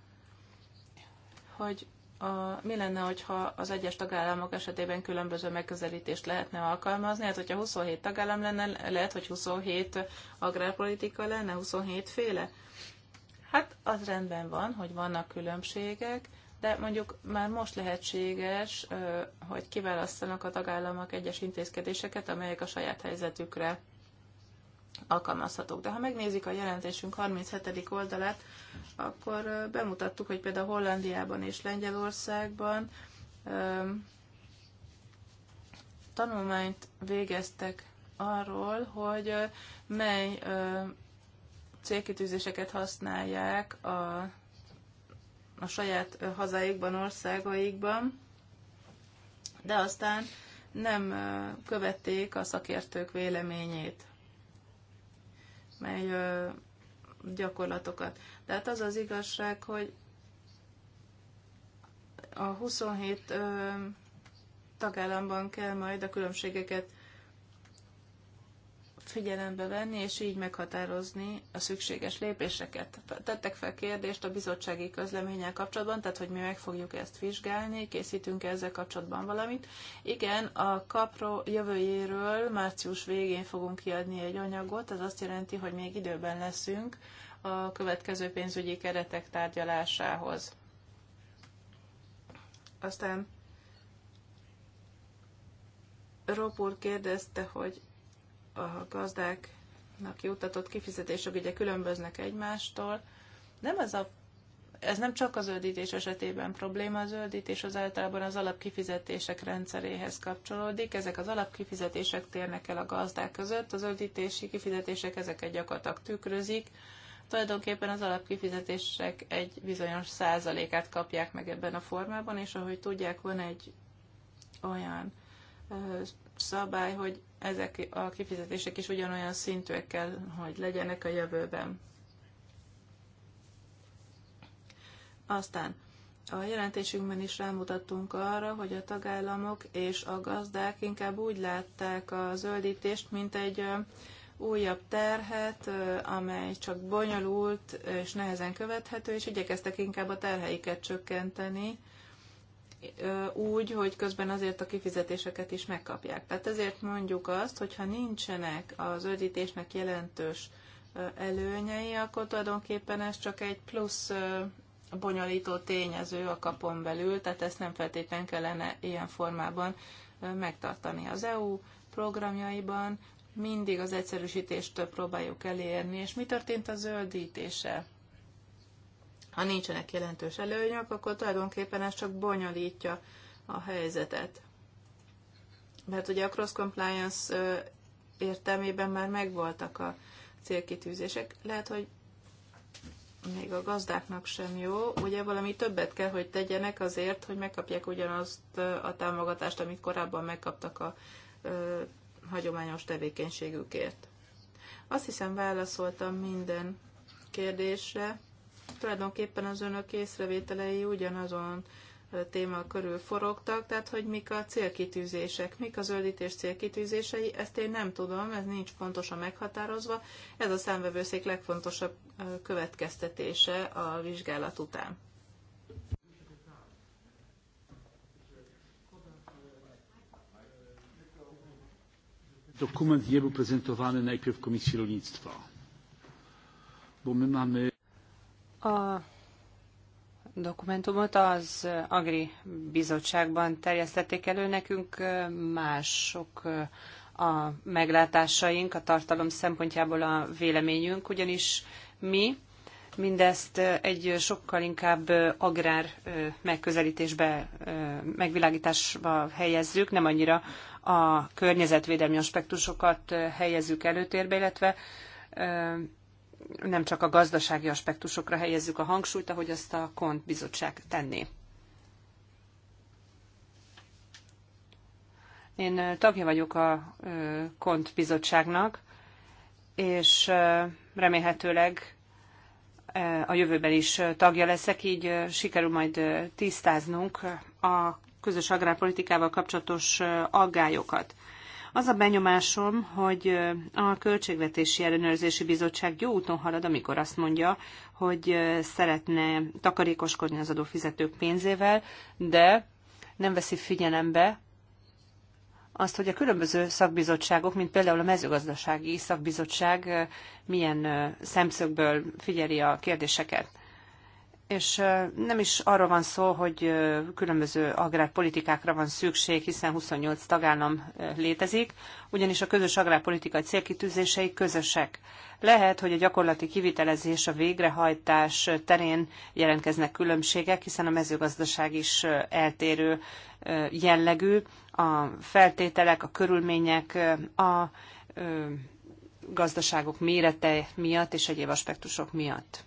hogy a, mi lenne, hogyha az egyes tagállamok esetében különböző megközelítést lehetne alkalmazni? Hát, hogyha 27 tagállam lenne, lehet, hogy 27 agrárpolitika lenne, 27 féle. Hát az rendben van, hogy vannak különbségek, de mondjuk már most lehetséges, hogy kiválasztanak a tagállamok egyes intézkedéseket, amelyek a saját helyzetükre alkalmazhatók. De ha megnézik a jelentésünk 37. oldalát, akkor bemutattuk, hogy például Hollandiában és Lengyelországban tanulmányt végeztek arról, hogy mely célkitűzéseket használják a, a saját hazáikban, országaikban, de aztán nem követték a szakértők véleményét, mely gyakorlatokat. Tehát az az igazság, hogy a 27 tagállamban kell majd a különbségeket figyelembe venni, és így meghatározni a szükséges lépéseket. Tettek fel kérdést a bizottsági közleménnyel kapcsolatban, tehát hogy mi meg fogjuk ezt vizsgálni, készítünk -e ezzel kapcsolatban valamit. Igen, a kapro jövőjéről március végén fogunk kiadni egy anyagot, ez azt jelenti, hogy még időben leszünk a következő pénzügyi keretek tárgyalásához. Aztán Rob úr kérdezte, hogy a gazdáknak juttatott kifizetések ugye különböznek egymástól. Nem ez a ez nem csak az zöldítés esetében probléma, a zöldítés az általában az alapkifizetések rendszeréhez kapcsolódik. Ezek az alapkifizetések térnek el a gazdák között, az zöldítési kifizetések ezeket gyakorlatilag tükrözik. Tulajdonképpen az alapkifizetések egy bizonyos százalékát kapják meg ebben a formában, és ahogy tudják, van egy olyan szabály, hogy ezek a kifizetések is ugyanolyan szintűek kell, hogy legyenek a jövőben. Aztán a jelentésünkben is rámutattunk arra, hogy a tagállamok és a gazdák inkább úgy látták a zöldítést, mint egy újabb terhet, amely csak bonyolult és nehezen követhető, és igyekeztek inkább a terheiket csökkenteni, úgy, hogy közben azért a kifizetéseket is megkapják. Tehát ezért mondjuk azt, hogyha nincsenek az ödítésnek jelentős előnyei, akkor tulajdonképpen ez csak egy plusz bonyolító tényező a kapon belül, tehát ezt nem feltétlenül kellene ilyen formában megtartani. Az EU programjaiban mindig az egyszerűsítést próbáljuk elérni, és mi történt a zöldítéssel? Ha nincsenek jelentős előnyök, akkor tulajdonképpen ez csak bonyolítja a helyzetet. Mert ugye a cross compliance értelmében már megvoltak a célkitűzések. Lehet, hogy még a gazdáknak sem jó. Ugye valami többet kell, hogy tegyenek azért, hogy megkapják ugyanazt a támogatást, amit korábban megkaptak a ö, hagyományos tevékenységükért. Azt hiszem válaszoltam minden kérdésre tulajdonképpen az önök észrevételei ugyanazon téma körül forogtak, tehát hogy mik a célkitűzések, mik a zöldítés célkitűzései, ezt én nem tudom, ez nincs pontosan meghatározva. Ez a számvevőszék legfontosabb következtetése a vizsgálat után. Dokument nie był prezentowany najpierw Komisji Rolnictwa, bo my mamy a dokumentumot az Agri Bizottságban terjesztették elő nekünk, mások a meglátásaink, a tartalom szempontjából a véleményünk, ugyanis mi mindezt egy sokkal inkább agrár megközelítésbe, megvilágításba helyezzük, nem annyira a környezetvédelmi aspektusokat helyezzük előtérbe, illetve nem csak a gazdasági aspektusokra helyezzük a hangsúlyt, ahogy azt a KONT bizottság tenné. Én tagja vagyok a KONT bizottságnak, és remélhetőleg a jövőben is tagja leszek, így sikerül majd tisztáznunk a közös agrárpolitikával kapcsolatos aggályokat. Az a benyomásom, hogy a Költségvetési Ellenőrzési Bizottság jó úton halad, amikor azt mondja, hogy szeretne takarékoskodni az adófizetők pénzével, de nem veszi figyelembe azt, hogy a különböző szakbizottságok, mint például a mezőgazdasági szakbizottság milyen szemszögből figyeli a kérdéseket és nem is arról van szó, hogy különböző agrárpolitikákra van szükség, hiszen 28 tagállam létezik, ugyanis a közös agrárpolitikai célkitűzései közösek. Lehet, hogy a gyakorlati kivitelezés, a végrehajtás terén jelentkeznek különbségek, hiszen a mezőgazdaság is eltérő jellegű, a feltételek, a körülmények, a gazdaságok mérete miatt és egyéb aspektusok miatt.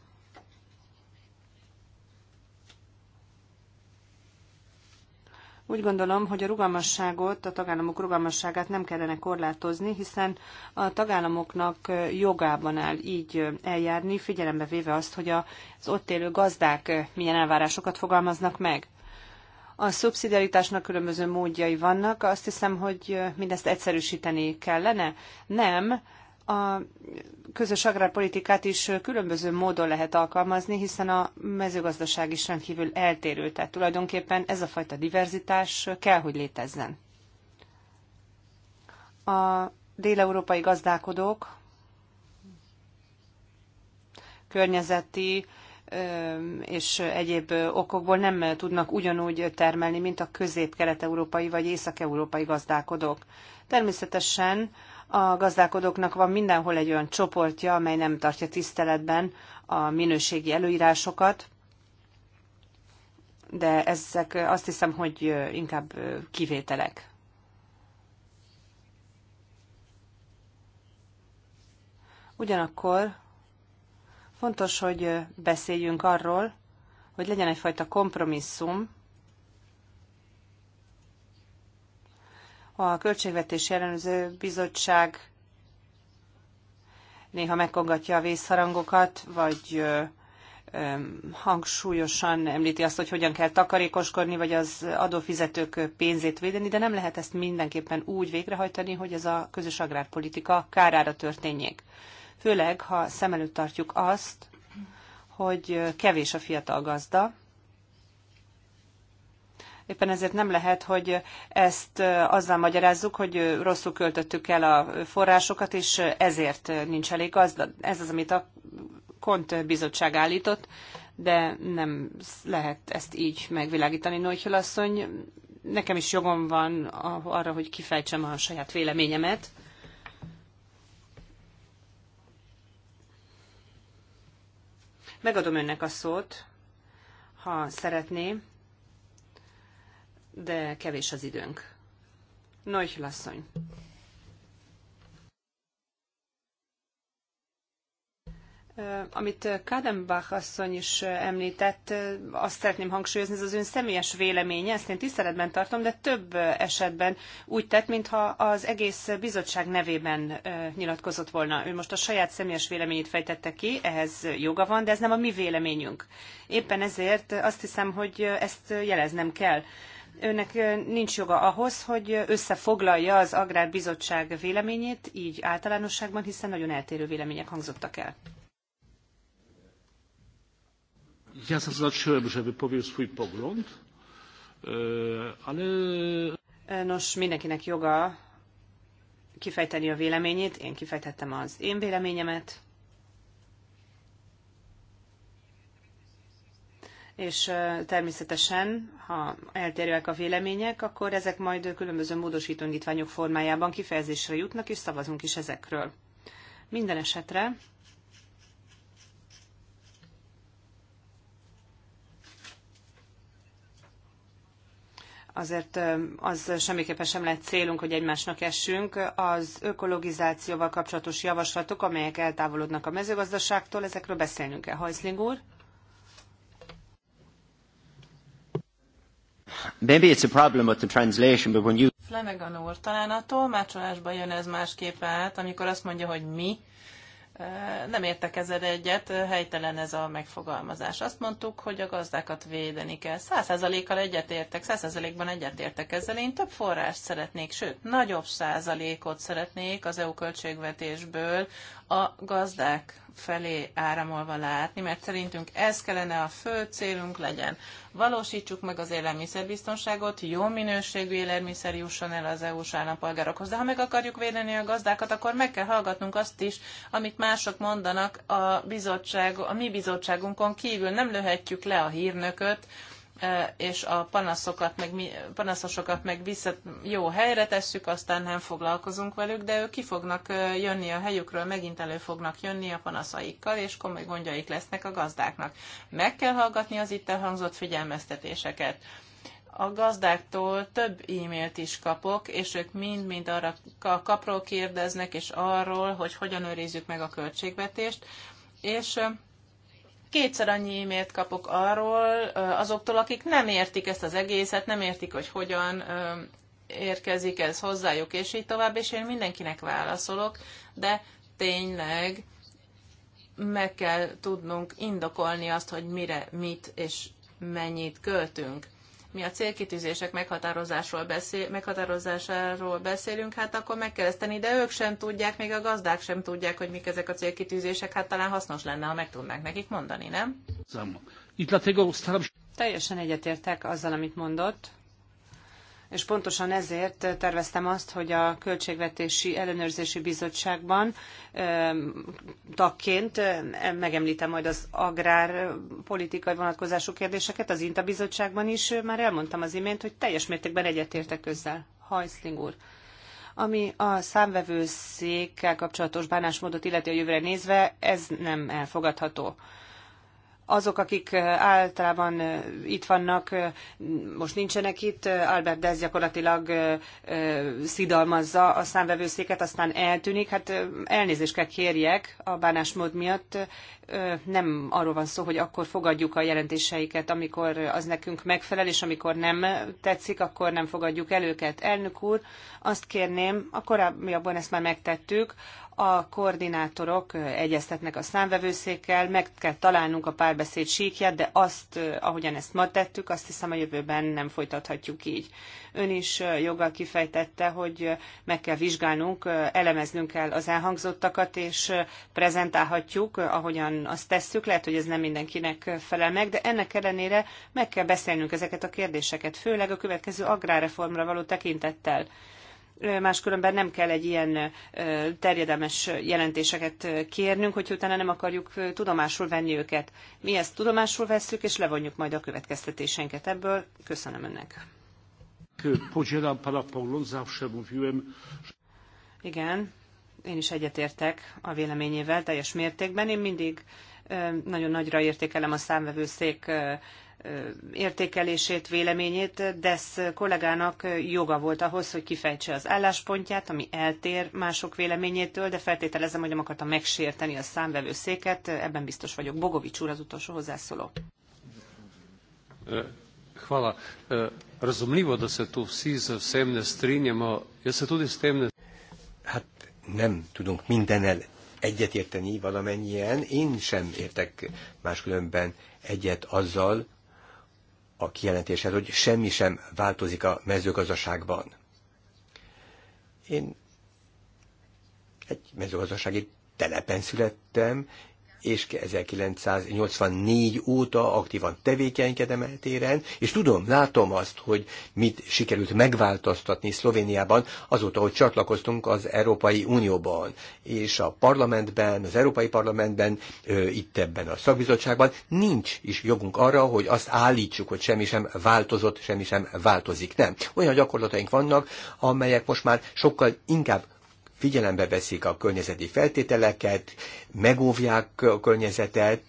Úgy gondolom, hogy a rugalmasságot, a tagállamok rugalmasságát nem kellene korlátozni, hiszen a tagállamoknak jogában áll így eljárni, figyelembe véve azt, hogy az ott élő gazdák milyen elvárásokat fogalmaznak meg. A szubszidiaritásnak különböző módjai vannak, azt hiszem, hogy mindezt egyszerűsíteni kellene. Nem, a közös agrárpolitikát is különböző módon lehet alkalmazni, hiszen a mezőgazdaság is rendkívül eltérő, tehát tulajdonképpen ez a fajta diverzitás kell, hogy létezzen. A déleurópai gazdálkodók környezeti és egyéb okokból nem tudnak ugyanúgy termelni, mint a közép-kelet-európai vagy észak-európai gazdálkodók. Természetesen a gazdálkodóknak van mindenhol egy olyan csoportja, amely nem tartja tiszteletben a minőségi előírásokat, de ezek azt hiszem, hogy inkább kivételek. Ugyanakkor fontos, hogy beszéljünk arról, hogy legyen egyfajta kompromisszum A Költségvetési Ellenőrző Bizottság néha megkongatja a vészharangokat, vagy hangsúlyosan említi azt, hogy hogyan kell takarékoskodni, vagy az adófizetők pénzét védeni, de nem lehet ezt mindenképpen úgy végrehajtani, hogy ez a közös agrárpolitika kárára történjék. Főleg, ha szem előtt tartjuk azt, hogy kevés a fiatal gazda, Éppen ezért nem lehet, hogy ezt azzal magyarázzuk, hogy rosszul költöttük el a forrásokat, és ezért nincs elég gazdag. Ez az, amit a Kont bizottság állított, de nem lehet ezt így megvilágítani. Noichel asszony, nekem is jogom van arra, hogy kifejtsem a saját véleményemet. Megadom önnek a szót, ha szeretné de kevés az időnk. Nagy lasszony. Amit Kadenbach asszony is említett, azt szeretném hangsúlyozni, ez az ön személyes véleménye, ezt én tiszteletben tartom, de több esetben úgy tett, mintha az egész bizottság nevében nyilatkozott volna. Ő most a saját személyes véleményét fejtette ki, ehhez joga van, de ez nem a mi véleményünk. Éppen ezért azt hiszem, hogy ezt jeleznem kell önnek nincs joga ahhoz, hogy összefoglalja az Agrárbizottság véleményét, így általánosságban, hiszen nagyon eltérő vélemények hangzottak el. Ja zaznaczyłem, że wypowiem swój pogląd, e, ale... E, nos, mindenkinek joga kifejteni a véleményét, én kifejtettem az én véleményemet. és természetesen, ha eltérőek a vélemények, akkor ezek majd különböző módosító indítványok formájában kifejezésre jutnak, és szavazunk is ezekről. Minden esetre azért az semmiképpen sem lehet célunk, hogy egymásnak essünk. Az ökologizációval kapcsolatos javaslatok, amelyek eltávolodnak a mezőgazdaságtól, ezekről beszélnünk kell. Hajszling úr? Maybe it's a problem with the translation, but when you... Flanagan úr, talán a tolmácsolásban jön ez másképp át, amikor azt mondja, hogy mi, nem értek ezzel egyet, helytelen ez a megfogalmazás. Azt mondtuk, hogy a gazdákat védeni kell. Százszázalékkal egyetértek, százszázalékban egyetértek ezzel. Én több forrást szeretnék, sőt, nagyobb százalékot szeretnék az EU költségvetésből a gazdák felé áramolva látni, mert szerintünk ez kellene a fő célunk legyen. Valósítsuk meg az élelmiszerbiztonságot, jó minőségű élelmiszer jusson el az EU-s állampolgárokhoz, de ha meg akarjuk védeni a gazdákat, akkor meg kell hallgatnunk azt is, amit mások mondanak a, bizottság, a mi bizottságunkon kívül. Nem löhetjük le a hírnököt, és a panaszokat meg, panaszosokat meg vissza jó helyre tesszük, aztán nem foglalkozunk velük, de ők ki fognak jönni a helyükről, megint elő fognak jönni a panaszaikkal, és komoly gondjaik lesznek a gazdáknak. Meg kell hallgatni az itt elhangzott figyelmeztetéseket. A gazdáktól több e-mailt is kapok, és ők mind-mind arra a kapról kérdeznek, és arról, hogy hogyan őrizzük meg a költségvetést, és kétszer annyi e-mailt kapok arról azoktól, akik nem értik ezt az egészet, nem értik, hogy hogyan érkezik ez hozzájuk, és így tovább, és én mindenkinek válaszolok, de tényleg meg kell tudnunk indokolni azt, hogy mire, mit és mennyit költünk mi a célkitűzések meghatározásról beszél, meghatározásáról beszélünk, hát akkor meg kell ezt tenni, de ők sem tudják, még a gazdák sem tudják, hogy mik ezek a célkitűzések, hát talán hasznos lenne, ha meg tudnánk nekik mondani, nem? Teljesen egyetértek azzal, amit mondott és pontosan ezért terveztem azt, hogy a Költségvetési Ellenőrzési Bizottságban tagként megemlítem majd az agrárpolitikai vonatkozású kérdéseket, az INTA bizottságban is már elmondtam az imént, hogy teljes mértékben egyetértek ezzel. Hajszling úr ami a számvevőszékkel kapcsolatos bánásmódot illeti a jövőre nézve, ez nem elfogadható azok, akik általában itt vannak, most nincsenek itt. Albert Dez gyakorlatilag szidalmazza a számvevőszéket, aztán eltűnik. Hát elnézést kell kérjek a bánásmód miatt. Nem arról van szó, hogy akkor fogadjuk a jelentéseiket, amikor az nekünk megfelel, és amikor nem tetszik, akkor nem fogadjuk el őket. Elnök úr, azt kérném, a korábbiakban ezt már megtettük, a koordinátorok egyeztetnek a számvevőszékkel, meg kell találnunk a párbeszéd síkját, de azt, ahogyan ezt ma tettük, azt hiszem a jövőben nem folytathatjuk így. Ön is joggal kifejtette, hogy meg kell vizsgálnunk, elemeznünk kell az elhangzottakat, és prezentálhatjuk, ahogyan azt tesszük. Lehet, hogy ez nem mindenkinek felel meg, de ennek ellenére meg kell beszélnünk ezeket a kérdéseket, főleg a következő agrárreformra való tekintettel máskülönben nem kell egy ilyen terjedelmes jelentéseket kérnünk, hogy utána nem akarjuk tudomásul venni őket. Mi ezt tudomásul vesszük, és levonjuk majd a következtetéseinket ebből. Köszönöm önnek. Igen, én is egyetértek a véleményével teljes mértékben. Én mindig nagyon nagyra értékelem a számvevőszék értékelését, véleményét, Dess kollégának joga volt ahhoz, hogy kifejtse az álláspontját, ami eltér mások véleményétől, de feltételezem, hogy nem akarta megsérteni a számvevőszéket, ebben biztos vagyok. Bogovics úr az utolsó hozzászóló. E, hvala. E, razumljivo, da se tu vsi z vsem ne strinjamo. Jaz se tudi s tem ne... Hát nem tudunk mindennel egyetérteni valamennyien. Én sem értek máskülönben egyet azzal, a kijelentéshez, hogy semmi sem változik a mezőgazdaságban. Én egy mezőgazdasági telepen születtem, és 1984 óta aktívan tevékenykedem eltéren, és tudom, látom azt, hogy mit sikerült megváltoztatni Szlovéniában azóta, hogy csatlakoztunk az Európai Unióban, és a parlamentben, az Európai Parlamentben, itt ebben a szakbizottságban nincs is jogunk arra, hogy azt állítsuk, hogy semmi sem változott, semmi sem változik. Nem. Olyan gyakorlataink vannak, amelyek most már sokkal inkább figyelembe veszik a környezeti feltételeket, megóvják a környezetet,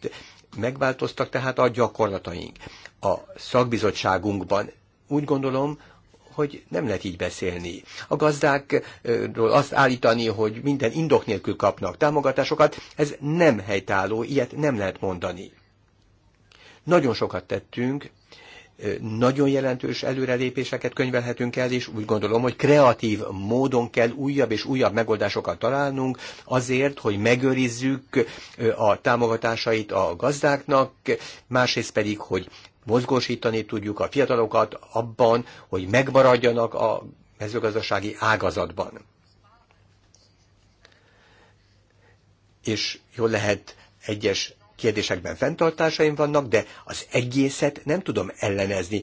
megváltoztak tehát a gyakorlataink. A szakbizottságunkban úgy gondolom, hogy nem lehet így beszélni. A gazdákról azt állítani, hogy minden indok nélkül kapnak támogatásokat, ez nem helytálló, ilyet nem lehet mondani. Nagyon sokat tettünk nagyon jelentős előrelépéseket könyvelhetünk el, és úgy gondolom, hogy kreatív módon kell újabb és újabb megoldásokat találnunk azért, hogy megőrizzük a támogatásait a gazdáknak, másrészt pedig, hogy mozgósítani tudjuk a fiatalokat abban, hogy megmaradjanak a mezőgazdasági ágazatban. És jól lehet egyes kérdésekben fenntartásaim vannak, de az egészet nem tudom ellenezni.